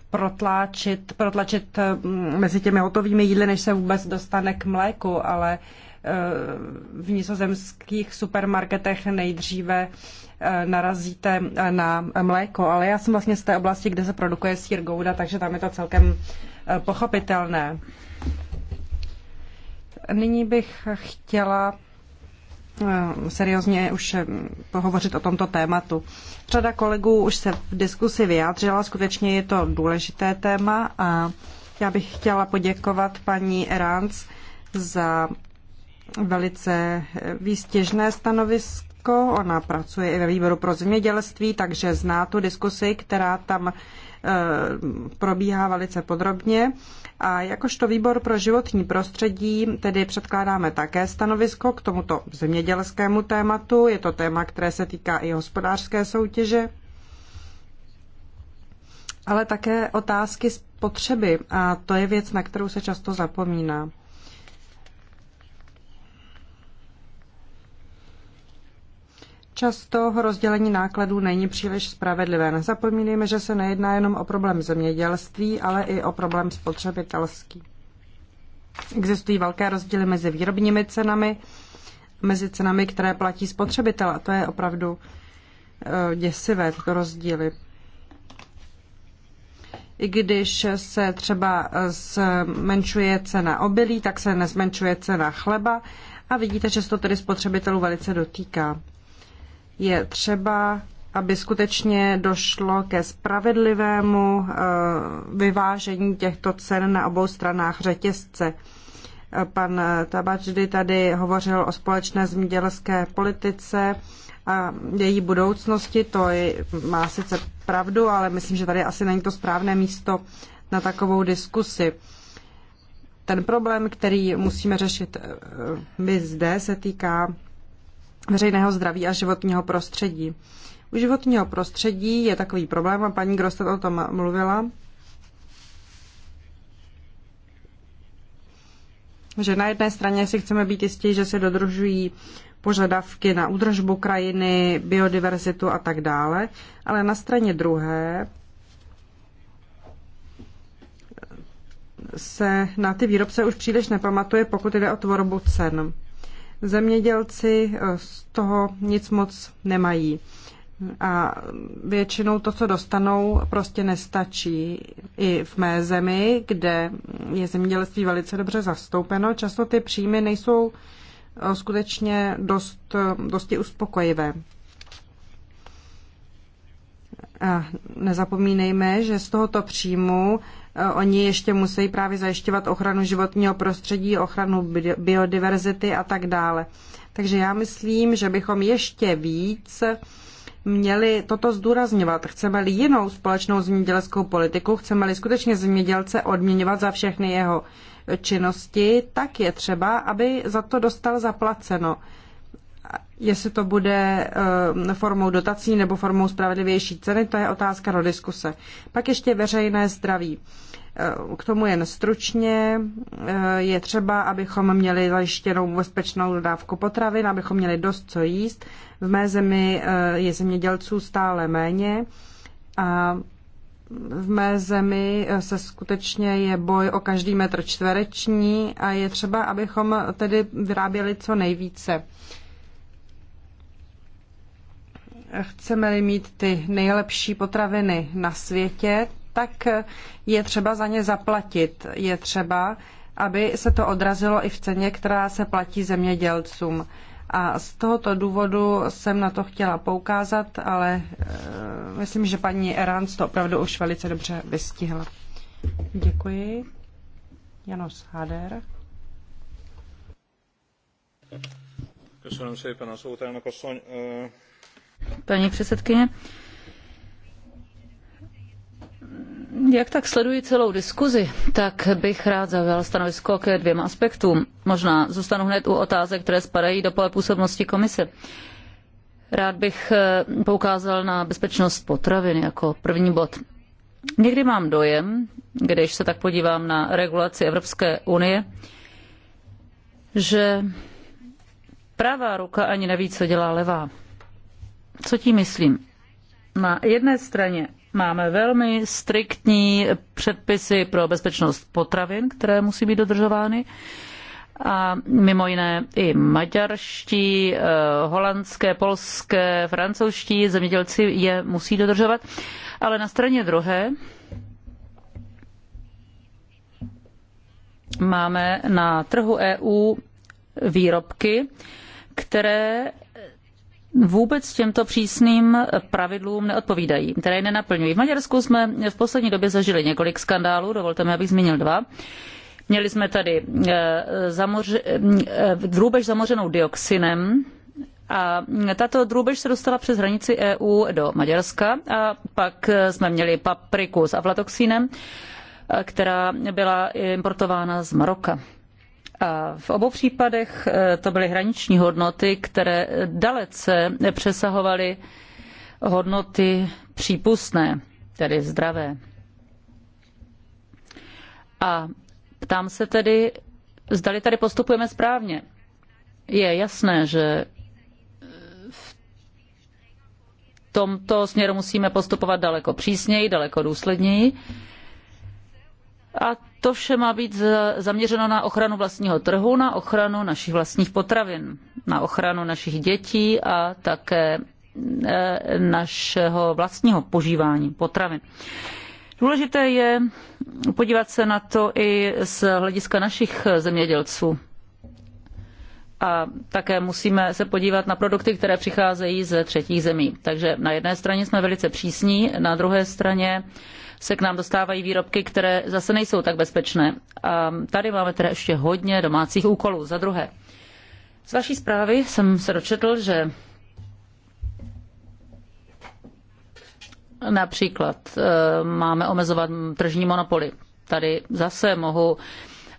protlačit, protlačit mm, mezi těmi hotovými jídly, než se vůbec dostane k mléku, ale uh, v nizozemských supermarketech nejdříve eh, narazíte eh, na mléko, ale já jsem vlastně z té oblasti, kde se produkuje sír gouda, takže tam je to celkem eh, pochopitelné. Nyní bych chtěla seriózně už pohovořit o tomto tématu. Řada kolegů už se v diskusi vyjádřila, skutečně je to důležité téma a já bych chtěla poděkovat paní Erans za velice eh, výstěžné stanovisko. Ona pracuje i ve výboru pro zemědělství, takže zná tu diskusi, která tam eh, probíhá velice podrobně. A jakožto výbor pro životní prostředí tedy předkládáme také stanovisko k tomuto zemědělskému tématu. Je to téma, které se týká i hospodářské soutěže, ale také otázky spotřeby. A to je věc, na kterou se často zapomíná. Často rozdělení nákladů není příliš spravedlivé. Nezapomínejme, že se nejedná jenom o problém zemědělství, ale i o problém spotřebitelský. Existují velké rozdíly mezi výrobními cenami, mezi cenami, které platí spotřebitel. A to je opravdu eh, děsivé, tyto rozdíly. I když se třeba eh, zmenšuje cena obilí, tak se nezmenšuje cena chleba a vidíte, že se to tedy spotřebitelů velice dotýká. Je třeba, aby skutečně došlo ke spravedlivému eh, vyvážení těchto cen na obou stranách řetězce. Pan Tabačdy tady hovořil o společné zemědělské politice a její budoucnosti. To je, má sice pravdu, ale myslím, že tady asi není to správné místo na takovou diskusi. Ten problém, který musíme řešit eh, my zde, se týká veřejného zdraví a životního prostředí. U životního prostředí je takový problém, a paní Grostet o tom mluvila, že na jedné straně si chceme být jistí, že se dodržují požadavky na údržbu krajiny, biodiverzitu a tak dále, ale na straně druhé se na ty výrobce už příliš nepamatuje, pokud jde o tvorbu cen zemědělci eh, z toho nic moc nemají. A většinou to, co dostanou, prostě nestačí. I v mé zemi, kde je zemědělství velice dobře zastoupeno, často ty příjmy nejsou eh, skutečně dost, eh, dosti uspokojivé. A nezapomínejme, že z tohoto příjmu E, oni ještě musí právě zajišťovat ochranu životního prostředí, ochranu biodiverzity a tak dále. Takže já myslím, že bychom ještě víc měli toto zdůrazňovat. Chceme-li jinou společnou zemědělskou politiku, chceme-li skutečně zemědělce odměňovat za všechny jeho činnosti, tak je třeba, aby za to dostal zaplaceno. Jestli to bude eh, formou dotací nebo formou spravedlivější ceny, to je otázka do diskuse. Pak ještě veřejné zdraví. Eh, k tomu jen stručně eh, je třeba, abychom měli zajištěnou bezpečnou dodávku potravin, abychom měli dost co jíst. V mé zemi je zemědělců stále méně a v mé zemi se skutečně je boj o každý metr čtvereční a je třeba, abychom tedy vyráběli co nejvíce chceme-li mít ty nejlepší potraviny na světě, tak je třeba za ně zaplatit. Je třeba, aby se to odrazilo i v ceně, která se platí zemědělcům. A z tohoto důvodu jsem na to chtěla poukázat, ale eh, myslím, že paní Eranc to opravdu už velice dobře vystihla. Děkuji. Janos Hader. Köszönöm szépen a szót, elnök asszony. Eh, Paní předsedkyně, jak tak sleduji celou diskuzi, tak bych rád zavěl stanovisko ke dvěma aspektům. Možná zůstanu hned u otázek, které spadají do pole působnosti komise. Rád bych eh, poukázal na bezpečnost potravin jako první bod. Někdy mám dojem, když se tak podívám na regulaci Evropské unie, že pravá ruka ani neví, co dělá levá. Co tím myslím? Na jedné straně máme velmi striktní předpisy pro bezpečnost potravin, které musí být dodržovány. A mimo jiné i maďarští, eh, holandské, polské, francouzští zemědělci je musí dodržovat. Ale na straně druhé máme na trhu EU výrobky, které vůbec těmto přísným pravidlům neodpovídají, které je nenaplňují. V Maďarsku jsme v poslední době zažili několik skandálů, dovolte mi, abych zmínil dva. Měli jsme tady eh, zamoře, eh, drůbež zamořenou dioxinem, a tato drůbež se dostala přes hranici EU do Maďarska a pak eh, jsme měli papriku s aflatoxinem, která byla importována z Maroka v obou případech eh, to byly hraniční hodnoty, které dalece přesahovaly hodnoty přípustné, tedy zdravé. A ptám se tedy, zdali tady postupujeme správně. Je jasné, že v tomto směru musíme postupovat daleko přísněji, daleko důsledněji. A to vše má být zaměřeno na ochranu vlastního trhu, na ochranu našich vlastních potravin, na ochranu našich dětí a také eh, našeho vlastního požívání potravin. Důležité je podívat se na to i z hlediska našich zemědělců. A také musíme se podívat na produkty, které přicházejí ze třetích zemí. Takže na jedné straně jsme velice přísní, na druhé straně se k nám dostávají výrobky, které zase nejsou tak bezpečné. A tady máme tedy ještě hodně domácích úkolů. Za druhé, z vaší zprávy jsem se dočetl, že například eh, máme omezovat tržní monopoly. Tady zase mohu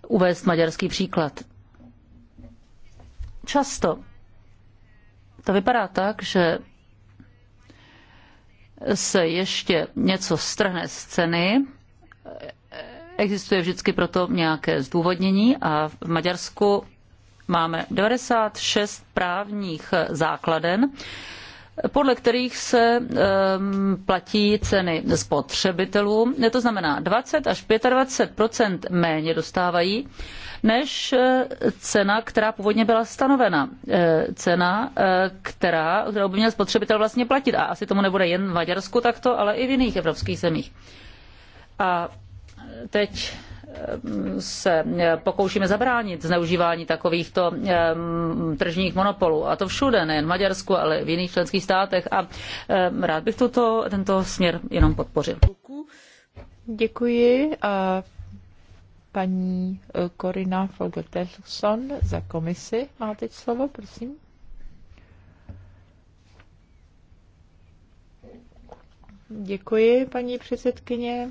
uvést maďarský příklad. Často to vypadá tak, že se ještě něco strhne z ceny, existuje vždycky proto nějaké zdůvodnění a v Maďarsku máme 96 právních základen, podle kterých se platí ceny spotřebitelům. To znamená, 20 až 25 méně dostávají než e, cena, která původně byla stanovena. E, cena, e, která, kterou by měl spotřebitel vlastně platit. A asi tomu nebude jen v Maďarsku takto, ale i v jiných evropských zemích. A teď se eh, pokoušíme zabránit zneužívání takovýchto eh, tržních monopolů. A to všude, nejen v Maďarsku, ale v jiných členských státech. A eh, rád bych tuto, tento směr jenom podpořil. Děkuji. A paní Korina Fogelterson za komisi má teď slovo, prosím. Děkuji, paní předsedkyně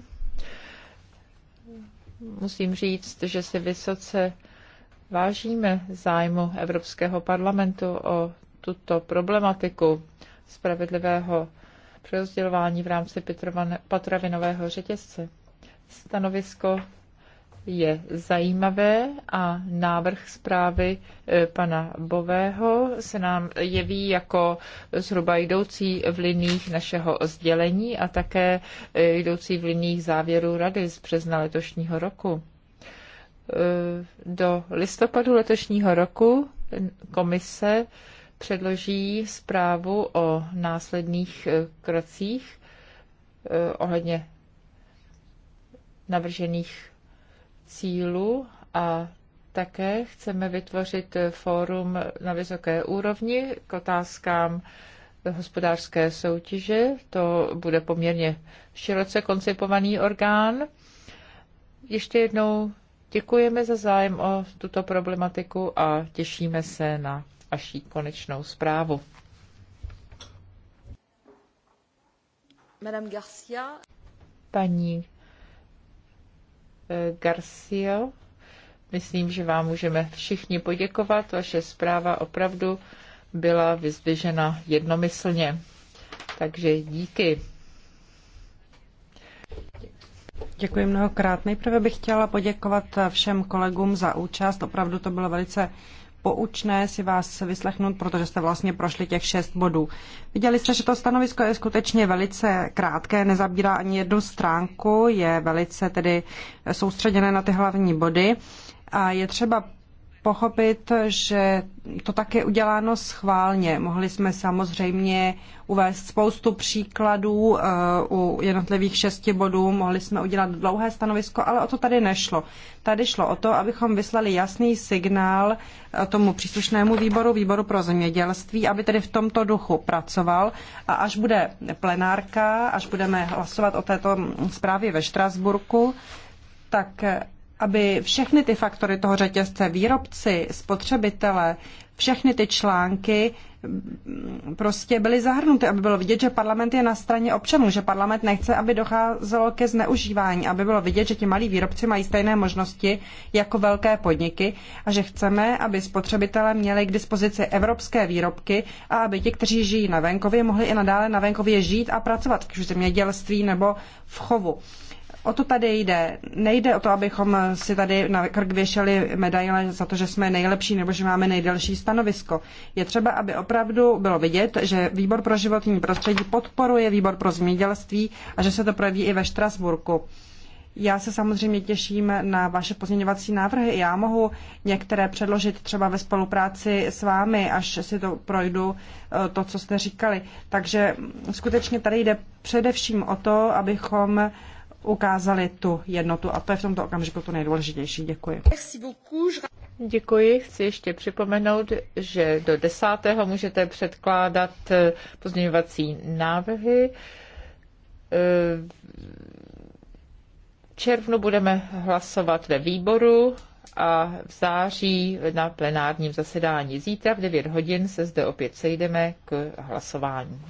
musím říct, že si vysoce vážíme zájmu Evropského parlamentu o tuto problematiku spravedlivého přerozdělování v rámci patravinového řetězce. Stanovisko je zajímavé a návrh zprávy eh, pana Bového se nám jeví jako zhruba jdoucí v liních našeho sdělení a také eh, jdoucí v liních závěru rady z března letošního roku. Eh, do listopadu letošního roku komise předloží zprávu o následných krocích ohledně navržených cílu a také chceme vytvořit fórum na vysoké úrovni k otázkám hospodářské soutěže. To bude poměrně široce koncipovaný orgán. Ještě jednou děkujeme za zájem o tuto problematiku a těšíme se na vaší konečnou zprávu. Madame Garcia. Paní Garcia. Myslím, že vám můžeme všichni poděkovat. Vaše zpráva opravdu byla vyzdvižena jednomyslně. Takže díky. Děkuji mnohokrát. Nejprve bych chtěla poděkovat všem kolegům za účast. Opravdu to bylo velice poučné si vás vyslechnout, protože jste vlastně prošli těch šest bodů. Viděli jste, že to stanovisko je skutečně velice krátké, nezabírá ani jednu stránku, je velice tedy soustředěné na ty hlavní body. A je třeba pochopit, že to také uděláno schválně. Mohli jsme samozřejmě uvést spoustu příkladů eh, u jednotlivých šesti bodů, mohli jsme udělat dlouhé stanovisko, ale o to tady nešlo. Tady šlo o to, abychom vyslali jasný signál eh, tomu příslušnému výboru, výboru pro zemědělství, aby tedy v tomto duchu pracoval a až bude plenárka, až budeme hlasovat o této zprávě ve Štrasburku, tak eh, aby všechny ty faktory toho řetězce, výrobci, spotřebitele, všechny ty články mm, prostě byly zahrnuty, aby bylo vidět, že parlament je na straně občanů, že parlament nechce, aby docházelo ke zneužívání, aby bylo vidět, že ti malí výrobci mají stejné možnosti jako velké podniky a že chceme, aby spotřebitelé měli k dispozici evropské výrobky a aby ti, kteří žijí na venkově, mohli i nadále na venkově žít a pracovat, když v zemědělství nebo v chovu. O to tady jde. Nejde o to, abychom si tady na krk věšeli medaile za to, že jsme nejlepší nebo že máme nejdelší stanovisko. Je třeba, aby opravdu bylo vidět, že výbor pro životní prostředí podporuje výbor pro zemědělství a že se to projeví i ve Štrasburku. Já se samozřejmě těším na vaše pozměňovací návrhy. Já mohu některé předložit třeba ve spolupráci s vámi, až si to projdu, eh, to, co jste říkali. Takže skutečně tady jde především o to, abychom ukázali tu jednotu a to je v tomto okamžiku to nejdůležitější. Děkuji. Děkuji. Chci ještě připomenout, že do 10. můžete předkládat eh, pozměňovací návrhy. Eh, v červnu budeme hlasovat ve výboru a v září na plenárním zasedání. Zítra v 9 hodin se zde opět sejdeme k hlasování.